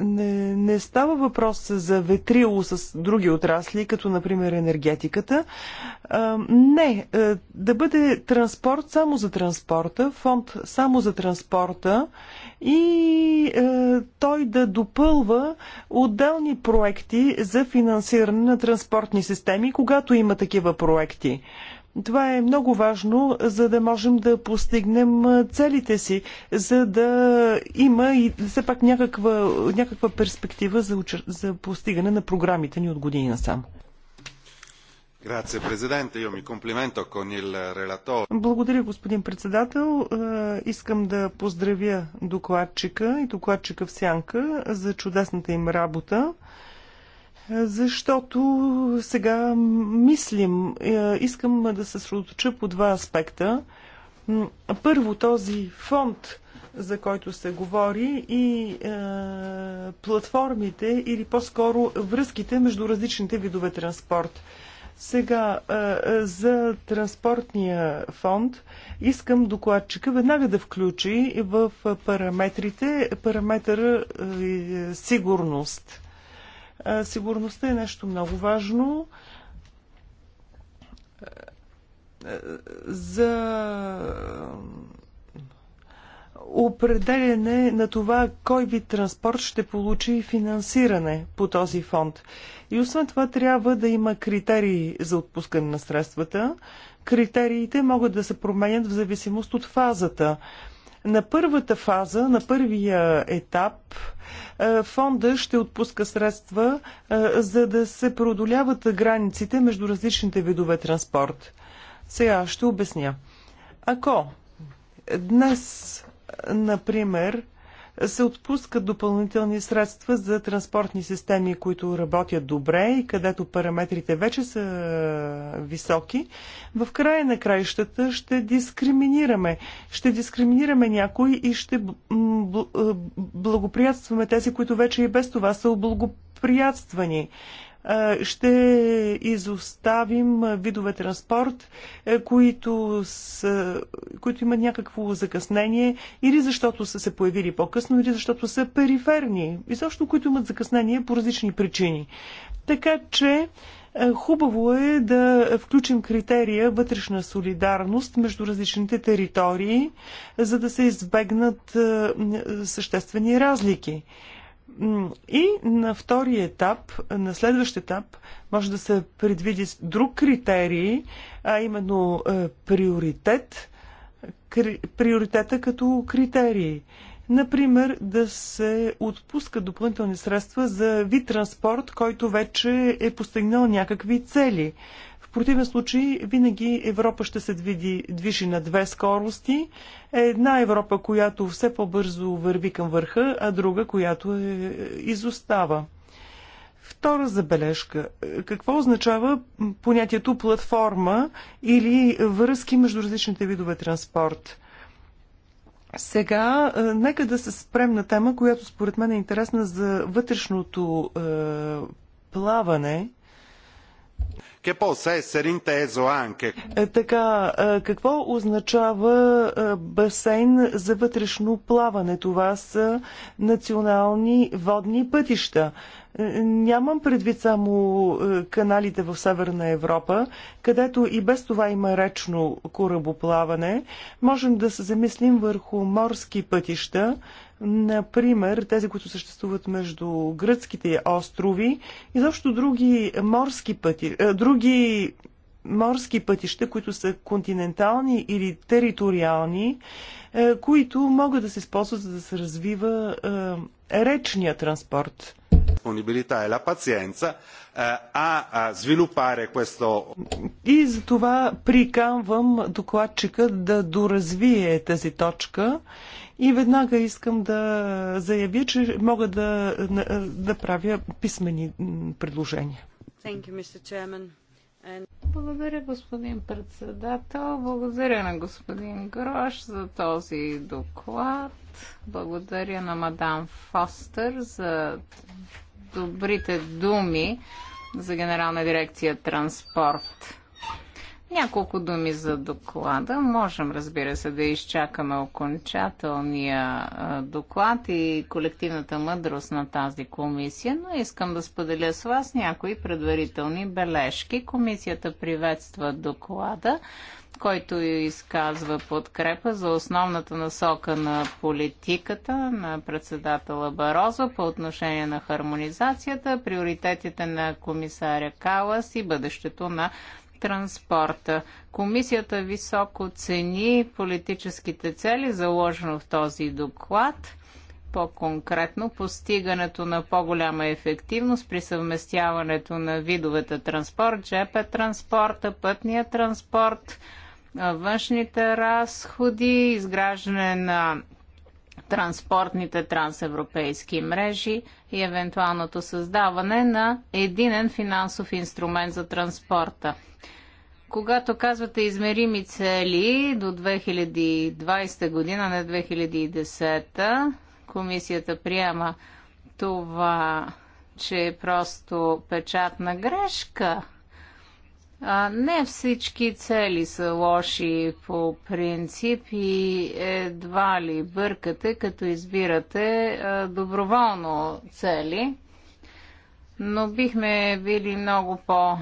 не, не става въпрос за ветрило с други отрасли, като например енергетиката. Не, да бъде транспорт само за транспорта, фонд само за транспорта и той да допълва отделни проекти за финансиране на транспортни системи, когато има такива проекти. Това е много важно, за да можем да постигнем целите си, за да има и все пак някаква, някаква перспектива за, уча... за постигане на програмите ни от години насам. Благодаря, господин председател. Искам да поздравя докладчика и докладчика в сянка за чудесната им работа защото сега мислим. Е, искам да се сроточа по два аспекта. Първо, този фонд, за който се говори, и е, платформите, или по-скоро връзките между различните видове транспорт. Сега, е, за транспортния фонд искам докладчика веднага да включи в параметрите параметъра е, сигурност. Сигурността е нещо много важно за определяне на това кой вид транспорт ще получи финансиране по този фонд. И освен това трябва да има критерии за отпускане на средствата. Критериите могат да се променят в зависимост от фазата. На първата фаза, на първия етап, е, фонда ще отпуска средства, е, за да се преодоляват границите между различните видове транспорт. Сега ще обясня. Ако днес, например, се отпускат допълнителни средства за транспортни системи, които работят добре и където параметрите вече са високи, в края на краищата ще дискриминираме. Ще дискриминираме някой и ще благоприятстваме тези, които вече и без това са облагоприятствани. Е, ще изоставим видове транспорт, е, които, са, които имат някакво закъснение или защото са се появили по-късно, или защото са периферни, и също, които имат закъснение по различни причини. Така че е, хубаво е да включим критерия вътрешна солидарност между различните територии, за да се избегнат съществени разлики. И на втори етап, на следващ етап, може да се предвиди друг критерий, а именно е, приоритет, кри, приоритета като критерии. Например, да се отпускат допълнителни средства за вид транспорт, който вече е постигнал някакви цели противен случай винаги Европа ще се движи, движи на две скорости. Една Европа, която все по-бързо върви към върха, а друга, която е, изостава. Втора забележка. Какво означава понятието платформа или връзки между различните видове транспорт? Сега, е, нека да се спрем на тема, която според мен е интересна за вътрешното е, плаване che possa essere inteso anche. Е, така, е, какво означава е, басейн за вътрешно плаване? Това са национални водни пътища. Нямам предвид само каналите в Северна Европа, където и без това има речно корабоплаване. Можем да се замислим върху морски пътища, Например, тези, които съществуват между гръцките острови и защо други морски пъти, е, други морски пътища, които са континентални или териториални, е, които могат да се използват за да се развива е, речния транспорт disponibilità e la pazienza eh, a sviluppare questo. И приканвам докладчика да доразвие тази точка и веднага искам да заявя, че мога да, да правя писмени предложения. Благодаря, господин председател. Благодаря на господин Грош за този доклад. Благодаря на мадам Фостер за добрите думи за Генерална дирекция Транспорт. Няколко думи за доклада. Можем, разбира се, да изчакаме окончателния доклад и колективната мъдрост на тази комисия, но искам да споделя с вас някои предварителни бележки. Комисията приветства доклада който изказва подкрепа за основната насока на политиката на председателя Барозо по отношение на хармонизацията, приоритетите на комисаря Калас и бъдещето на транспорта. Комисията високо цени политическите цели, заложено в този доклад – по-конкретно постигането на по-голяма ефективност при съвместяването на видовете транспорт, ЖП транспорта, пътния транспорт, външните разходи, изграждане на транспортните трансевропейски мрежи и евентуалното създаване на единен финансов инструмент за транспорта. Когато казвате измерими цели до 2020 година, не 2010, комисията приема това, че е просто печатна грешка а, не всички цели са лоши по принцип и едва ли бъркате, като избирате а, доброволно цели, но бихме били много по-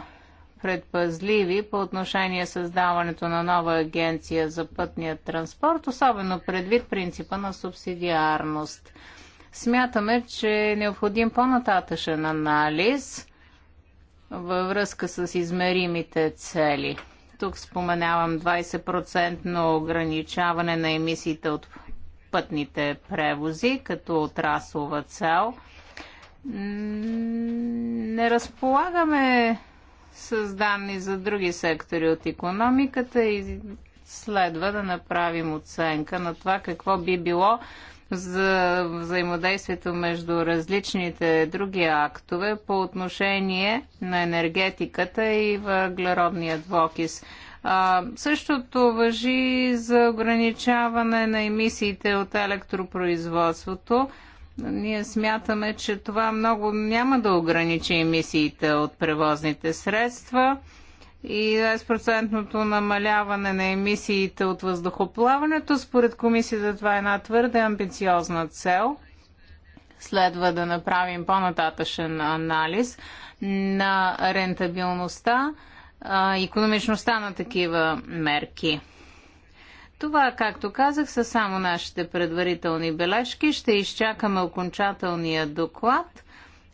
предпазливи по отношение създаването на нова агенция за пътния транспорт, особено предвид принципа на субсидиарност. Смятаме, че е необходим по нататъшен анализ – във връзка с измеримите цели. Тук споменавам 20% ограничаване на емисиите от пътните превози като отраслова цел. Не разполагаме с данни за други сектори от економиката и следва да направим оценка на това какво би било за взаимодействието между различните други актове по отношение на енергетиката и въглеродния двокис. А, същото въжи за ограничаване на емисиите от електропроизводството. Ние смятаме, че това много няма да ограничи емисиите от превозните средства и 10% намаляване на емисиите от въздухоплаването. Според комисията това е една твърде амбициозна цел. Следва да направим по-нататъчен анализ на рентабилността, економичността на такива мерки. Това, както казах, са само нашите предварителни бележки. Ще изчакаме окончателния доклад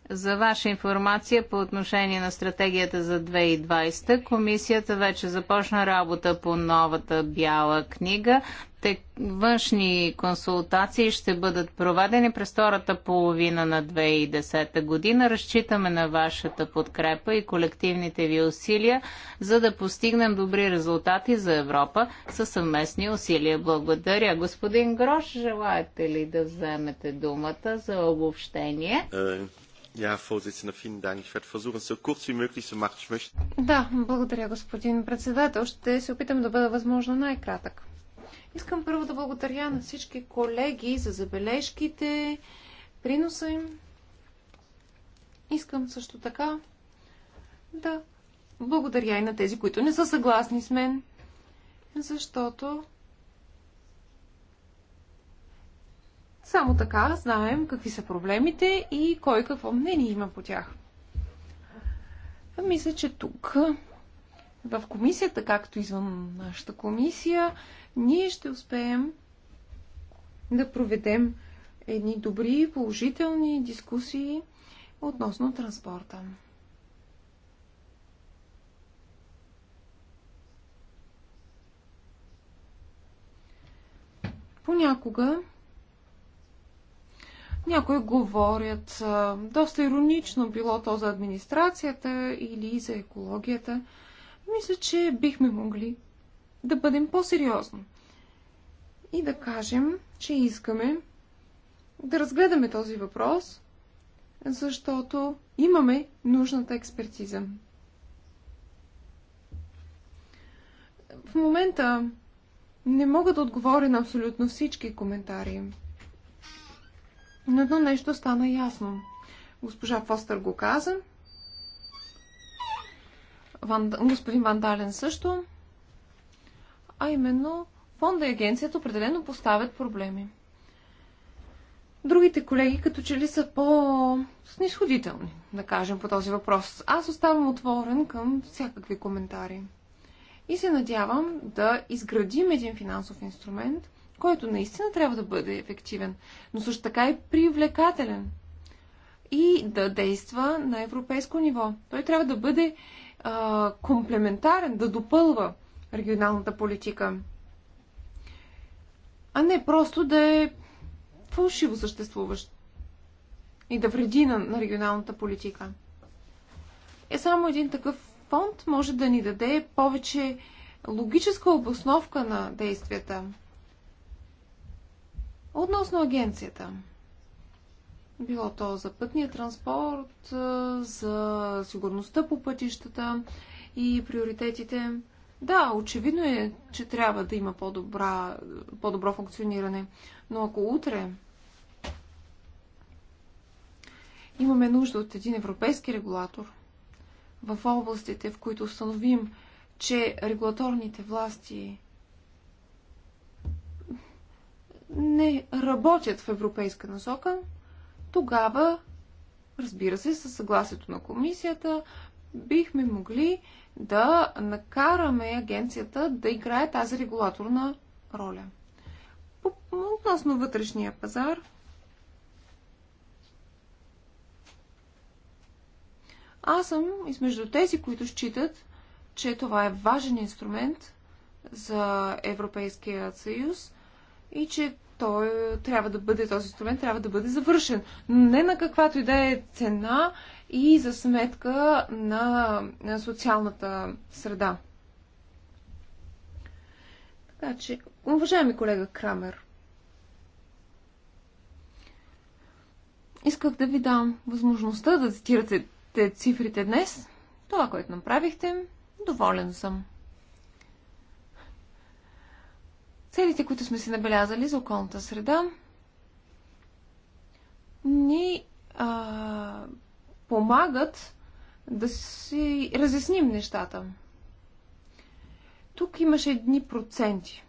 за ваша информация по отношение на стратегията за 2020, комисията вече започна работа по новата бяла книга. Те външни консултации ще бъдат проведени през втората половина на 2010 година. Разчитаме на вашата подкрепа и колективните ви усилия, за да постигнем добри резултати за Европа със съвместни усилия. Благодаря. Господин Грош, желаете ли да вземете думата за обобщение? Е, Ja, Vorsitzender, vielen Dank. Ich werde versuchen, es so wie möglich möchte... Да, благодаря, господин председател. Ще се опитам да бъда възможно най-кратък. Искам първо да благодаря на всички колеги за забележките, приноса им. Искам също така да благодаря и на тези, които не са съгласни с мен, защото Само така знаем какви са проблемите и кой какво мнение има по тях. Мисля, че тук, в комисията, както извън нашата комисия, ние ще успеем да проведем едни добри, положителни дискусии относно транспорта. Понякога някои говорят доста иронично, било то за администрацията или за екологията. Мисля, че бихме могли да бъдем по-сериозни и да кажем, че искаме да разгледаме този въпрос, защото имаме нужната експертиза. В момента не мога да отговоря на абсолютно всички коментари. Но едно нещо стана ясно. Госпожа Фостър го каза. Ван, господин Вандален също. А именно, фонда и агенцията определено поставят проблеми. Другите колеги като че ли са по-снисходителни, да кажем, по този въпрос. Аз оставам отворен към всякакви коментари. И се надявам да изградим един финансов инструмент, който наистина трябва да бъде ефективен, но също така и привлекателен и да действа на европейско ниво. Той трябва да бъде а, комплементарен, да допълва регионалната политика, а не просто да е фалшиво съществуващ и да вреди на, на регионалната политика. Е само един такъв фонд може да ни даде повече логическа обосновка на действията. Относно агенцията, било то за пътния транспорт, за сигурността по пътищата и приоритетите, да, очевидно е, че трябва да има по-добра, по-добро функциониране. Но ако утре имаме нужда от един европейски регулатор в областите, в които установим, че регулаторните власти не работят в европейска насока, тогава, разбира се, със съгласието на комисията, бихме могли да накараме агенцията да играе тази регулаторна роля. Относно вътрешния пазар, аз съм измежду тези, които считат, че това е важен инструмент за Европейския съюз и че той е, трябва да бъде, този инструмент трябва да бъде завършен. но Не на каквато и да е цена и за сметка на, на социалната среда. Така че, уважаеми колега Крамер, исках да ви дам възможността да цитирате цифрите днес. Това, което направихте, доволен съм. Целите, които сме си набелязали за околната среда, ни а, помагат да си разясним нещата. Тук имаше едни проценти,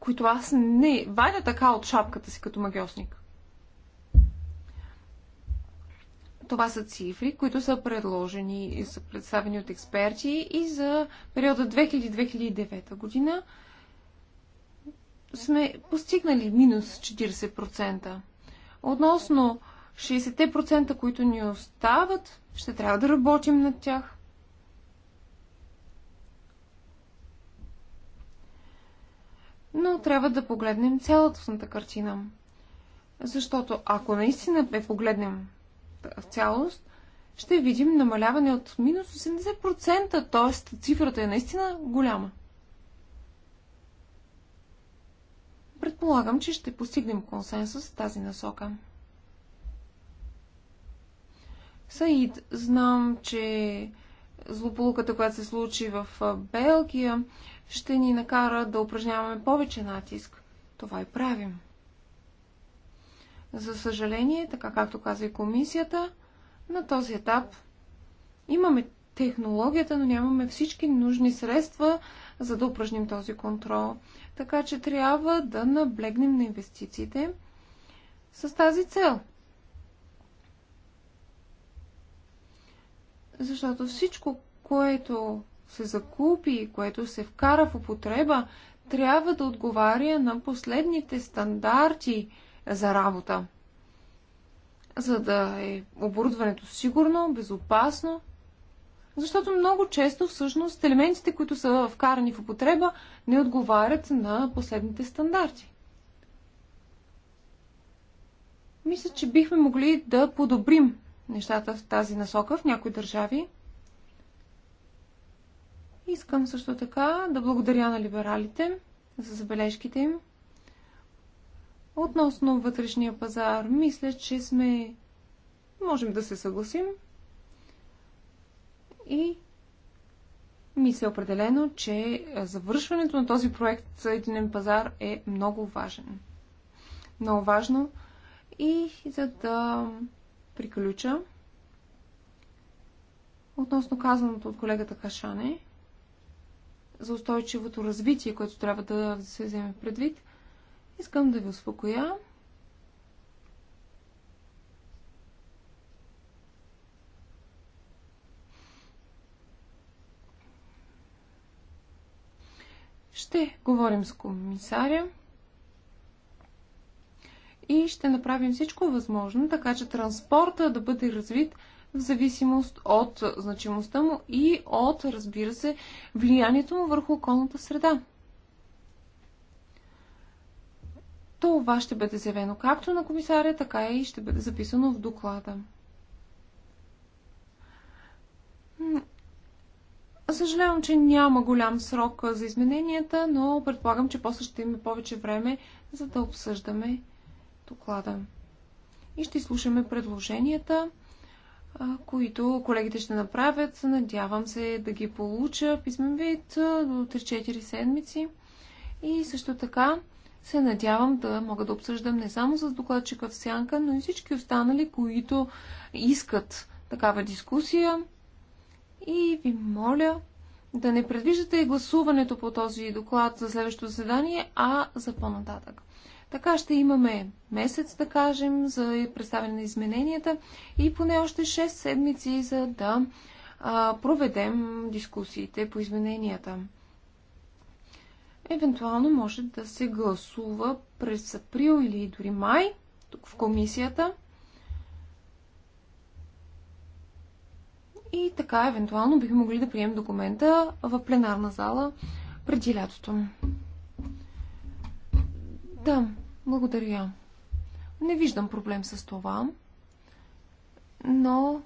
които аз не вадя така от шапката си като магиосник. Това са цифри, които са предложени и са представени от експерти и за периода 2000-2009 година сме постигнали минус 40%. Относно 60%, които ни остават, ще трябва да работим над тях. Но трябва да погледнем цялостната картина. Защото ако наистина бе погледнем в цялост, ще видим намаляване от минус 80%, т.е. цифрата е наистина голяма. Предполагам, че ще постигнем консенсус в тази насока. Саид, знам, че злополуката, която се случи в Белгия, ще ни накара да упражняваме повече натиск. Това и правим. За съжаление, така както каза и комисията, на този етап имаме технологията, но нямаме всички нужни средства за да упражним този контрол. Така че трябва да наблегнем на инвестициите с тази цел. Защото всичко, което се закупи, което се вкара в употреба, трябва да отговаря на последните стандарти за работа. За да е оборудването сигурно, безопасно защото много често всъщност елементите, които са вкарани в употреба, не отговарят на последните стандарти. Мисля, че бихме могли да подобрим нещата в тази насока в някои държави. Искам също така да благодаря на либералите за забележките им. Относно вътрешния пазар, мисля, че сме... можем да се съгласим – и мисля е определено, че завършването на този проект за единен пазар е много важен. Много важно. И за да приключа относно казаното от колегата Кашане за устойчивото развитие, което трябва да се вземе предвид, искам да ви успокоя, Ще говорим с комисаря и ще направим всичко възможно, така че транспорта да бъде развит в зависимост от значимостта му и от, разбира се, влиянието му върху околната среда. Това ще бъде заявено както на комисаря, така и ще бъде записано в доклада. Съжалявам, че няма голям срок за измененията, но предполагам, че после ще имаме повече време, за да обсъждаме доклада. И ще слушаме предложенията, които колегите ще направят. Надявам се да ги получа в писмен вид до 3-4 седмици. И също така се надявам да мога да обсъждам не само с докладчика в сянка, но и всички останали, които искат такава дискусия и ви моля да не предвиждате гласуването по този доклад за следващото заседание, а за по-нататък. Така ще имаме месец, да кажем, за представяне на измененията и поне още 6 седмици, за да а, проведем дискусиите по измененията. Евентуално може да се гласува през април или дори май тук в комисията и така евентуално бихме могли да приемем документа в пленарна зала преди лятото. Да, благодаря. Не виждам проблем с това, но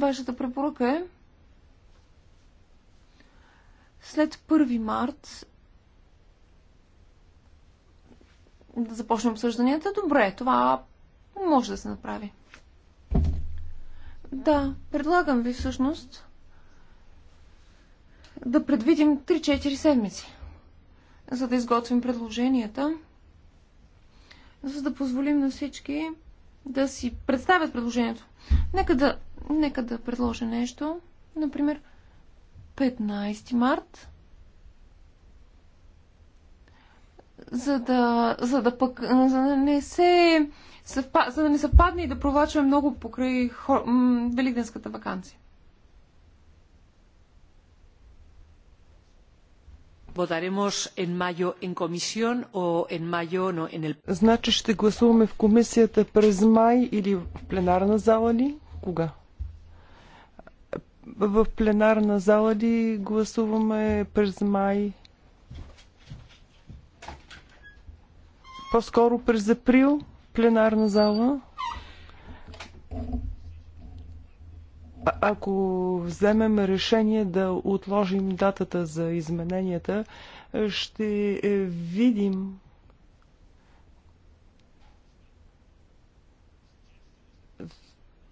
вашата препоръка е след 1 март да започнем обсъжданията. Добре, това може да се направи. Да, предлагам ви всъщност да предвидим 3-4 седмици, за да изготвим предложенията, за да позволим на всички да си представят предложението. Нека да, нека да предложа нещо, например 15 март, за да, за да пък за да не се съвпа... за да не съвпадне и да провачваме много покрай хор... м- великденската вакансия. votaremos en mayo en comisión o en mayo no en el Значи ще гласуваме в комисията през май или в пленарна зала ли? Кога? В пленарна зала ли гласуваме през май? По-скоро през април? пленарна зала. А ако вземем решение да отложим датата за измененията, ще видим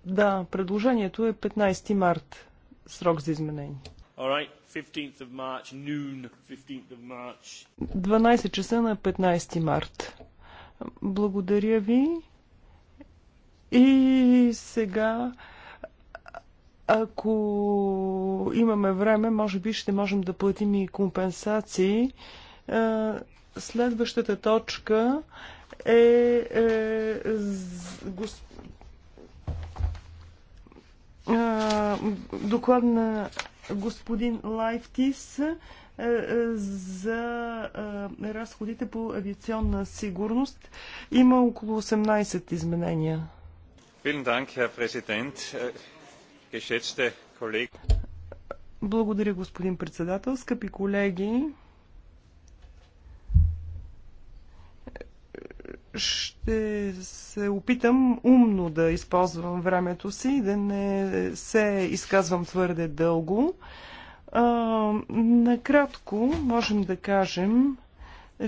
Да, предложението е 15 март, срок за изменение. 12 часа на 15 март. Благодаря ви. И сега, ако имаме време, може би ще можем да платим и компенсации. Е, следващата точка е, е, е доклад на господин Лайфтис е, е, за е, разходите по авиационна сигурност. Има около 18 изменения. Äh, Благодаря, господин председател. Скъпи колеги, ще се опитам умно да използвам времето си да не се изказвам твърде дълго накратко можем да кажем,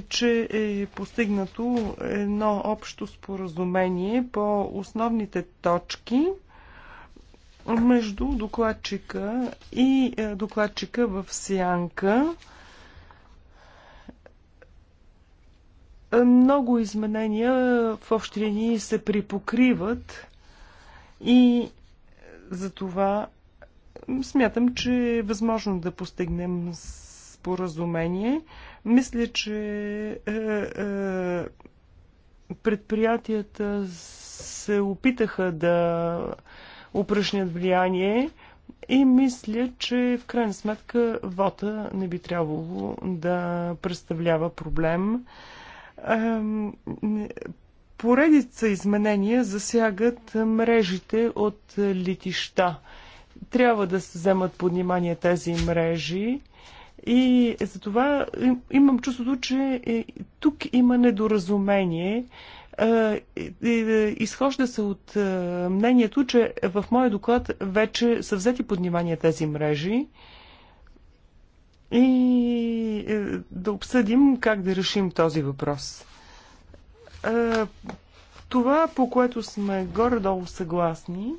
че е постигнато едно общо споразумение по основните точки между докладчика и е, докладчика в Сянка. Много изменения в общи линии се припокриват и затова Смятам, че е възможно да постигнем споразумение. Мисля, че е, е, предприятията се опитаха да упръшнят влияние и мисля, че в крайна сметка вота не би трябвало да представлява проблем. Поредица изменения засягат мрежите от летища. Трябва да се вземат под внимание тези мрежи. И затова имам чувството, че тук има недоразумение. Изхожда се от мнението, че в моя доклад вече са взети под внимание тези мрежи и е, да обсъдим как да решим този въпрос. Това, по което сме горе-долу съгласни,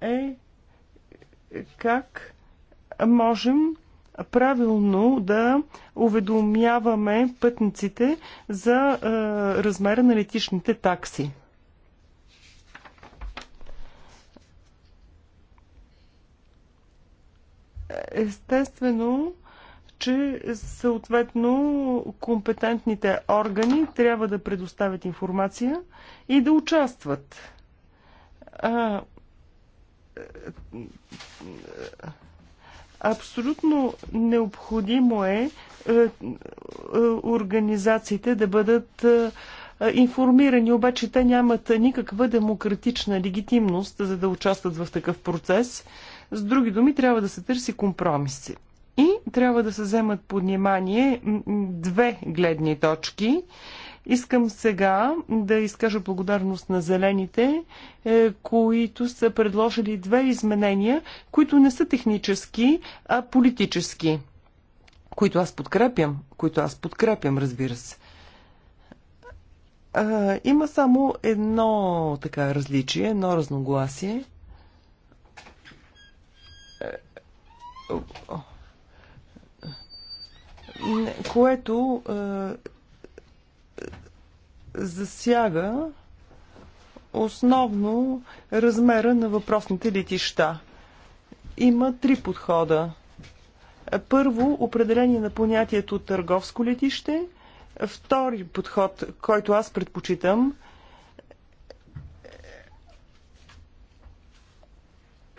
е, как можем правилно да уведомяваме пътниците за е, размера на летишните такси. Естествено, че съответно компетентните органи трябва да предоставят информация и да участват. А, абсолютно необходимо е, е, е организациите да бъдат е, информирани, обаче те нямат никаква демократична легитимност, за да участват в такъв процес. С други думи, трябва да се търси компромиси. И трябва да се вземат под внимание две гледни точки. Искам сега да изкажа благодарност на зелените, е, които са предложили две изменения, които не са технически, а политически, които аз подкрепям, които аз подкрепям, разбира се. А, има само едно така различие, едно разногласие. Е, което е, засяга основно размера на въпросните летища. Има три подхода. Първо, определение на понятието търговско летище. Втори подход, който аз предпочитам –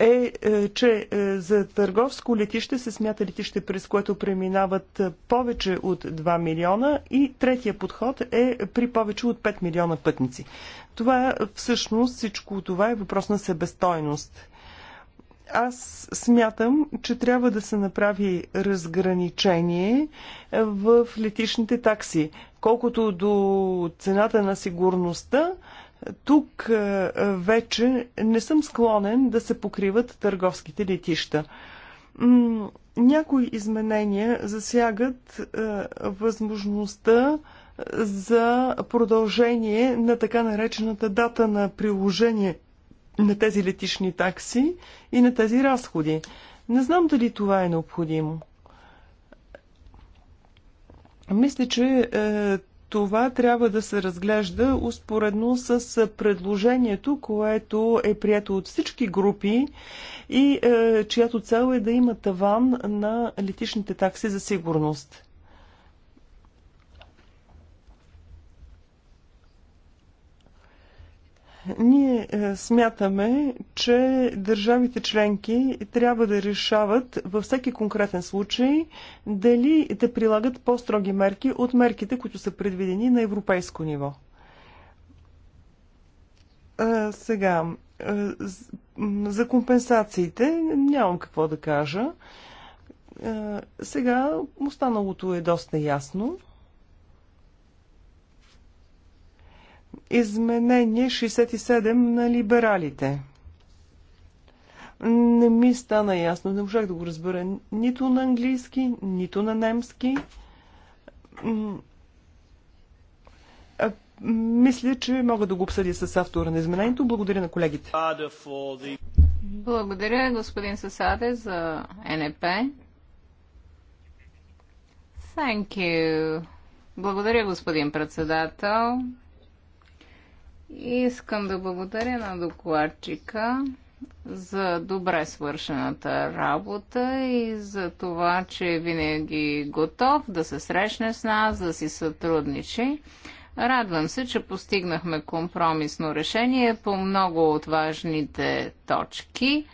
Е, е, че е, за търговско летище се смята летище, през което преминават е, повече от 2 милиона и третия подход е при повече от 5 милиона пътници. Това всъщност всичко това е въпрос на себестойност. Аз смятам, че трябва да се направи разграничение в летишните такси. Колкото до цената на сигурността, тук е, вече не съм склонен да се покриват търговските летища. Някои изменения засягат е, възможността е, за продължение на така наречената дата на приложение на тези летишни такси и на тези разходи. Не знам дали това е необходимо. Мисля, че това трябва да се разглежда успоредно с предложението, което е прието от всички групи и е, чиято цел е да има таван на летишните такси за сигурност. Ние е, смятаме, че държавите членки трябва да решават във всеки конкретен случай дали да прилагат по-строги мерки от мерките, които са предвидени на европейско ниво. А, сега, е, за компенсациите нямам какво да кажа. А, е, сега останалото е доста ясно. Изменение 67 на либералите. Не ми стана ясно, не можах да го разбера нито на английски, нито на немски. Мисля, че мога да го обсъдя с автора на изменението. Благодаря на колегите. Благодаря, господин Сасаде, за НП. Thank you. Благодаря, господин председател. Искам да благодаря на докладчика за добре свършената работа и за това, че е винаги готов да се срещне с нас, да си сътрудничи. Радвам се, че постигнахме компромисно решение по много от важните точки.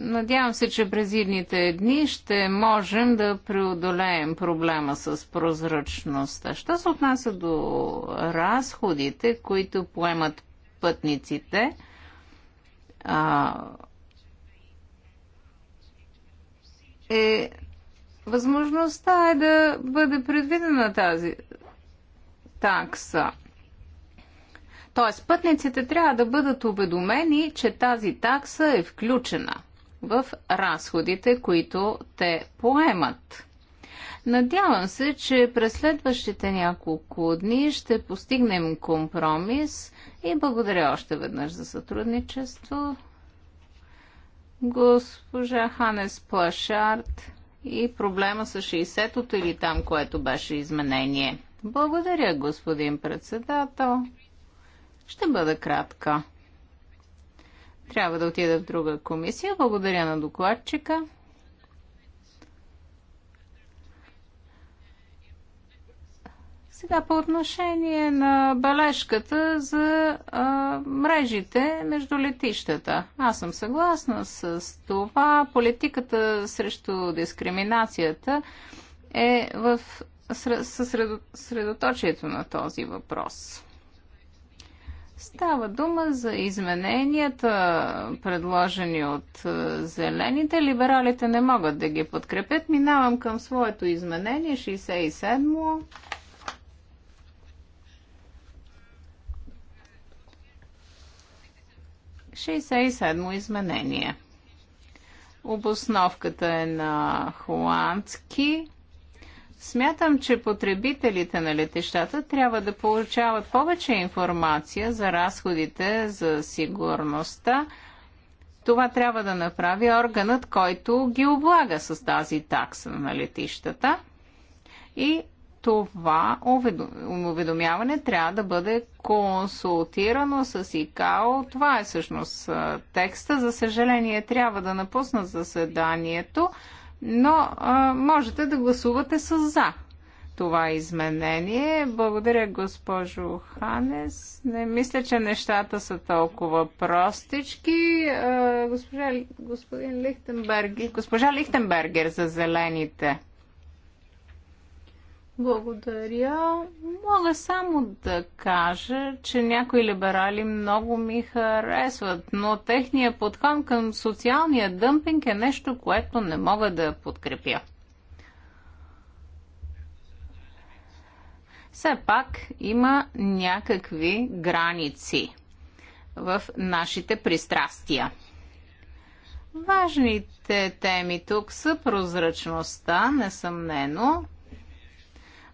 Надявам се, че през идните дни ще можем да преодолеем проблема с прозрачността. Що се отнася до разходите, които поемат пътниците, а, е възможността е да бъде предвидена тази такса. Тоест, пътниците трябва да бъдат уведомени, че тази такса е включена – в разходите, които те поемат. Надявам се, че през следващите няколко дни ще постигнем компромис и благодаря още веднъж за сътрудничество. Госпожа Ханес Плашарт и проблема с 60-тото или там, което беше изменение. Благодаря, господин председател. Ще бъда кратка трябва да отида в друга комисия. Благодаря на докладчика. Сега по отношение на бележката за а, мрежите между летищата. Аз съм съгласна с това. Политиката срещу дискриминацията е в съсредоточието на този въпрос. Става дума за измененията, предложени от е, зелените. Либералите не могат да ги подкрепят. Минавам към своето изменение 67 67 изменение. Обосновката е на холандски. Смятам, че потребителите на летищата трябва да получават повече информация за разходите за сигурността. Това трябва да направи органът, който ги облага с тази такса на летищата. И това уведомяване трябва да бъде консултирано с ИКАО. Това е всъщност текста. За съжаление, трябва да напуснат заседанието но а, можете да гласувате с за това изменение. Благодаря, госпожо Ханес. Не мисля, че нещата са толкова простички. А, госпожа, господин Лихтенбергер, госпожа Лихтенбергер за зелените. Благодаря. Мога само да кажа, че някои либерали много ми харесват, но техният подход към социалния дъмпинг е нещо, което не мога да подкрепя. Все пак има някакви граници в нашите пристрастия. Важните теми тук са прозрачността, несъмнено,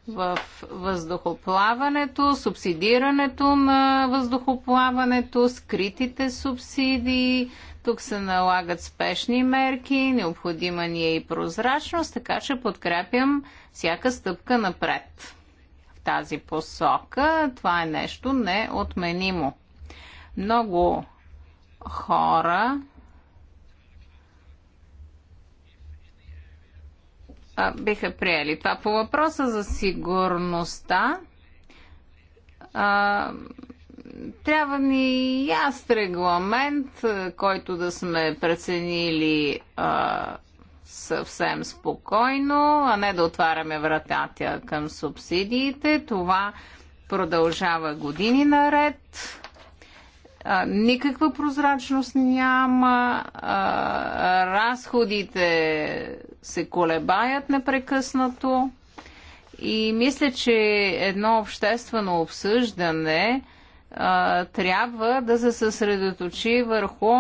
в въздухоплаването, субсидирането на въздухоплаването, скритите субсидии. Тук се налагат спешни мерки, необходима ни е и прозрачност, така че подкрепям всяка стъпка напред в тази посока. Това е нещо неотменимо. Много хора а, биха приели това. По въпроса за сигурността, а, трябва ни яст регламент, който да сме преценили а, съвсем спокойно, а не да отваряме вратата към субсидиите. Това продължава години наред никаква прозрачност няма, разходите се колебаят непрекъснато и мисля, че едно обществено обсъждане трябва да се съсредоточи върху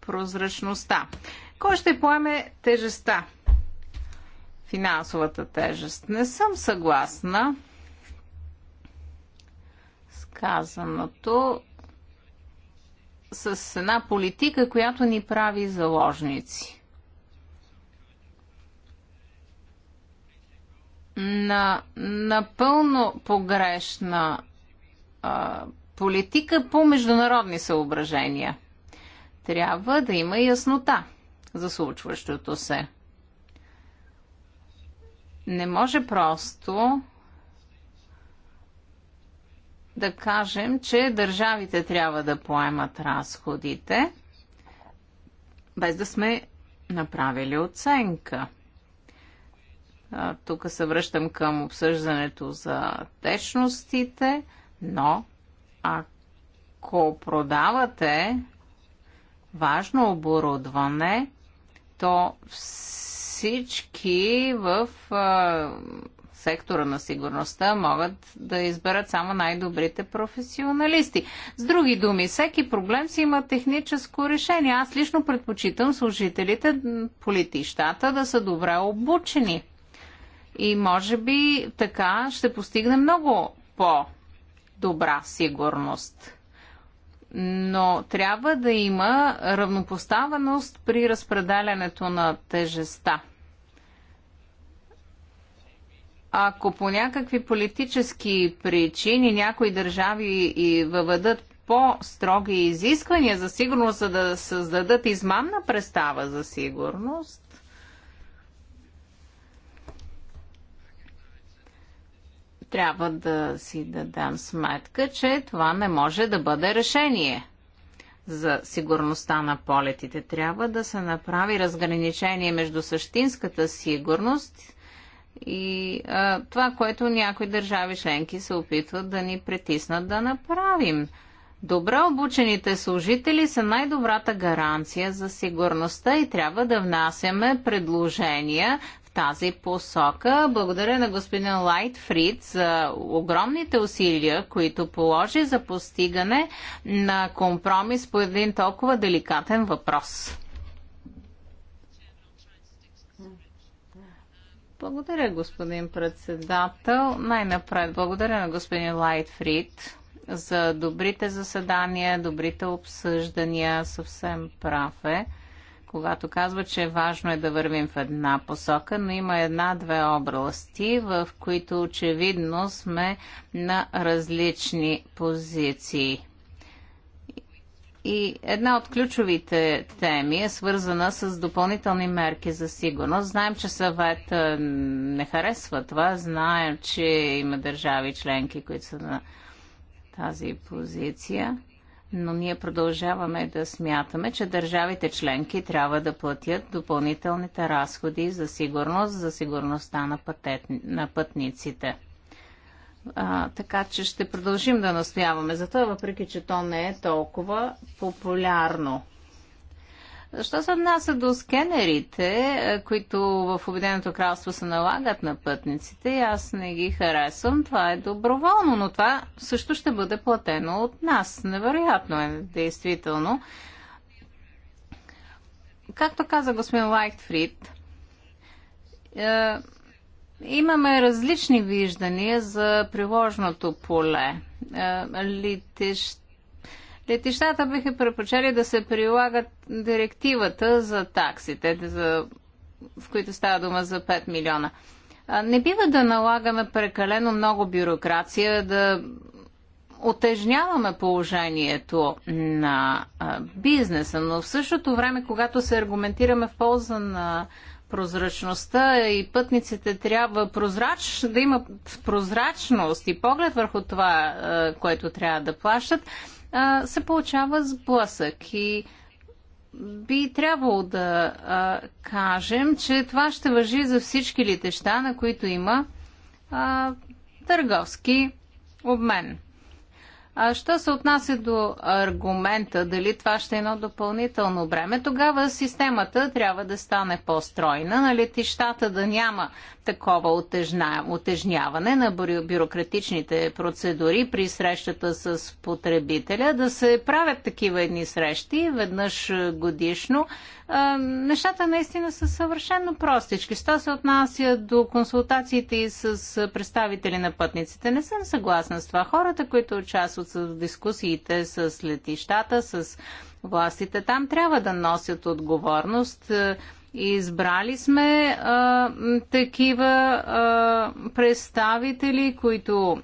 прозрачността. Кой ще поеме тежестта? Финансовата тежест. Не съм съгласна с казаното с една политика, която ни прави заложници. На напълно погрешна а, политика по международни съображения. Трябва да има яснота за случващото се. Не може просто да кажем, че държавите трябва да поемат разходите, без да сме направили оценка. Тук се връщам към обсъждането за течностите, но ако продавате важно оборудване, то всички в сектора на сигурността могат да изберат само най-добрите професионалисти. С други думи, всеки проблем си има техническо решение. Аз лично предпочитам служителите по летищата да са добре обучени. И може би така ще постигне много по-добра сигурност но трябва да има равнопоставеност при разпределянето на тежеста. Ако по някакви политически причини някои държави и въведат по-строги изисквания за сигурност, за да създадат измамна представа за сигурност, трябва да си дадам сметка, че това не може да бъде решение за сигурността на полетите. Трябва да се направи разграничение между същинската сигурност и а, това, което някои държави членки се опитват да ни притиснат да направим. Добре обучените служители са най-добрата гаранция за сигурността и трябва да внасяме предложения в тази посока. Благодаря на господин Лайт Фрид за огромните усилия, които положи за постигане на компромис по един толкова деликатен въпрос. Благодаря, господин председател. Най-напред благодаря на господин Лайтфрид за добрите заседания, добрите обсъждания. Съвсем прав е, когато казва, че важно е да вървим в една посока, но има една-две области, в които очевидно сме на различни позиции. И една от ключовите теми е свързана с допълнителни мерки за сигурност. Знаем, че съвет не харесва това. Знаем, че има държави членки, които са на тази позиция. Но ние продължаваме да смятаме, че държавите членки трябва да платят допълнителните разходи за сигурност, за сигурността на, пътет, на пътниците. А, така че ще продължим да настояваме за това, въпреки че то не е толкова популярно. Що се отнася до скенерите, е, които в Обединеното кралство се налагат на пътниците, аз не ги харесвам. Това е доброволно, но това също ще бъде платено от нас. Невероятно е, действително. Както каза господин Лайтфрид, е, Имаме различни виждания за приложното поле. Е, Летищата биха предпочели да се прилагат директивата за таксите, за... в които става дума за 5 милиона. Е, не бива да налагаме прекалено много бюрокрация, да отежняваме положението на е, бизнеса, но в същото време, когато се аргументираме в полза на прозрачността и пътниците трябва прозрач, да имат прозрачност и поглед върху това, което трябва да плащат, се получава сблъсък. И би трябвало да кажем, че това ще въжи за всички летеща, на които има търговски обмен. А що се отнася до аргумента, дали това ще е едно допълнително време, тогава системата трябва да стане по-стройна, на нали, летищата да няма такова отежняване на бюрократичните процедури при срещата с потребителя, да се правят такива едни срещи веднъж годишно. Нещата наистина са съвършенно простички. Що се отнася до консултациите с представители на пътниците, не съм съгласна с това. Хората, които участват участват дискусиите с летищата, с властите там, трябва да носят отговорност. Е, избрали сме а, е, такива а, е, представители, които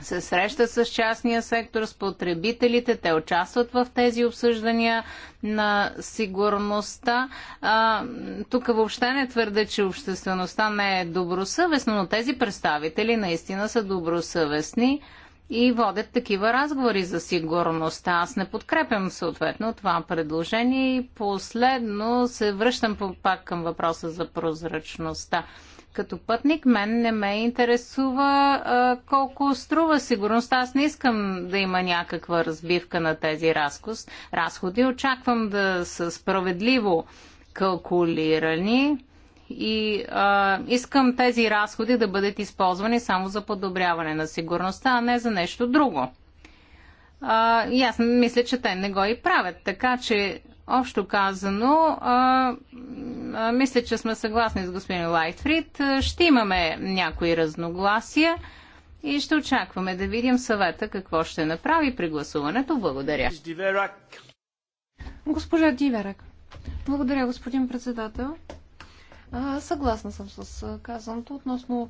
се срещат с частния сектор, с потребителите, те участват в тези обсъждания на сигурността. А, тук въобще не твърда, че обществеността не е добросъвестна, но тези представители наистина са добросъвестни и водят такива разговори за сигурност. Аз не подкрепям съответно това предложение и последно се връщам пак към въпроса за прозрачността. Като пътник мен не ме интересува а, колко струва сигурността. Аз не искам да има някаква разбивка на тези разкос, разходи. Очаквам да са справедливо калкулирани и а, искам тези разходи да бъдат използвани само за подобряване на сигурността, а не за нещо друго. А, и аз мисля, че те не го и правят. Така че, общо казано, а, а, мисля, че сме съгласни с господин Лайтфрид. Ще имаме някои разногласия и ще очакваме да видим съвета какво ще направи при гласуването. Благодаря. Госпожа Диверак. Благодаря, господин председател. А, съгласна съм с казаното относно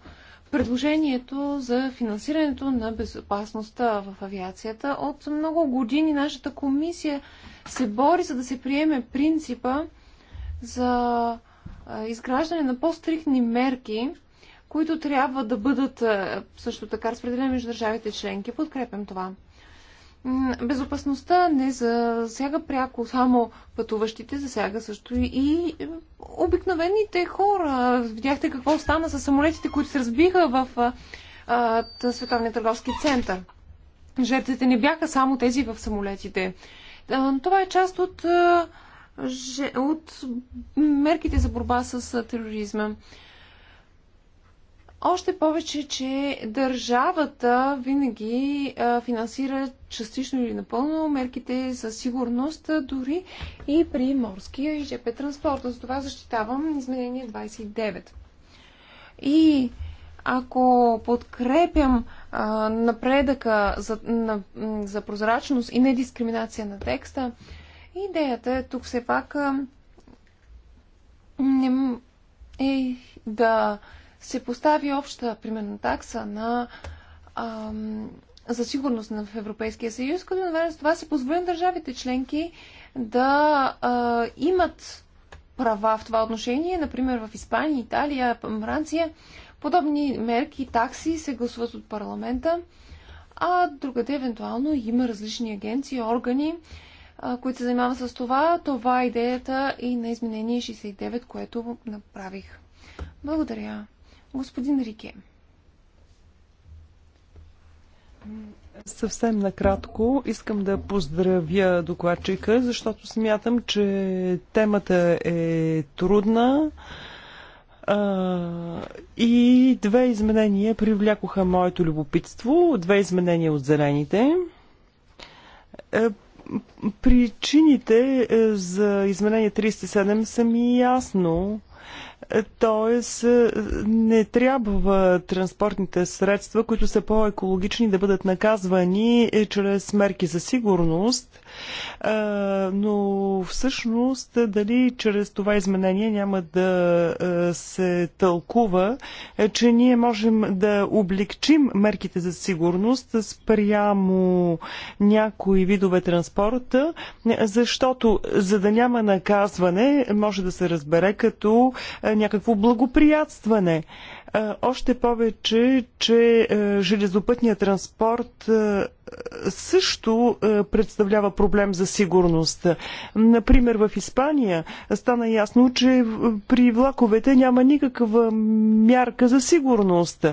предложението за финансирането на безопасността в авиацията. От много години нашата комисия се бори за да се приеме принципа за изграждане на по-стрихни мерки, които трябва да бъдат също така разпределени между държавите членки. Подкрепям това. Безопасността не засяга пряко само пътуващите, засяга също и обикновените хора. Видяхте какво стана с самолетите, които се разбиха в Световния търговски център. Жертвите не бяха само тези в самолетите. Това е част от, от мерките за борба с тероризма. Още повече, че държавата винаги финансира частично или напълно мерките за сигурност, дори и при морския и ЖП транспорта. За това защитавам изменение 29. И ако подкрепям а, напредъка за, на, за прозрачност и недискриминация на текста, идеята е тук все пак а, не, е да се постави обща, примерно, такса на, ам, за сигурност в Европейския съюз, като наведено с това се позволи на държавите членки да а, имат права в това отношение. Например, в Испания, Италия, Франция подобни мерки, такси се гласуват от парламента, а другаде евентуално има различни агенции, органи, които се занимават с това. Това е идеята и на изменение 69, което направих. Благодаря. Господин Рике. Съвсем накратко искам да поздравя докладчика, защото смятам, че темата е трудна и две изменения привлякоха моето любопитство. Две изменения от зелените. Е, причините е, за изменение 37 са ми ясно. Тоест, е, не трябва транспортните средства, които са по-екологични, да бъдат наказвани е, чрез мерки за сигурност, е, но всъщност дали чрез това изменение няма да се тълкува, че ние можем да облегчим мерките за сигурност спрямо някои видове транспорта, защото за да няма наказване, може да се разбере като е, някакво благоприятстване. Е, още повече, че е, железопътният транспорт също е, представлява проблем за сигурност. Например, в Испания стана ясно, че при влаковете няма никаква мярка за сигурност.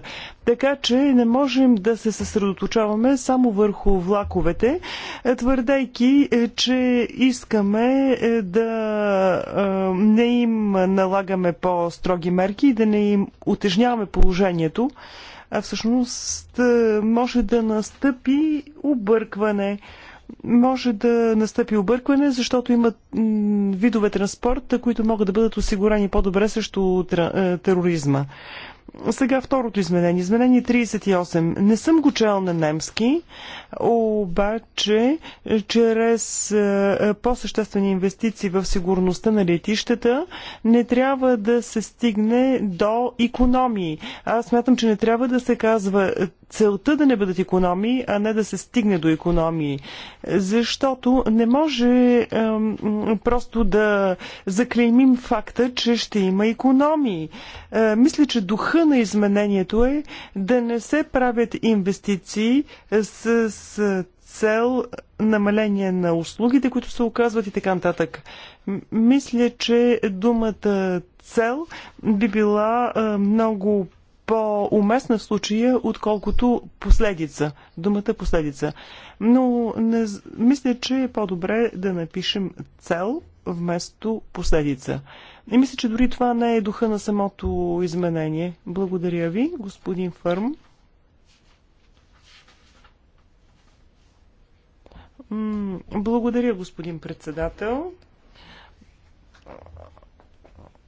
Така че не можем да се съсредоточаваме само върху влаковете, твърдейки, е, че искаме е, да не им налагаме по-строги мерки и да не им утежняваме положението а всъщност е, може да настъпи объркване. Може да настъпи объркване, защото има видове транспорт, които могат да бъдат осигурени по-добре срещу е, тероризма. Сега второто изменение. Изменение 38. Не съм го чел на немски, обаче е, чрез е, е, по-съществени инвестиции в сигурността на летищата не трябва да се стигне до економии. Аз смятам, че не трябва да се казва целта да не бъдат економии, а не да се стигне до економии. Защото не може е, просто да заклеймим факта, че ще има економии. Е, мисля, че духа на изменението е да не се правят инвестиции с, с цел намаление на услугите, които се оказват и така нататък. Мисля, че думата цел би била много по-уместна в случая, отколкото последица, думата последица. Но не, мисля, че е по-добре да напишем цел вместо последица. И мисля, че дори това не е духа на самото изменение. Благодаря ви, господин Фърм. Благодаря, господин председател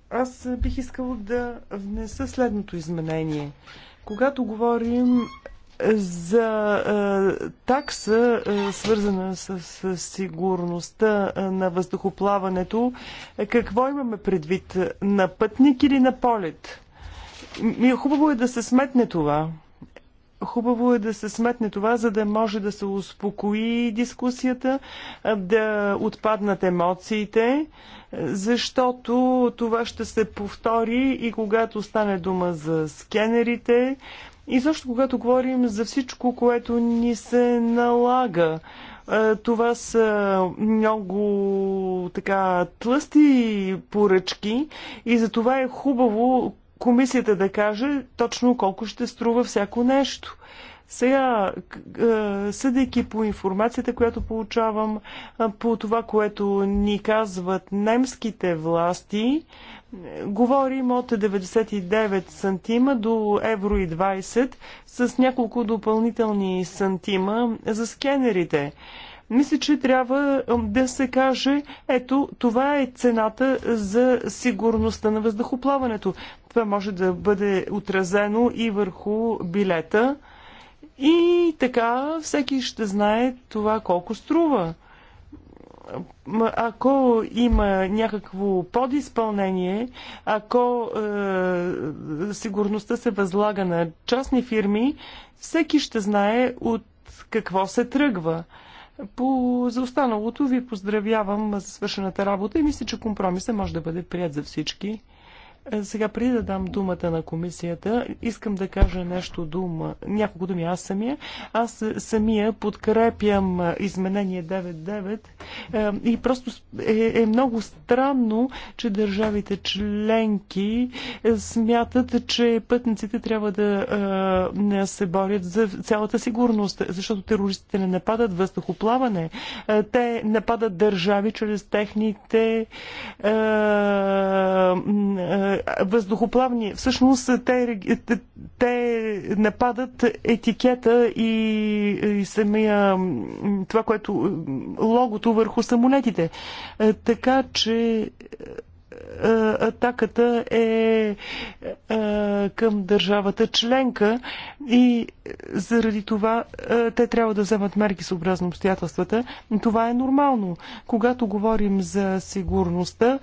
аз бих искала да внеса следното изменение. Когато говорим за е, такса, е, свързана с, с сигурността е, на въздухоплаването, какво имаме предвид? На пътник или на полет? Хубаво е да се сметне това. Хубаво е да се сметне това, за да може да се успокои дискусията, да отпаднат емоциите, защото това ще се повтори и когато стане дума за скенерите, и също когато говорим за всичко, което ни се налага. Това са много така тлъсти поръчки и за това е хубаво комисията да каже точно колко ще струва всяко нещо. Сега, съдейки по информацията, която получавам, по това, което ни казват немските власти, говорим от 99 сантима до евро и 20 с няколко допълнителни сантима за скенерите. Мисля, че трябва да се каже, ето, това е цената за сигурността на въздухоплаването. Това може да бъде отразено и върху билета. И така всеки ще знае това колко струва. Ако има някакво подизпълнение, ако е, сигурността се възлага на частни фирми, всеки ще знае от какво се тръгва. По, за останалото ви поздравявам за свършената работа и мисля, че компромисът може да бъде прият за всички. Сега, преди да дам думата на комисията, искам да кажа нещо дума, няколко думи аз самия. Аз самия подкрепям изменение 9.9 и просто е, е много странно, че държавите членки е, смятат, че пътниците трябва да не се борят за цялата сигурност, защото терористите не нападат въздухоплаване. Те нападат държави чрез техните въздухоплавни. Всъщност те, те нападат етикета и, и самия това, което логото върху самолетите. Е, така че е, атаката е към държавата членка и заради това те трябва да вземат мерки съобразно обстоятелствата. Това е нормално. Когато говорим за сигурността,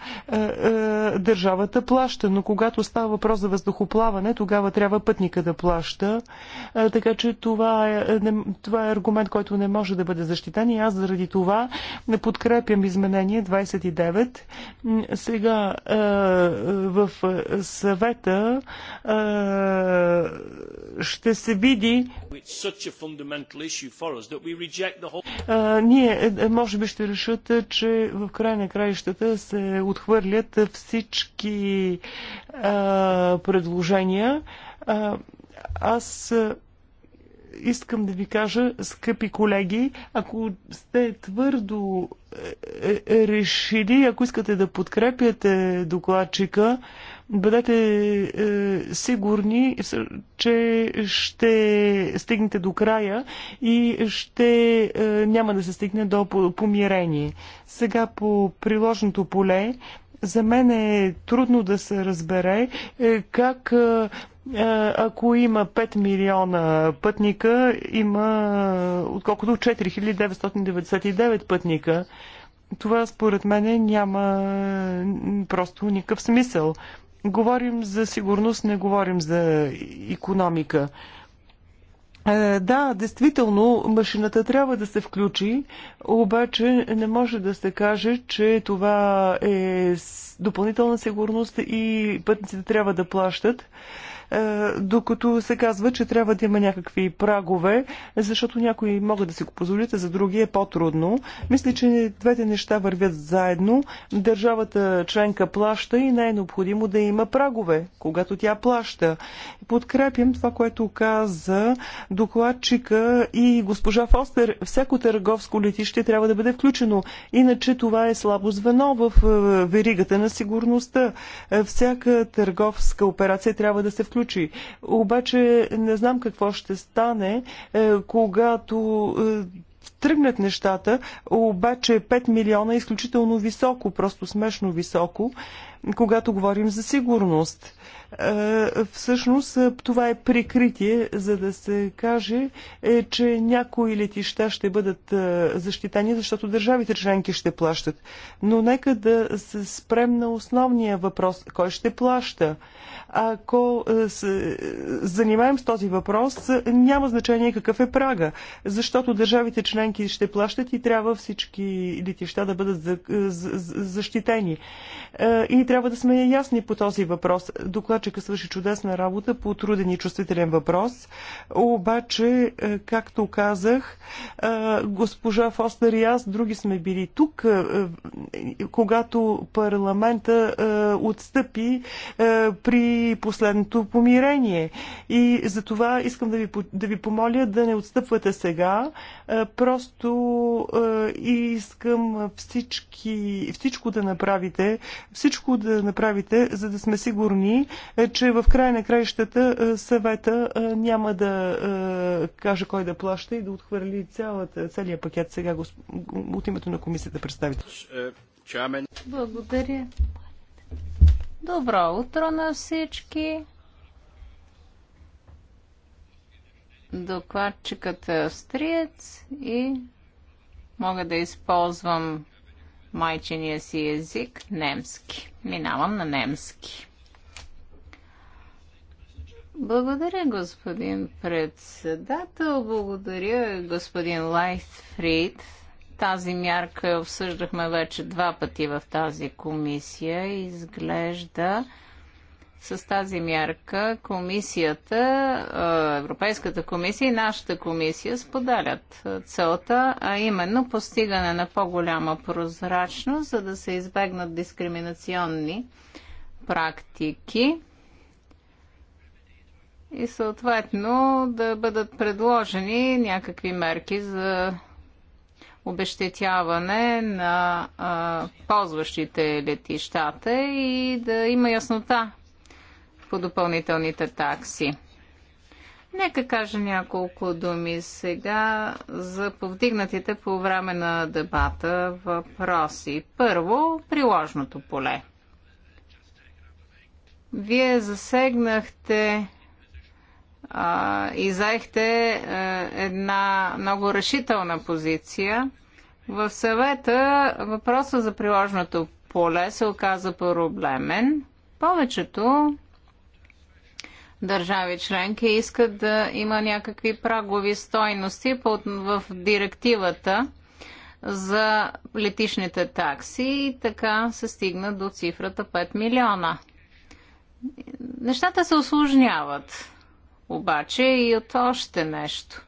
държавата плаща, но когато става въпрос за въздухоплаване, тогава трябва пътника да плаща. Така че това е, това е аргумент, който не може да бъде защитен и аз заради това не подкрепям изменение 29. Сега е, в съвета, е, ще се види. Е, ние може би ще решат, че в край на краищата се отхвърлят всички предложения. Аз искам да ви кажа, скъпи колеги, ако сте твърдо е, е, решили, ако искате да подкрепяте докладчика, бъдете е, сигурни, че ще стигнете до края и ще е, няма да се стигне до помирение. Сега по приложното поле за мен е трудно да се разбере е, как е, е, ако има 5 милиона пътника, има отколкото 4999 пътника. Това според мен няма просто никакъв смисъл. Говорим за сигурност, не говорим за економика. Е, да, действително, машината трябва да се включи, обаче не може да се каже, че това е допълнителна сигурност и пътниците трябва да плащат е, докато се казва, че трябва да има някакви прагове, защото някои могат да си го позволят, а за други е по-трудно. Мисля, че двете неща вървят заедно. Държавата членка плаща и не е необходимо да има прагове, когато тя плаща подкрепям това, което каза докладчика и госпожа Фостер. Всяко търговско летище трябва да бъде включено. Иначе това е слабо звено в е, веригата на сигурността. Е, всяка търговска операция трябва да се включи. Обаче не знам какво ще стане, е, когато тръгнат нещата, обаче 5 милиона е изключително високо, просто смешно високо, когато говорим за сигурност. Е, всъщност е, това е прикритие, за да се каже, е, че някои летища ще бъдат защитани, защото държавите членки ще плащат. Но нека да се спрем на основния въпрос. Кой ще плаща? Ако се занимаем с този въпрос, няма значение какъв е прага, защото държавите членки ще плащат и трябва всички летища да бъдат защитени. И трябва да сме ясни по този въпрос. Доклад докладчика свърши чудесна работа по труден и чувствителен въпрос. Обаче, е, както казах, е, госпожа Фостер и аз, други сме били тук, е, когато парламента отстъпи при последното помирение. И за това искам да ви, да ви помоля да не отстъпвате сега. Просто искам всички, всичко да направите, всичко да направите, за да сме сигурни, е, че в края на краищата е, съвета е, няма да каже кой да плаща и да отхвърли цялата, целият пакет сега от името на комисията представител. Благодаря. Добро утро на всички. Докладчикът е австриец и мога да използвам майчения си език немски. Минавам на немски. Благодаря, господин председател. Благодаря, господин Лайтфрид. Тази мярка обсъждахме вече два пъти в тази комисия. Изглежда с тази мярка комисията, Европейската комисия и нашата комисия споделят целта, а именно постигане на по-голяма прозрачност, за да се избегнат дискриминационни практики и съответно да бъдат предложени някакви мерки за обещетяване на а, ползващите летищата и да има яснота по допълнителните такси. Нека кажа няколко думи сега за повдигнатите по време на дебата въпроси. Първо, приложното поле. Вие засегнахте и заехте е, една много решителна позиция. В съвета въпроса за приложното поле се оказа проблемен. Повечето държави членки искат да има някакви прагови стойности в директивата за летишните такси и така се стигна до цифрата 5 милиона. Нещата се осложняват обаче и от още нещо.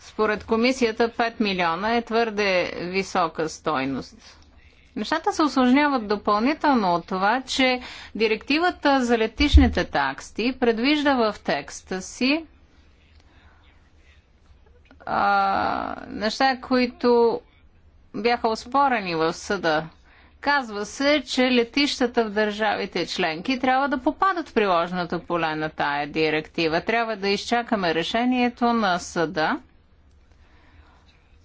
Според комисията 5 милиона е твърде висока стойност. Нещата се осложняват допълнително от това, че директивата за летишните такси предвижда в текста си а, неща, които бяха оспорени в съда Казва се, че летищата в държавите членки трябва да попадат в приложеното поле на тая директива. Трябва да изчакаме решението на съда.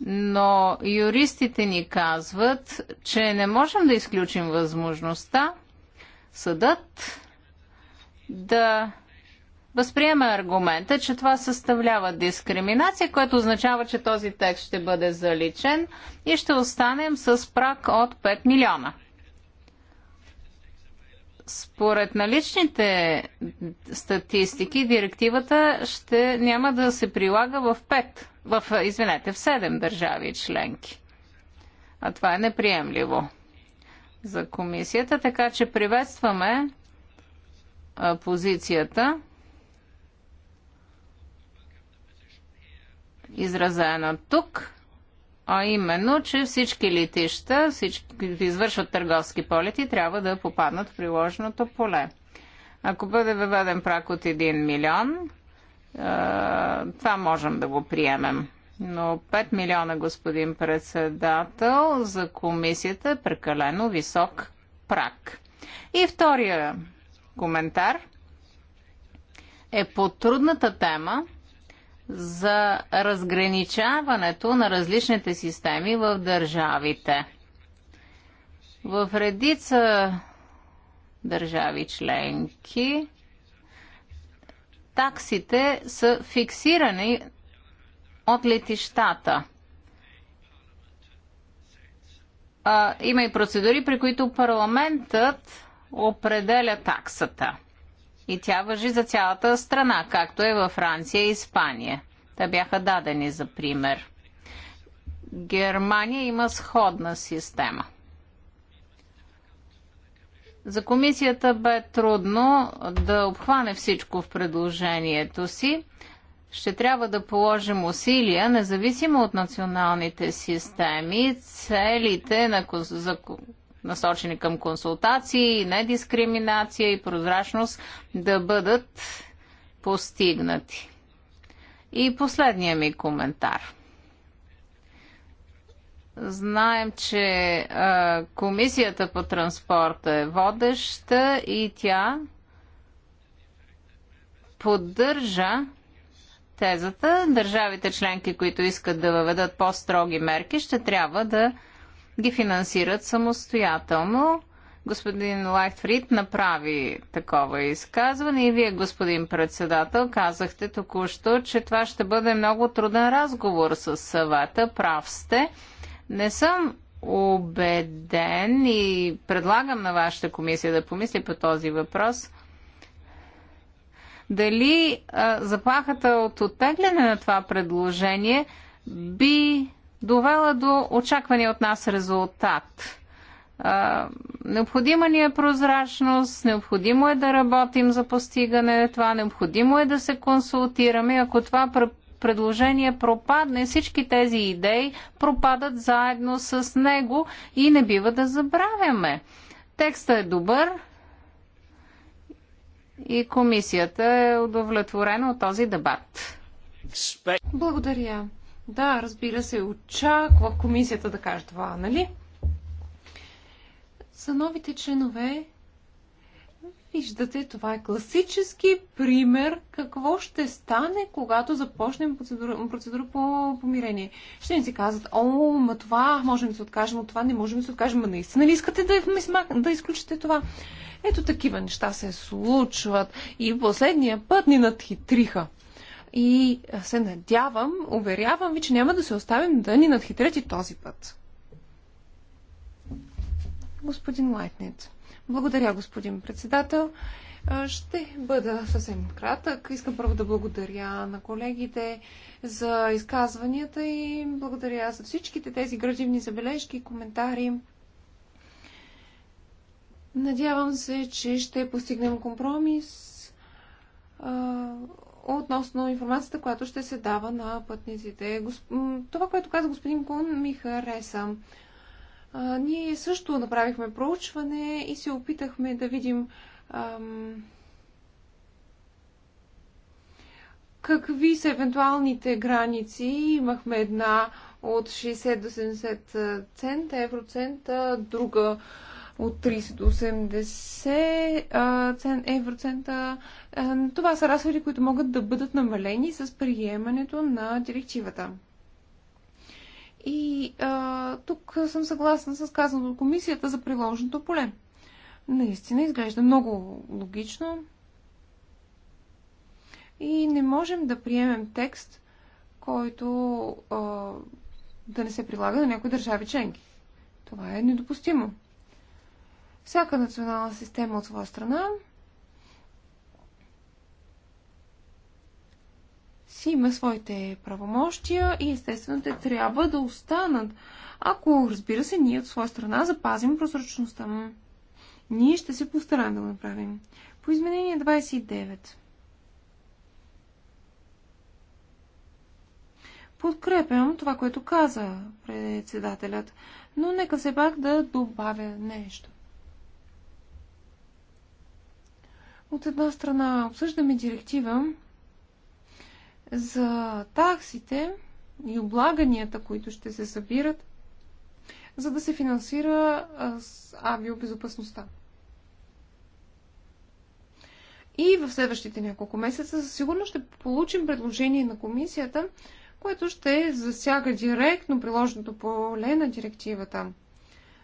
Но юристите ни казват, че не можем да изключим възможността съдът да възприеме аргумента, че това съставлява дискриминация, което означава, че този текст ще бъде заличен и ще останем с прак от 5 милиона. Според наличните статистики, директивата ще няма да се прилага в 5, в, извинете, в 7 държави членки. А това е неприемливо за комисията, така че приветстваме позицията изразено тук, а именно, че всички летища, всички извършват търговски полети, трябва да попаднат в приложеното поле. Ако бъде въведен прак от 1 милион, това можем да го приемем. Но 5 милиона, господин председател, за комисията е прекалено висок прак. И втория коментар е по трудната тема за разграничаването на различните системи в държавите. В редица държави членки таксите са фиксирани от летищата. А, има и процедури, при които парламентът определя таксата – и тя въжи за цялата страна, както е във Франция и Испания. Те бяха дадени за пример. Германия има сходна система. За комисията бе трудно да обхване всичко в предложението си. Ще трябва да положим усилия, независимо от националните системи, целите на насочени към консултации, недискриминация и прозрачност, да бъдат постигнати. И последния ми коментар. Знаем, че а, комисията по транспорта е водеща и тя поддържа тезата. Държавите членки, които искат да въведат по-строги мерки, ще трябва да ги финансират самостоятелно. Господин Лайтфрид направи такова изказване и вие, господин председател, казахте току-що, че това ще бъде много труден разговор с съвета. Прав сте. Не съм убеден и предлагам на вашата комисия да помисли по този въпрос. Дали а, заплахата от оттегляне на това предложение би довела до очаквания от нас резултат. Необходима ни е прозрачност, необходимо е да работим за постигане на това, необходимо е да се консултираме. Ако това предложение пропадне, всички тези идеи пропадат заедно с него и не бива да забравяме. Текстът е добър и комисията е удовлетворена от този дебат. Благодаря. Да, разбира се, очаква комисията да каже това, нали? За новите членове, виждате, това е класически пример какво ще стане, когато започнем процедура, процедура по помирение. Ще ни си казват, о, ма това можем да се откажем от това, не можем да се откажем, ма наистина ли искате да, да изключите това? Ето такива неща се случват и последния път ни надхитриха. И се надявам, уверявам ви, че няма да се оставим да ни надхитрят и този път. Господин Лайтнет. Благодаря, господин председател. Ще бъда съвсем кратък. Искам първо да благодаря на колегите за изказванията и благодаря за всичките тези градивни забележки и коментари. Надявам се, че ще постигнем компромис относно информацията, която ще се дава на пътниците. Госп... Това, което каза господин Кун, ми хареса. А, ние също направихме проучване и се опитахме да видим ам... какви са евентуалните граници. Имахме една от 60 до 70 цента, евроцента, друга от 30 до 80 евроцента. Е, това са разходи, които могат да бъдат намалени с приемането на директивата. И а, тук съм съгласна с казаното от комисията за приложното поле. Наистина изглежда много логично. И не можем да приемем текст, който а, да не се прилага на някои държави членки. Това е недопустимо. Всяка национална система от своя страна си има своите правомощия и естествено те трябва да останат. Ако, разбира се, ние от своя страна запазим прозрачността. Ние ще се постараем да го направим. По изменение 29. Подкрепям това, което каза председателят, но нека се пак да добавя нещо. От една страна обсъждаме директива за таксите и облаганията, които ще се събират, за да се финансира с авиобезопасността. И в следващите няколко месеца със сигурност ще получим предложение на комисията, което ще засяга директно приложното поле на директивата.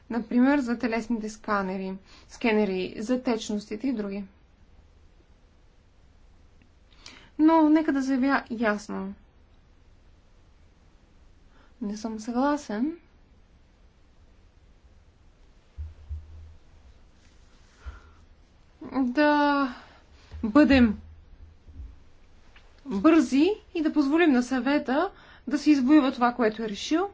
Например, за телесните сканери, скенери, за течностите и други. Но нека да заявя ясно. Не съм съгласен. Да бъдем бързи и да позволим на съвета да се извоюва това, което е решил,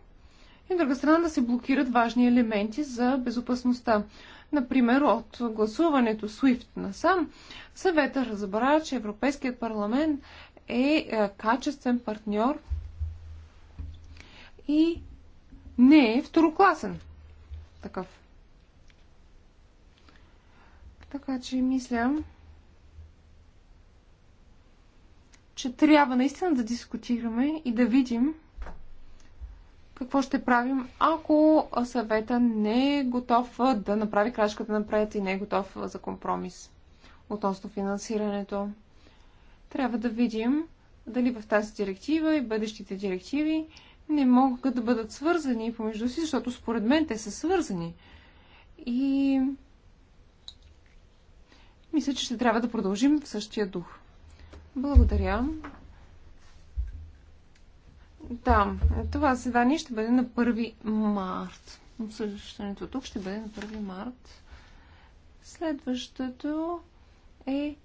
и от друга страна да се блокират важни елементи за безопасността. Например, от гласуването SWIFT насам, съвета разбра, че Европейският парламент е, е качествен партньор и не е второкласен такъв. Така че мисля, че трябва наистина да дискутираме и да видим какво ще правим, ако съвета не е готов да направи крачката напред и не е готов за компромис относно финансирането. Трябва да видим дали в тази директива и бъдещите директиви не могат да бъдат свързани помежду си, защото според мен те са свързани. И мисля, че ще трябва да продължим в същия дух. Благодаря. Да, това заседание ще бъде на 1 март. Обсъждането тук ще бъде на 1 март. Следващото е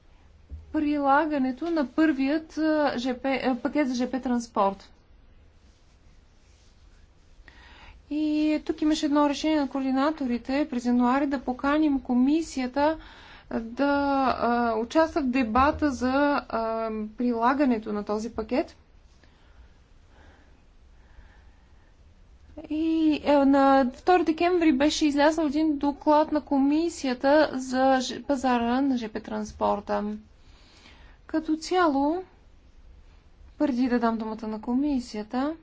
прилагането на първият ЖП, пакет за ЖП транспорт. И тук имаше едно решение на координаторите през януари да поканим комисията да а, участва в дебата за а, прилагането на този пакет – И е, на 2 декември беше излязъл един доклад на комисията за пазара на ЖП транспорта. Като цяло, преди да дам думата на комисията,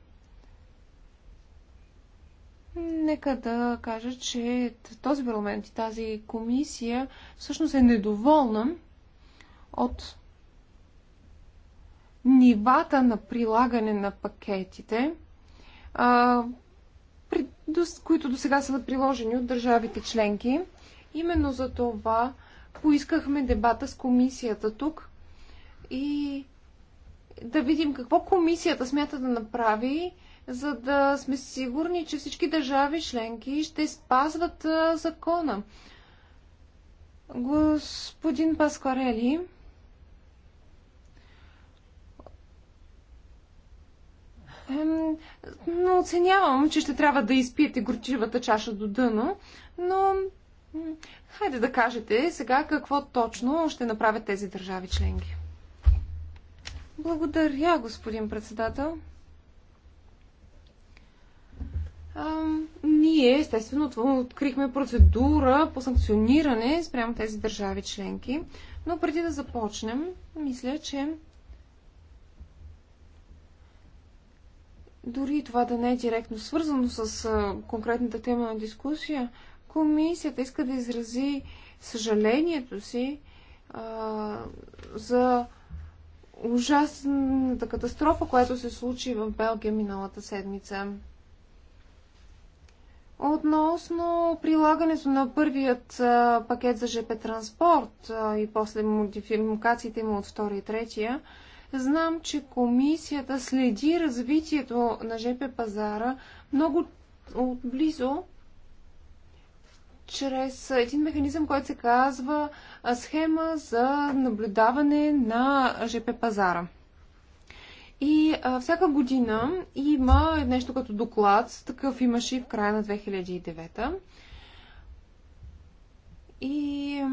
нека да кажа, че този парламент и тази комисия всъщност е недоволна от нивата на прилагане на пакетите които до сега са приложени от държавите членки. Именно за това поискахме дебата с комисията тук и да видим какво комисията смята да направи, за да сме сигурни, че всички държави членки ще спазват закона. Господин Паскарели, но оценявам, че ще трябва да изпиете горчивата чаша до дъно, но хайде да кажете сега какво точно ще направят тези държави членки. Благодаря, господин председател. А, ние, естествено, открихме процедура по санкциониране спрямо тези държави членки, но преди да започнем, мисля, че дори това да не е директно свързано с конкретната тема на дискусия, комисията иска да изрази съжалението си а, за ужасната катастрофа, която се случи в Белгия миналата седмица. Относно прилагането на първият а, пакет за ЖП транспорт а, и после модификациите му от втория и третия, Знам, че комисията следи развитието на ЖП пазара много отблизо чрез един механизъм, който се казва схема за наблюдаване на ЖП пазара. И а, всяка година има нещо като доклад, такъв имаше и в края на 2009. И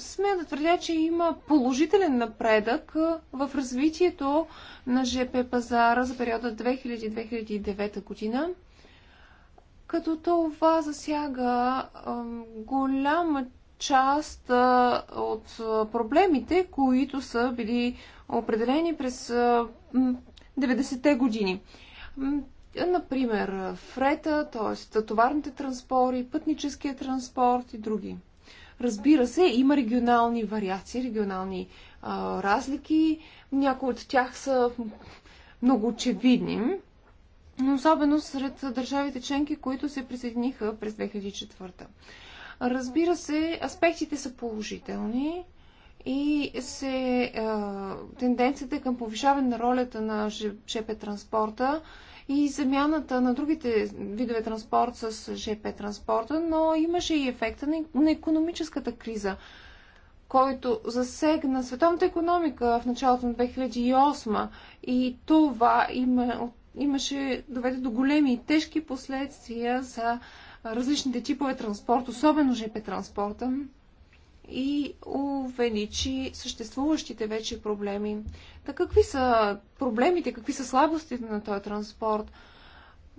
смея да твърдя, че има положителен напредък в развитието на ЖП пазара за периода 2000-2009 година, като това засяга голяма част от проблемите, които са били определени през 90-те години. Например, фрета, т.е. товарните транспори, пътническия транспорт и други. Разбира се, има регионални вариации, регионални а, разлики. Някои от тях са много очевидни, но особено сред държавите членки, които се присъединиха през 2004. Разбира се, аспектите са положителни и се, а, тенденцията към повишаване на ролята на ЖП транспорта и замяната на другите видове транспорт с ЖП транспорта, но имаше и ефекта на економическата криза, който засегна световната економика в началото на 2008 и това има, имаше доведе до големи и тежки последствия за различните типове транспорт, особено ЖП транспорта и увеличи съществуващите вече проблеми. Та какви са проблемите, какви са слабостите на този транспорт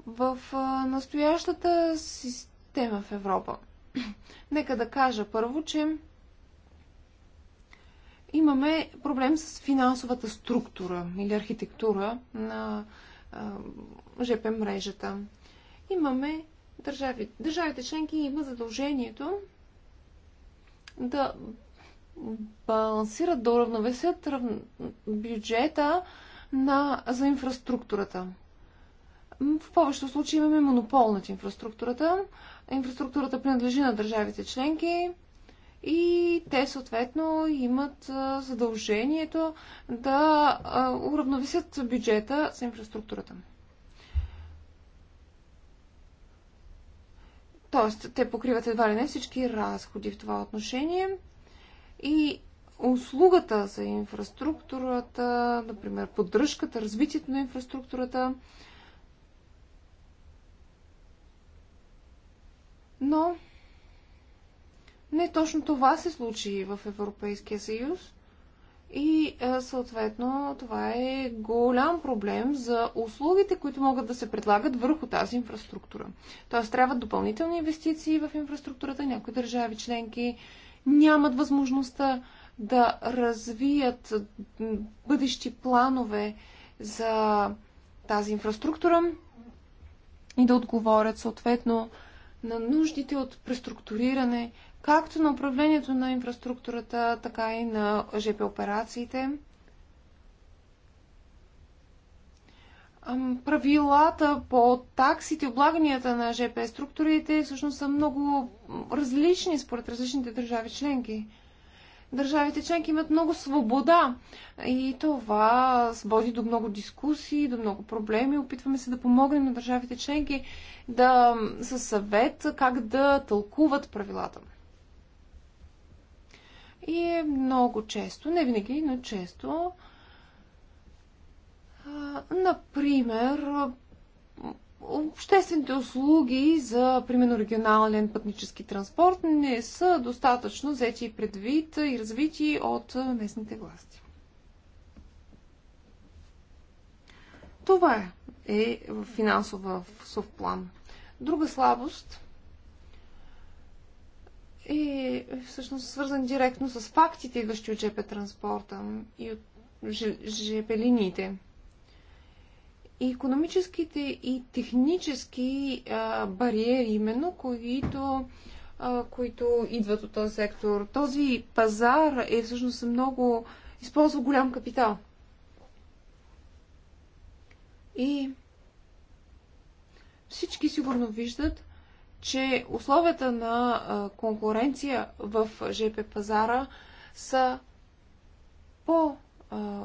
в настоящата система в Европа? Нека да кажа първо, че имаме проблем с финансовата структура или архитектура на ЖП мрежата. Имаме държави. Държавите членки има задължението да балансират, да уравновесят бюджета на, за инфраструктурата. В повечето случаи имаме монопол над инфраструктурата. Инфраструктурата принадлежи на държавите членки и те съответно имат задължението да уравновесят бюджета за инфраструктурата. Тоест, те покриват едва ли не всички разходи в това отношение. И услугата за инфраструктурата, например, поддръжката, развитието на инфраструктурата. Но не точно това се случи в Европейския съюз. И съответно това е голям проблем за услугите, които могат да се предлагат върху тази инфраструктура. Тоест трябват допълнителни инвестиции в инфраструктурата. Някои държави членки нямат възможността да развият бъдещи планове за тази инфраструктура и да отговорят съответно на нуждите от преструктуриране, както на управлението на инфраструктурата, така и на ЖП операциите. правилата по таксите, облаганията на ЖП структурите всъщност са много различни според различните държави членки. Държавите членки имат много свобода и това води до много дискусии, до много проблеми. Опитваме се да помогнем на държавите членки да със съвет как да тълкуват правилата. И е много често, не винаги, но често, Например, обществените услуги за, примерно, регионален пътнически транспорт не са достатъчно взети предвид и развити от местните власти. Това е в е финансова в план. Друга слабост е всъщност свързан директно с фактите, идващи от ЖП транспорта и от ЖП линиите и економическите и технически а, бариери, именно, които, а, които идват от този сектор. Този пазар е всъщност много. използва голям капитал. И всички сигурно виждат, че условията на конкуренция в ЖП пазара са по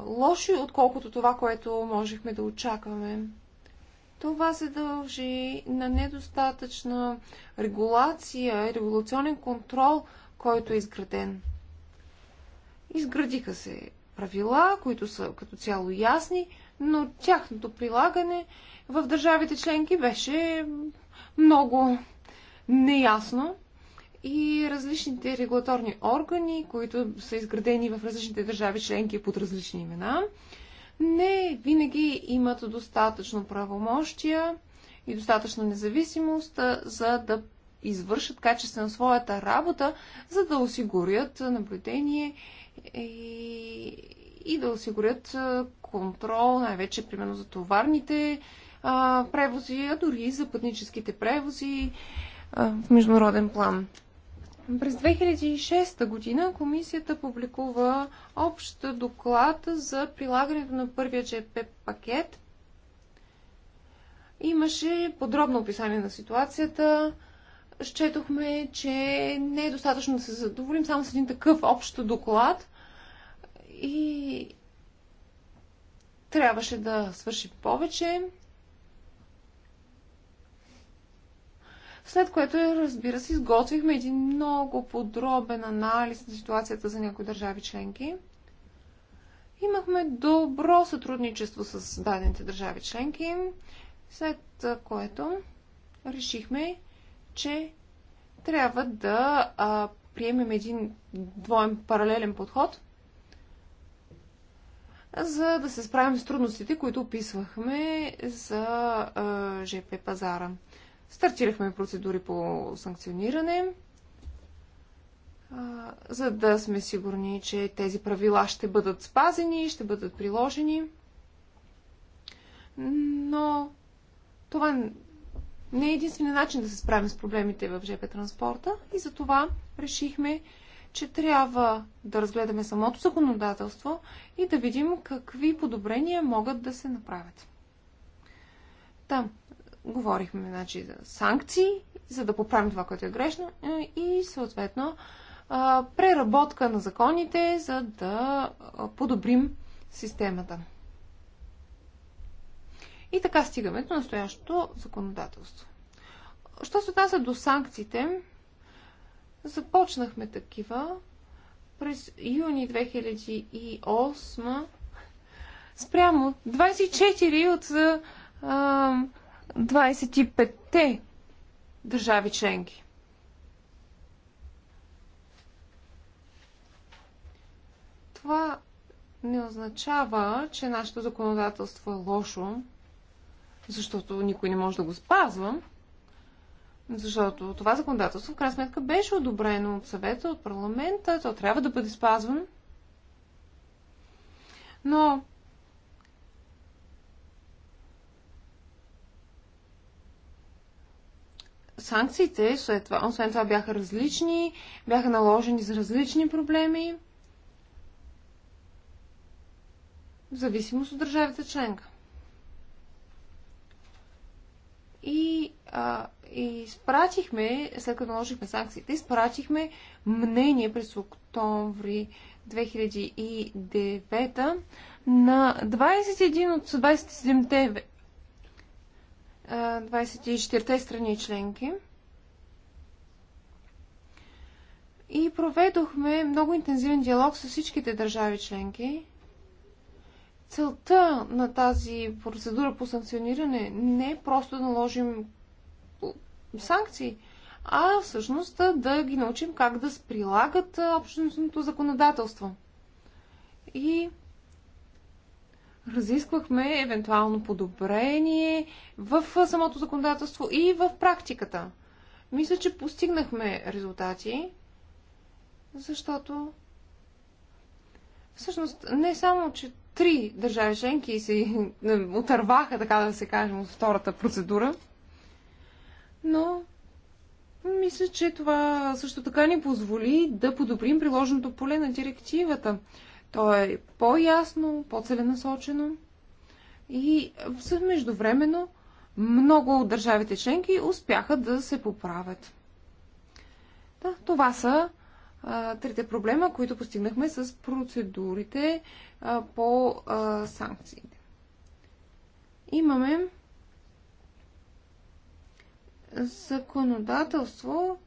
лоши, отколкото това, което можехме да очакваме. Това се дължи на недостатъчна регулация и регулационен контрол, който е изграден. Изградиха се правила, които са като цяло ясни, но тяхното прилагане в държавите членки беше много неясно и различните регулаторни органи, които са изградени в различните държави членки под различни имена, не винаги имат достатъчно правомощия и достатъчно независимост, за да извършат качествено своята работа, за да осигурят наблюдение и, и да осигурят контрол, най-вече примерно за товарните а, превози, а дори и за пътническите превози а, в международен план. През 2006 година комисията публикува общ доклад за прилагането на първия ЧП пакет. Имаше подробно описание на ситуацията. Счетохме, че не е достатъчно да се задоволим само с един такъв общ доклад и трябваше да свършим повече. След което, разбира се, изготвихме един много подробен анализ на ситуацията за някои държави членки. Имахме добро сътрудничество с дадените държави членки, след което решихме, че трябва да а, приемем един двоен паралелен подход, за да се справим с трудностите, които описвахме за а, ЖП пазара. Стартирахме процедури по санкциониране, за да сме сигурни, че тези правила ще бъдат спазени, ще бъдат приложени. Но това не е единствения начин да се справим с проблемите в ЖП транспорта и за това решихме, че трябва да разгледаме самото законодателство и да видим какви подобрения могат да се направят. Там, говорихме значи, за санкции, за да поправим това, което е грешно е, и съответно преработка на законите, за да подобрим системата. И така стигаме до настоящото законодателство. Що се отнася до санкциите, започнахме такива през юни 2008 спрямо 24 от 25-те държави членки. Това не означава, че нашето законодателство е лошо, защото никой не може да го спазва, защото това законодателство в крайна сметка беше одобрено от съвета, от парламента, то трябва да бъде спазвано. Но санкциите, след това, освен това, бяха различни, бяха наложени за различни проблеми, в зависимост от държавата членка. И, а, и изпратихме, след като наложихме санкциите, изпратихме мнение през октомври 2009 на 21 от 27-те 24-те страни членки. И проведохме много интензивен диалог с всичките държави членки. Целта на тази процедура по санкциониране не е просто да наложим санкции, а всъщност да ги научим как да прилагат общностното законодателство. И разисквахме евентуално подобрение в самото законодателство и в практиката. Мисля, че постигнахме резултати, защото всъщност не само, че три държави членки се отърваха, така да се кажем, от втората процедура, но мисля, че това също така ни позволи да подобрим приложеното поле на директивата. То е по-ясно, по-целенасочено и междувременно много от държавите членки успяха да се поправят. Да, това са а, трите проблема, които постигнахме с процедурите а, по а, санкциите. Имаме законодателство,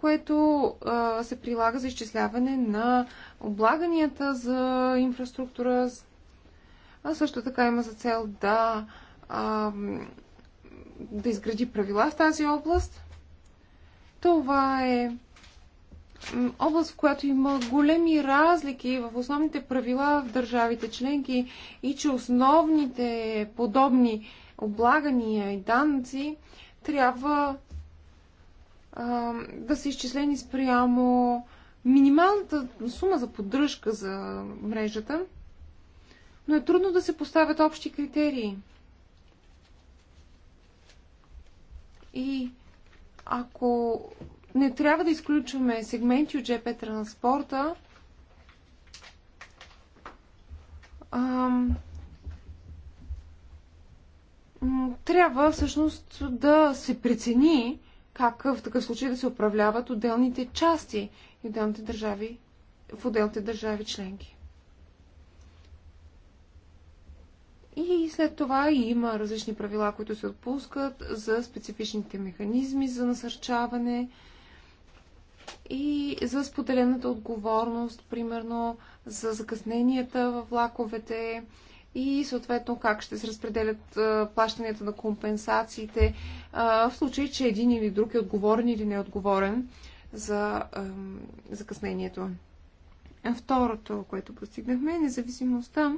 което а, се прилага за изчисляване на облаганията за инфраструктура. А също така има за цел да, а, да изгради правила в тази област. Това е област, в която има големи разлики в основните правила в държавите членки и че основните подобни облагания и данъци трябва да са изчислени спрямо минималната сума за поддръжка за мрежата, но е трудно да се поставят общи критерии. И ако не трябва да изключваме сегменти от ЖП транспорта, ам, трябва всъщност да се прецени как в такъв случай да се управляват отделните части и отделните държави, в отделните държави членки. И след това има различни правила, които се отпускат за специфичните механизми за насърчаване и за споделената отговорност, примерно за закъсненията във влаковете, и съответно как ще се разпределят плащанията на компенсациите в случай, че един или друг е отговорен или не е отговорен за закъснението. Второто, което постигнахме, е независимостта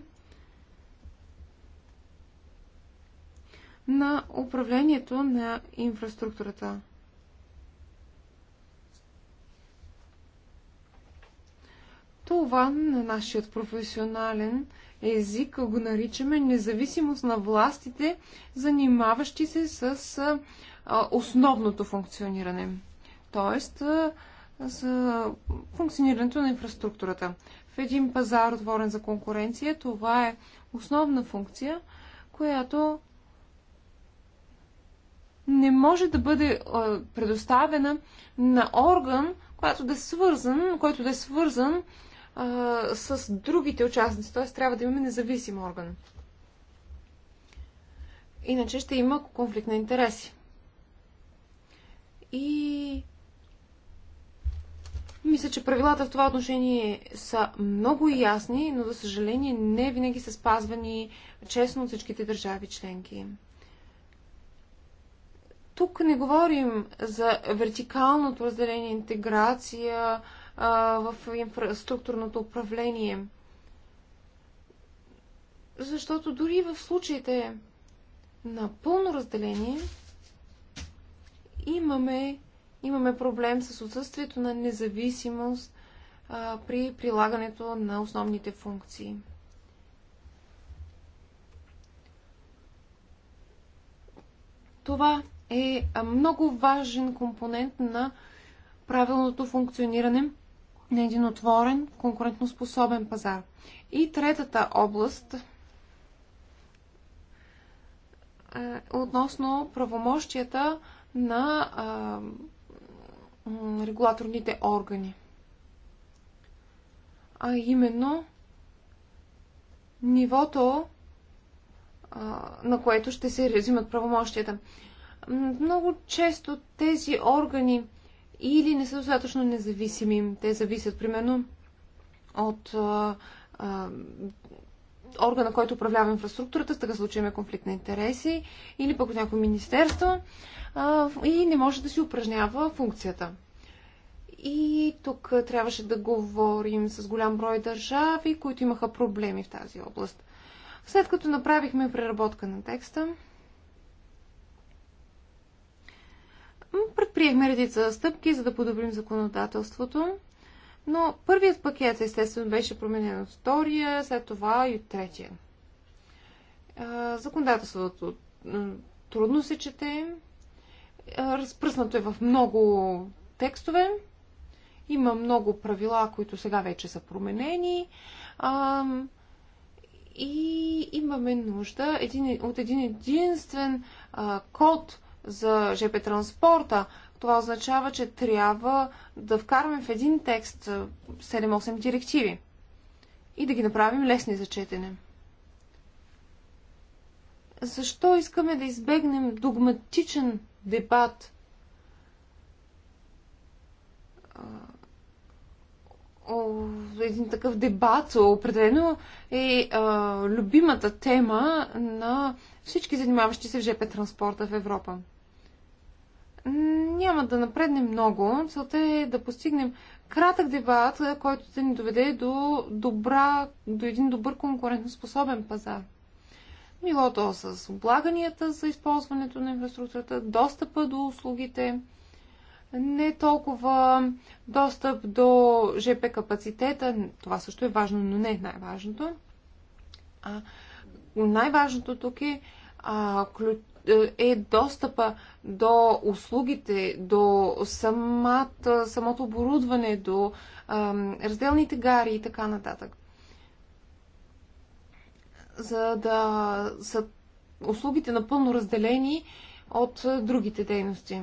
на управлението на инфраструктурата. Това на нашият професионален език го наричаме независимост на властите, занимаващи се с основното функциониране. Т.е. за функционирането на инфраструктурата. В един пазар, отворен за конкуренция, това е основна функция, която не може да бъде предоставена на орган, който да е свързан, който да е свързан а, с другите участници, т.е. трябва да имаме независим орган. Иначе ще има конфликт на интереси. И мисля, че правилата в това отношение са много ясни, но за съжаление не винаги са спазвани честно от всичките държави членки. Тук не говорим за вертикалното разделение, интеграция, в инфраструктурното управление. Защото дори в случаите на пълно разделение имаме, имаме проблем с отсъствието на независимост а, при прилагането на основните функции. Това е много важен компонент на правилното функциониране на един отворен, конкурентноспособен пазар. И третата област е относно правомощията на а, регулаторните органи. А именно нивото, а, на което ще се взимат правомощията. Много често тези органи или не са достатъчно независими. Те зависят, примерно, от а, а, органа, който управлява инфраструктурата, в такъв случай конфликт на интереси, или пък от някои министерство, а, и не може да си упражнява функцията. И тук трябваше да говорим с голям брой държави, които имаха проблеми в тази област. След като направихме преработка на текста, Предприехме редица стъпки, за да подобрим законодателството. Но първият пакет, естествено, беше променен от втория, след това и от третия. Законодателството трудно се чете, разпръснато е в много текстове, има много правила, които сега вече са променени и имаме нужда един, от един единствен код, за ЖП транспорта, това означава, че трябва да вкараме в един текст 7-8 директиви и да ги направим лесни за четене. Защо искаме да избегнем догматичен дебат един такъв дебат определено е а, любимата тема на всички занимаващи се в ЖП транспорта в Европа няма да напреднем много. Целта е да постигнем кратък дебат, който да ни доведе до, добра, до един добър конкурентоспособен пазар. Било то с облаганията за използването на инфраструктурата, достъпа до услугите, не толкова достъп до ЖП капацитета, това също е важно, но не най-важното. А, най-важното тук е а, ключ, е, е достъпа до услугите, до самата, е, самото оборудване, до а, разделните гари и така нататък. За да са услугите напълно разделени от е, другите дейности.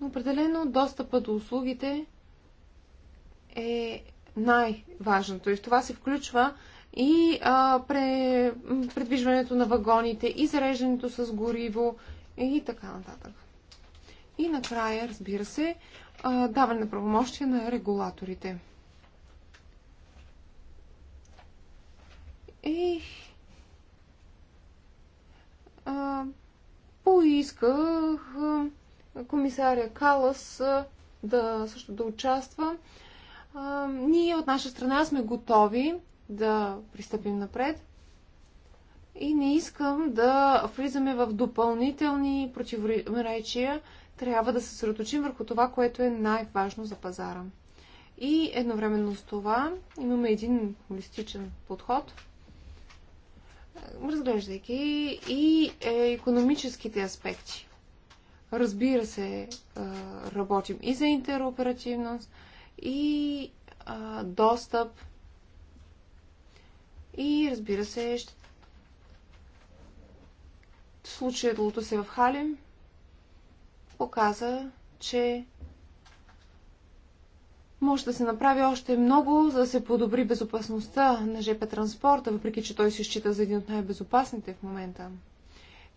Но определено достъпа до услугите е най-важното и в това се включва и а, пре, предвижването на вагоните, и зареждането с гориво и така нататък. И накрая, разбира се, а, даване на правомощия на регулаторите. И а, поисках а, комисаря Калас а, да също да участва. А, ние от наша страна сме готови да пристъпим напред. И не искам да влизаме в допълнителни противоречия. Трябва да се съсредоточим върху това, което е най-важно за пазара. И едновременно с това имаме един холистичен подход, разглеждайки и економическите аспекти. Разбира се, е, работим и за интероперативност, и достъп и разбира се, ще... случилото се в Халим показа, че може да се направи още много, за да се подобри безопасността на ЖП транспорта, въпреки че той се счита за един от най-безопасните в момента.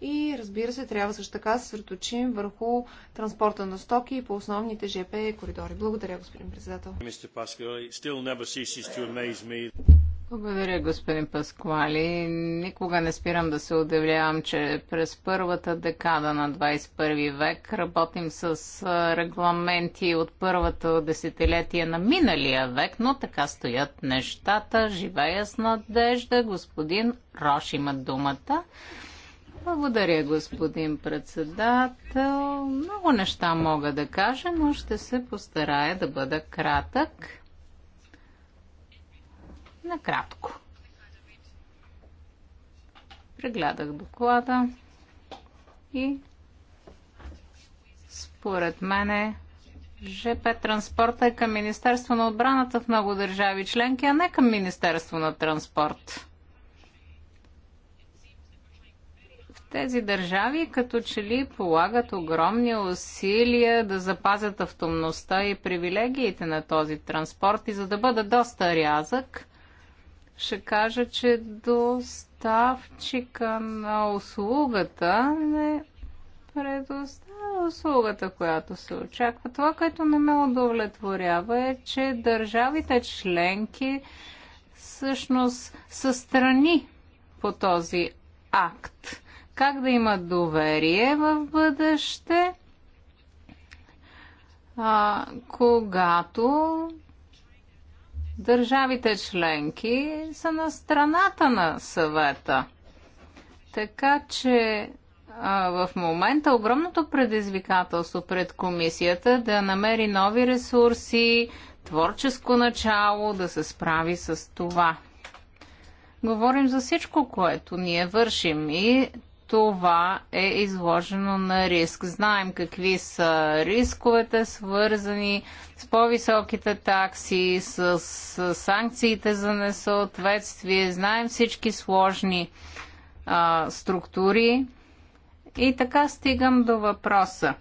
И разбира се, трябва също така да се сърточим върху транспорта на стоки по основните ЖП коридори. Благодаря, господин председател. Благодаря, господин Пасквали. Никога не спирам да се удивлявам, че през първата декада на 21 век работим с регламенти от първото десетилетие на миналия век, но така стоят нещата. Живея с надежда. Господин Рош има думата. Благодаря, господин председател. Много неща мога да кажа, но ще се постарая да бъда кратък. Накратко. Прегледах доклада и според мене ЖП транспорта е към Министерство на отбраната в много държави членки, а не към Министерство на транспорт. В тези държави като че ли полагат огромни усилия да запазят автомността и привилегиите на този транспорт и за да бъде доста рязък, ще кажа, че доставчика на услугата не предоставя услугата, която се очаква. Това, което не ме удовлетворява е, че държавите членки всъщност са страни по този акт. Как да имат доверие в бъдеще, а, когато държавите членки са на страната на съвета. Така че а, в момента огромното предизвикателство пред комисията е да намери нови ресурси, творческо начало, да се справи с това. Говорим за всичко, което ние вършим и това е изложено на риск. Знаем какви са рисковете, свързани с по-високите такси, с, с санкциите за несъответствие. Знаем всички сложни а, структури. И така стигам до въпроса.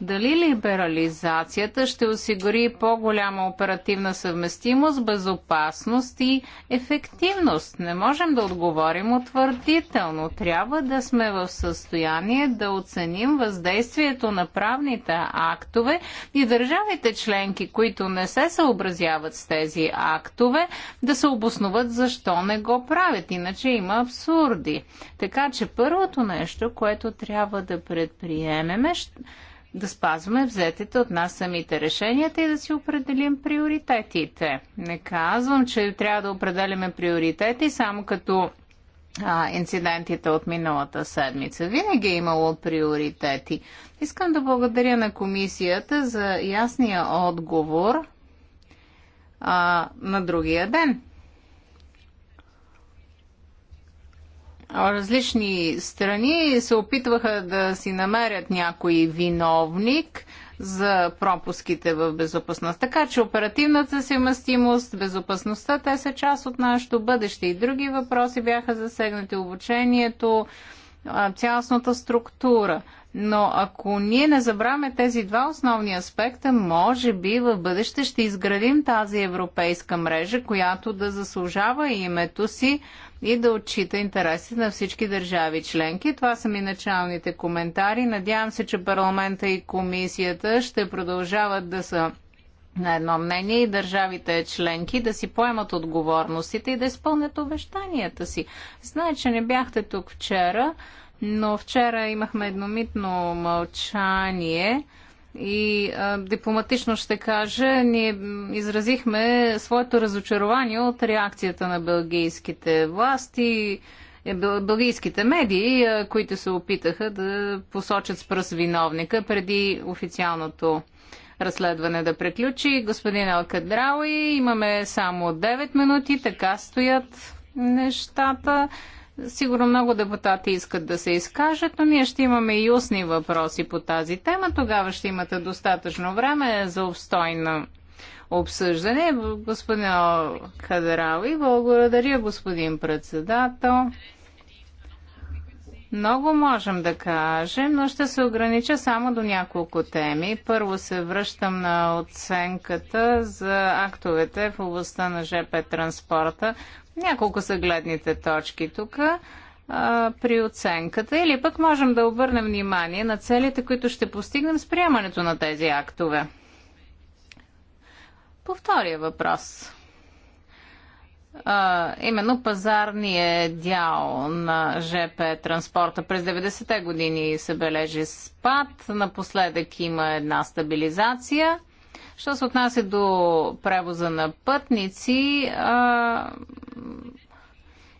Дали либерализацията ще осигури по-голяма оперативна съвместимост, безопасност и ефективност? Не можем да отговорим утвърдително. Трябва да сме в състояние да оценим въздействието на правните актове и държавите членки, които не се съобразяват с тези актове, да се обосноват защо не го правят. Иначе има абсурди. Така че първото нещо, което трябва да предприемеме, да спазваме взетите от нас самите решенията и да си определим приоритетите. Не казвам, че трябва да определяме приоритети само като а, инцидентите от миналата седмица. Винаги е имало приоритети. Искам да благодаря на комисията за ясния отговор а, на другия ден. различни страни се опитваха да си намерят някой виновник за пропуските в безопасност. Така че оперативната съвместимост, безопасността, те са част от нашето бъдеще. И други въпроси бяха засегнати обучението, цялостната структура. Но ако ние не забравяме тези два основни аспекта, може би в бъдеще ще изградим тази европейска мрежа, която да заслужава името си и да отчита интересите на всички държави членки. Това са ми началните коментари. Надявам се, че парламента и комисията ще продължават да са на едно мнение и държавите членки да си поемат отговорностите и да изпълнят обещанията си. Знае, че не бяхте тук вчера, но вчера имахме едномитно мълчание и а, дипломатично ще кажа, ние изразихме своето разочарование от реакцията на белгийските власти, е, бългийските медии, а, които се опитаха да посочат с пръст виновника преди официалното разследване да приключи. Господин Алкадрауи, имаме само 9 минути, така стоят нещата. Сигурно много депутати искат да се изкажат, но ние ще имаме и устни въпроси по тази тема. Тогава ще имате достатъчно време за обстойно обсъждане. Господин Хадерави, благодаря, господин председател. Много можем да кажем, но ще се огранича само до няколко теми. Първо се връщам на оценката за актовете в областта на ЖП транспорта. Няколко са гледните точки тук при оценката или пък можем да обърнем внимание на целите, които ще постигнем с приемането на тези актове. По втория въпрос. А, именно пазарния дял на ЖП транспорта през 90-те години се бележи спад. Напоследък има една стабилизация. Що се отнася до превоза на пътници, а,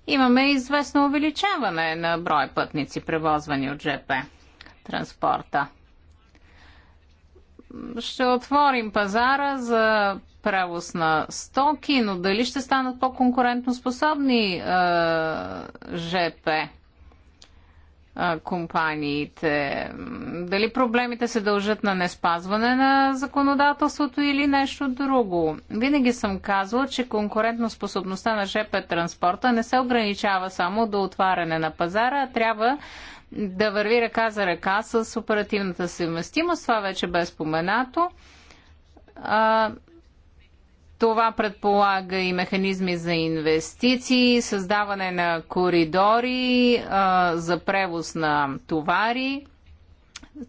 имаме известно увеличаване на брой пътници, превозвани от ЖП транспорта. Ще отворим пазара за превоз на стоки, но дали ще станат по-конкурентно способни ЖП компаниите? Дали проблемите се дължат на неспазване на законодателството или нещо друго? Винаги съм казвал, че конкурентоспособността на ЖП транспорта не се ограничава само до отваряне на пазара, а трябва да върви ръка за ръка с оперативната съвместимост. Това вече бе споменато. Това предполага и механизми за инвестиции, създаване на коридори а, за превоз на товари.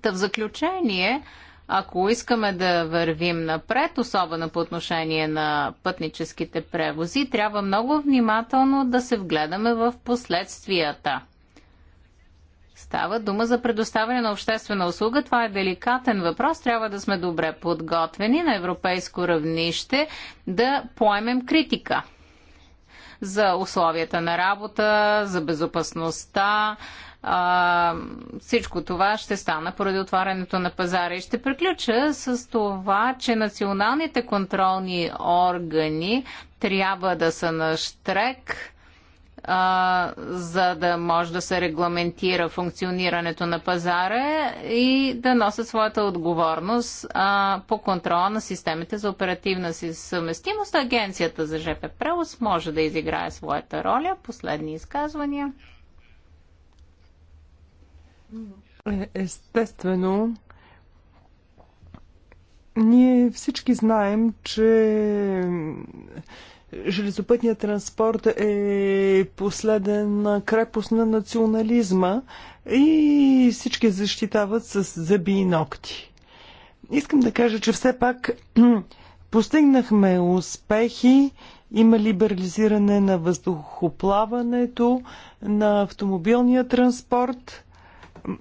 Та в заключение, ако искаме да вървим напред, особено по отношение на пътническите превози, трябва много внимателно да се вгледаме в последствията Става дума за предоставяне на обществена услуга. Това е деликатен въпрос. Трябва да сме добре подготвени на европейско равнище да поемем критика за условията на работа, за безопасността. А, всичко това ще стана поради отварянето на пазара. И ще приключа с това, че националните контролни органи трябва да са на штрек а, за да може да се регламентира функционирането на пазара и да носят своята отговорност а, по контрола на системите за оперативна си съвместимост. Агенцията за ЖП превоз може да изиграе своята роля. Последни изказвания. Естествено, ние всички знаем, че железопътният транспорт е последен крепост на национализма и всички защитават с зъби и ногти. Искам да кажа, че все пак постигнахме успехи, има либерализиране на въздухоплаването, на автомобилния транспорт –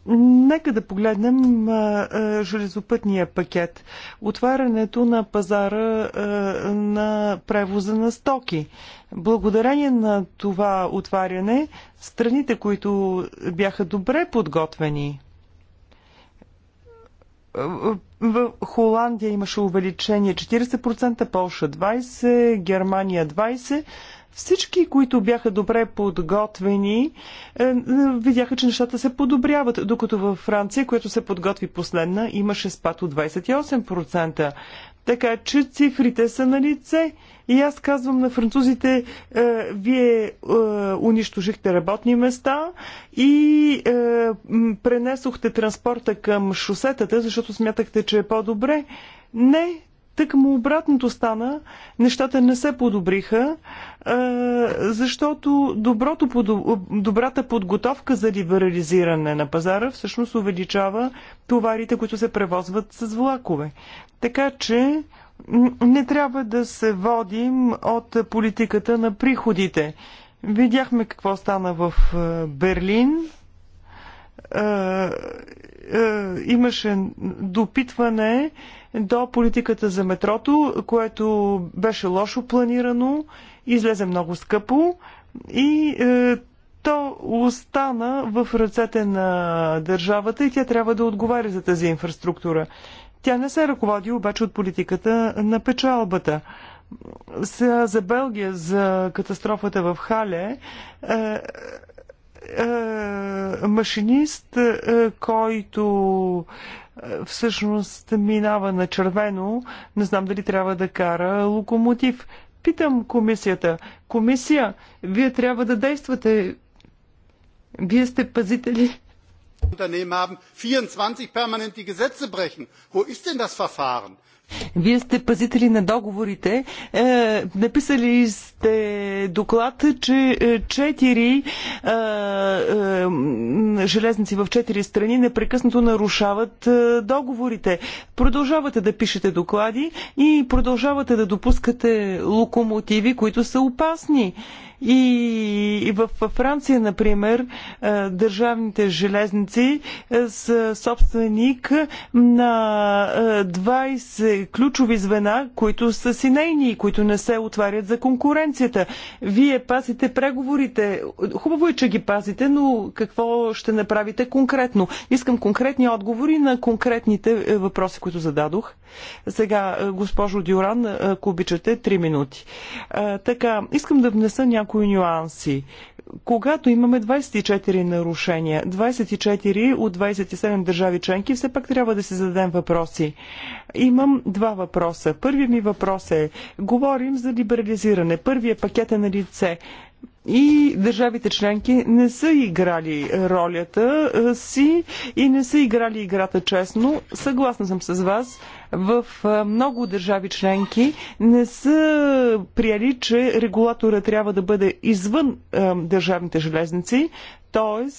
Нека да погледнем а, а, железопътния пакет. Отварянето на пазара а, на превоза на стоки. Благодарение на това отваряне, страните, които бяха добре подготвени, в Холандия имаше увеличение 40%, Полша 20%, Германия 20%, всички, които бяха добре подготвени, е, е, видяха, че нещата се подобряват, докато във Франция, която се подготви последна, имаше спад от 28%. Така че цифрите са на лице. И аз казвам на французите, е, вие е, унищожихте работни места и е, пренесохте транспорта към шосетата, защото смятахте, че е по-добре. Не, Тък му обратното стана, нещата не се подобриха, защото доброто, добрата подготовка за либерализиране на пазара всъщност увеличава товарите, които се превозват с влакове. Така че не трябва да се водим от политиката на приходите. Видяхме какво стана в Берлин. Имаше допитване до политиката за метрото, което беше лошо планирано, излезе много скъпо и е, то остана в ръцете на държавата и тя трябва да отговаря за тази инфраструктура. Тя не се ръководи обаче от политиката на печалбата. Сега за Белгия, за катастрофата в Хале, е, е, машинист, е, който е, всъщност минава на червено, не знам дали трябва да кара локомотив. Питам комисията. Комисия, вие трябва да действате. Вие сте пазители. Unternehmen haben 24 permanent die Gesetze brechen. Wo ist denn das Verfahren? Вие сте пазители на договорите. Е, написали сте доклад, че е, четири е, е, железници в четири страни непрекъснато нарушават е, договорите. Продължавате да пишете доклади и продължавате да допускате локомотиви, които са опасни. Е, и в Франция, например, е, държавните железници е, са собственик на 20 е, ключови звена, които са си нейни и които не се отварят за конкуренцията. Вие пазите преговорите. Хубаво е, че ги пазите, но какво ще направите конкретно? Искам конкретни отговори на конкретните въпроси, които зададох. Сега, е, госпожо Дюран, е, ако обичате, три минути. Е, така, искам да внеса някои нюанси когато имаме 24 нарушения, 24 от 27 държави членки, все пак трябва да си зададем въпроси. Имам два въпроса. Първият ми въпрос е, говорим за либерализиране. Първият пакет е на лице и държавите членки не са играли ролята си и не са играли играта честно. Съгласна съм с вас в много държави членки не са приели, че регулатора трябва да бъде извън държавните железници, т.е.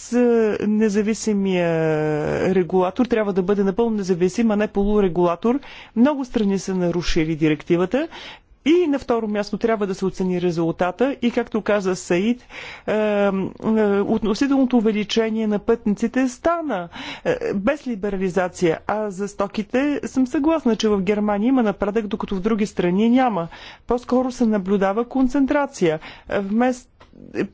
независимия регулатор трябва да бъде напълно независим, а не полурегулатор. Много страни са нарушили директивата. И на второ място трябва да се оцени резултата и, както каза Саид, е, е, относителното увеличение на пътниците стана е, без либерализация, а за стоките съм съгласна, че в Германия има напредък, докато в други страни няма. По-скоро се наблюдава концентрация. Вместо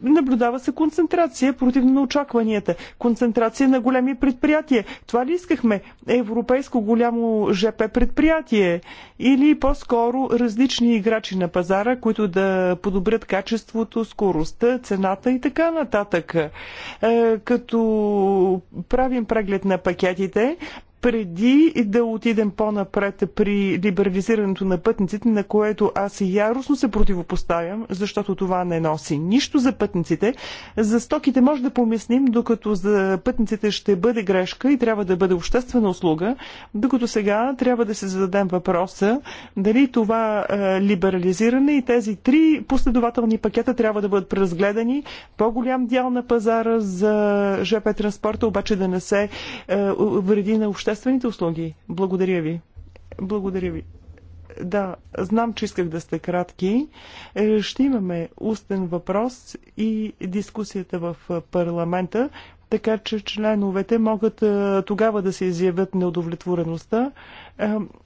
наблюдава се концентрация противно на очакванията. Концентрация на големи предприятия. Това ли искахме? Европейско голямо ЖП предприятие или по-скоро различни играчи на пазара, които да подобрят качеството, скоростта, цената и така нататък. Е, като правим преглед на пакетите, преди да отидем по-напред при либерализирането на пътниците, на което аз яростно се противопоставям, защото това не носи нищо за пътниците. За стоките може да помислим, докато за пътниците ще бъде грешка и трябва да бъде обществена услуга, докато сега трябва да се зададем въпроса дали това е, либерализиране и тези три последователни пакета трябва да бъдат преразгледани. По-голям дял на пазара за ЖП транспорта, обаче да не се е, вреди на обществените божествените услуги. Благодаря ви. Благодаря ви. Да, знам, че исках да сте кратки. Е, ще имаме устен въпрос и дискусията в е, парламента, така че членовете могат е, тогава да се изявят неудовлетвореността.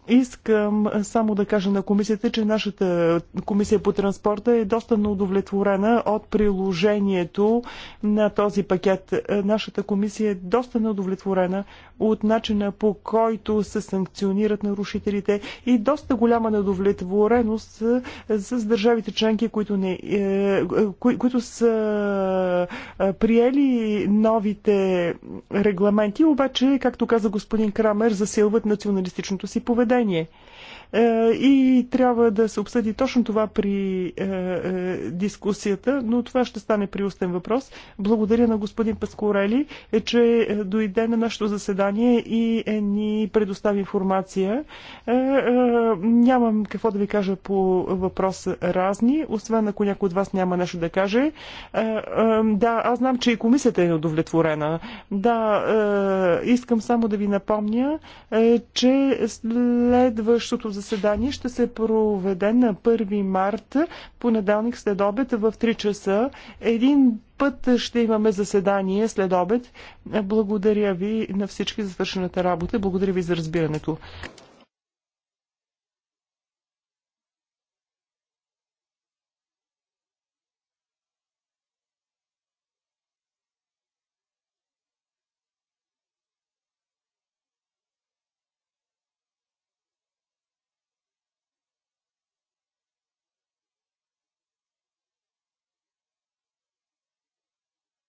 Искам само да кажа на комисията, че нашата комисия по транспорта е доста неудовлетворена от приложението на този пакет. Нашата комисия е доста неудовлетворена от начина по който се санкционират нарушителите и доста голяма недовлетвореност е, с държавите членки, които, не, е, кои, които са е, приели новите регламенти, обаче, както каза господин Крамер, засилват националистичното сегашното си поведение – е, и трябва да се обсъди точно това при е, е, дискусията, но това ще стане при устен въпрос. Благодаря на господин Паскорели, че дойде на нашето заседание и ни предостави информация. Нямам какво да ви кажа по въпрос разни, освен ако някой от вас няма нещо да каже. Да, аз знам, че и комисията е неудовлетворена. Да, искам само да ви напомня, че следващото заседание ще се проведе на 1 март, понеделник след обед в 3 часа. Един път ще имаме заседание след обед. Благодаря ви на всички за свършената работа. Благодаря ви за разбирането.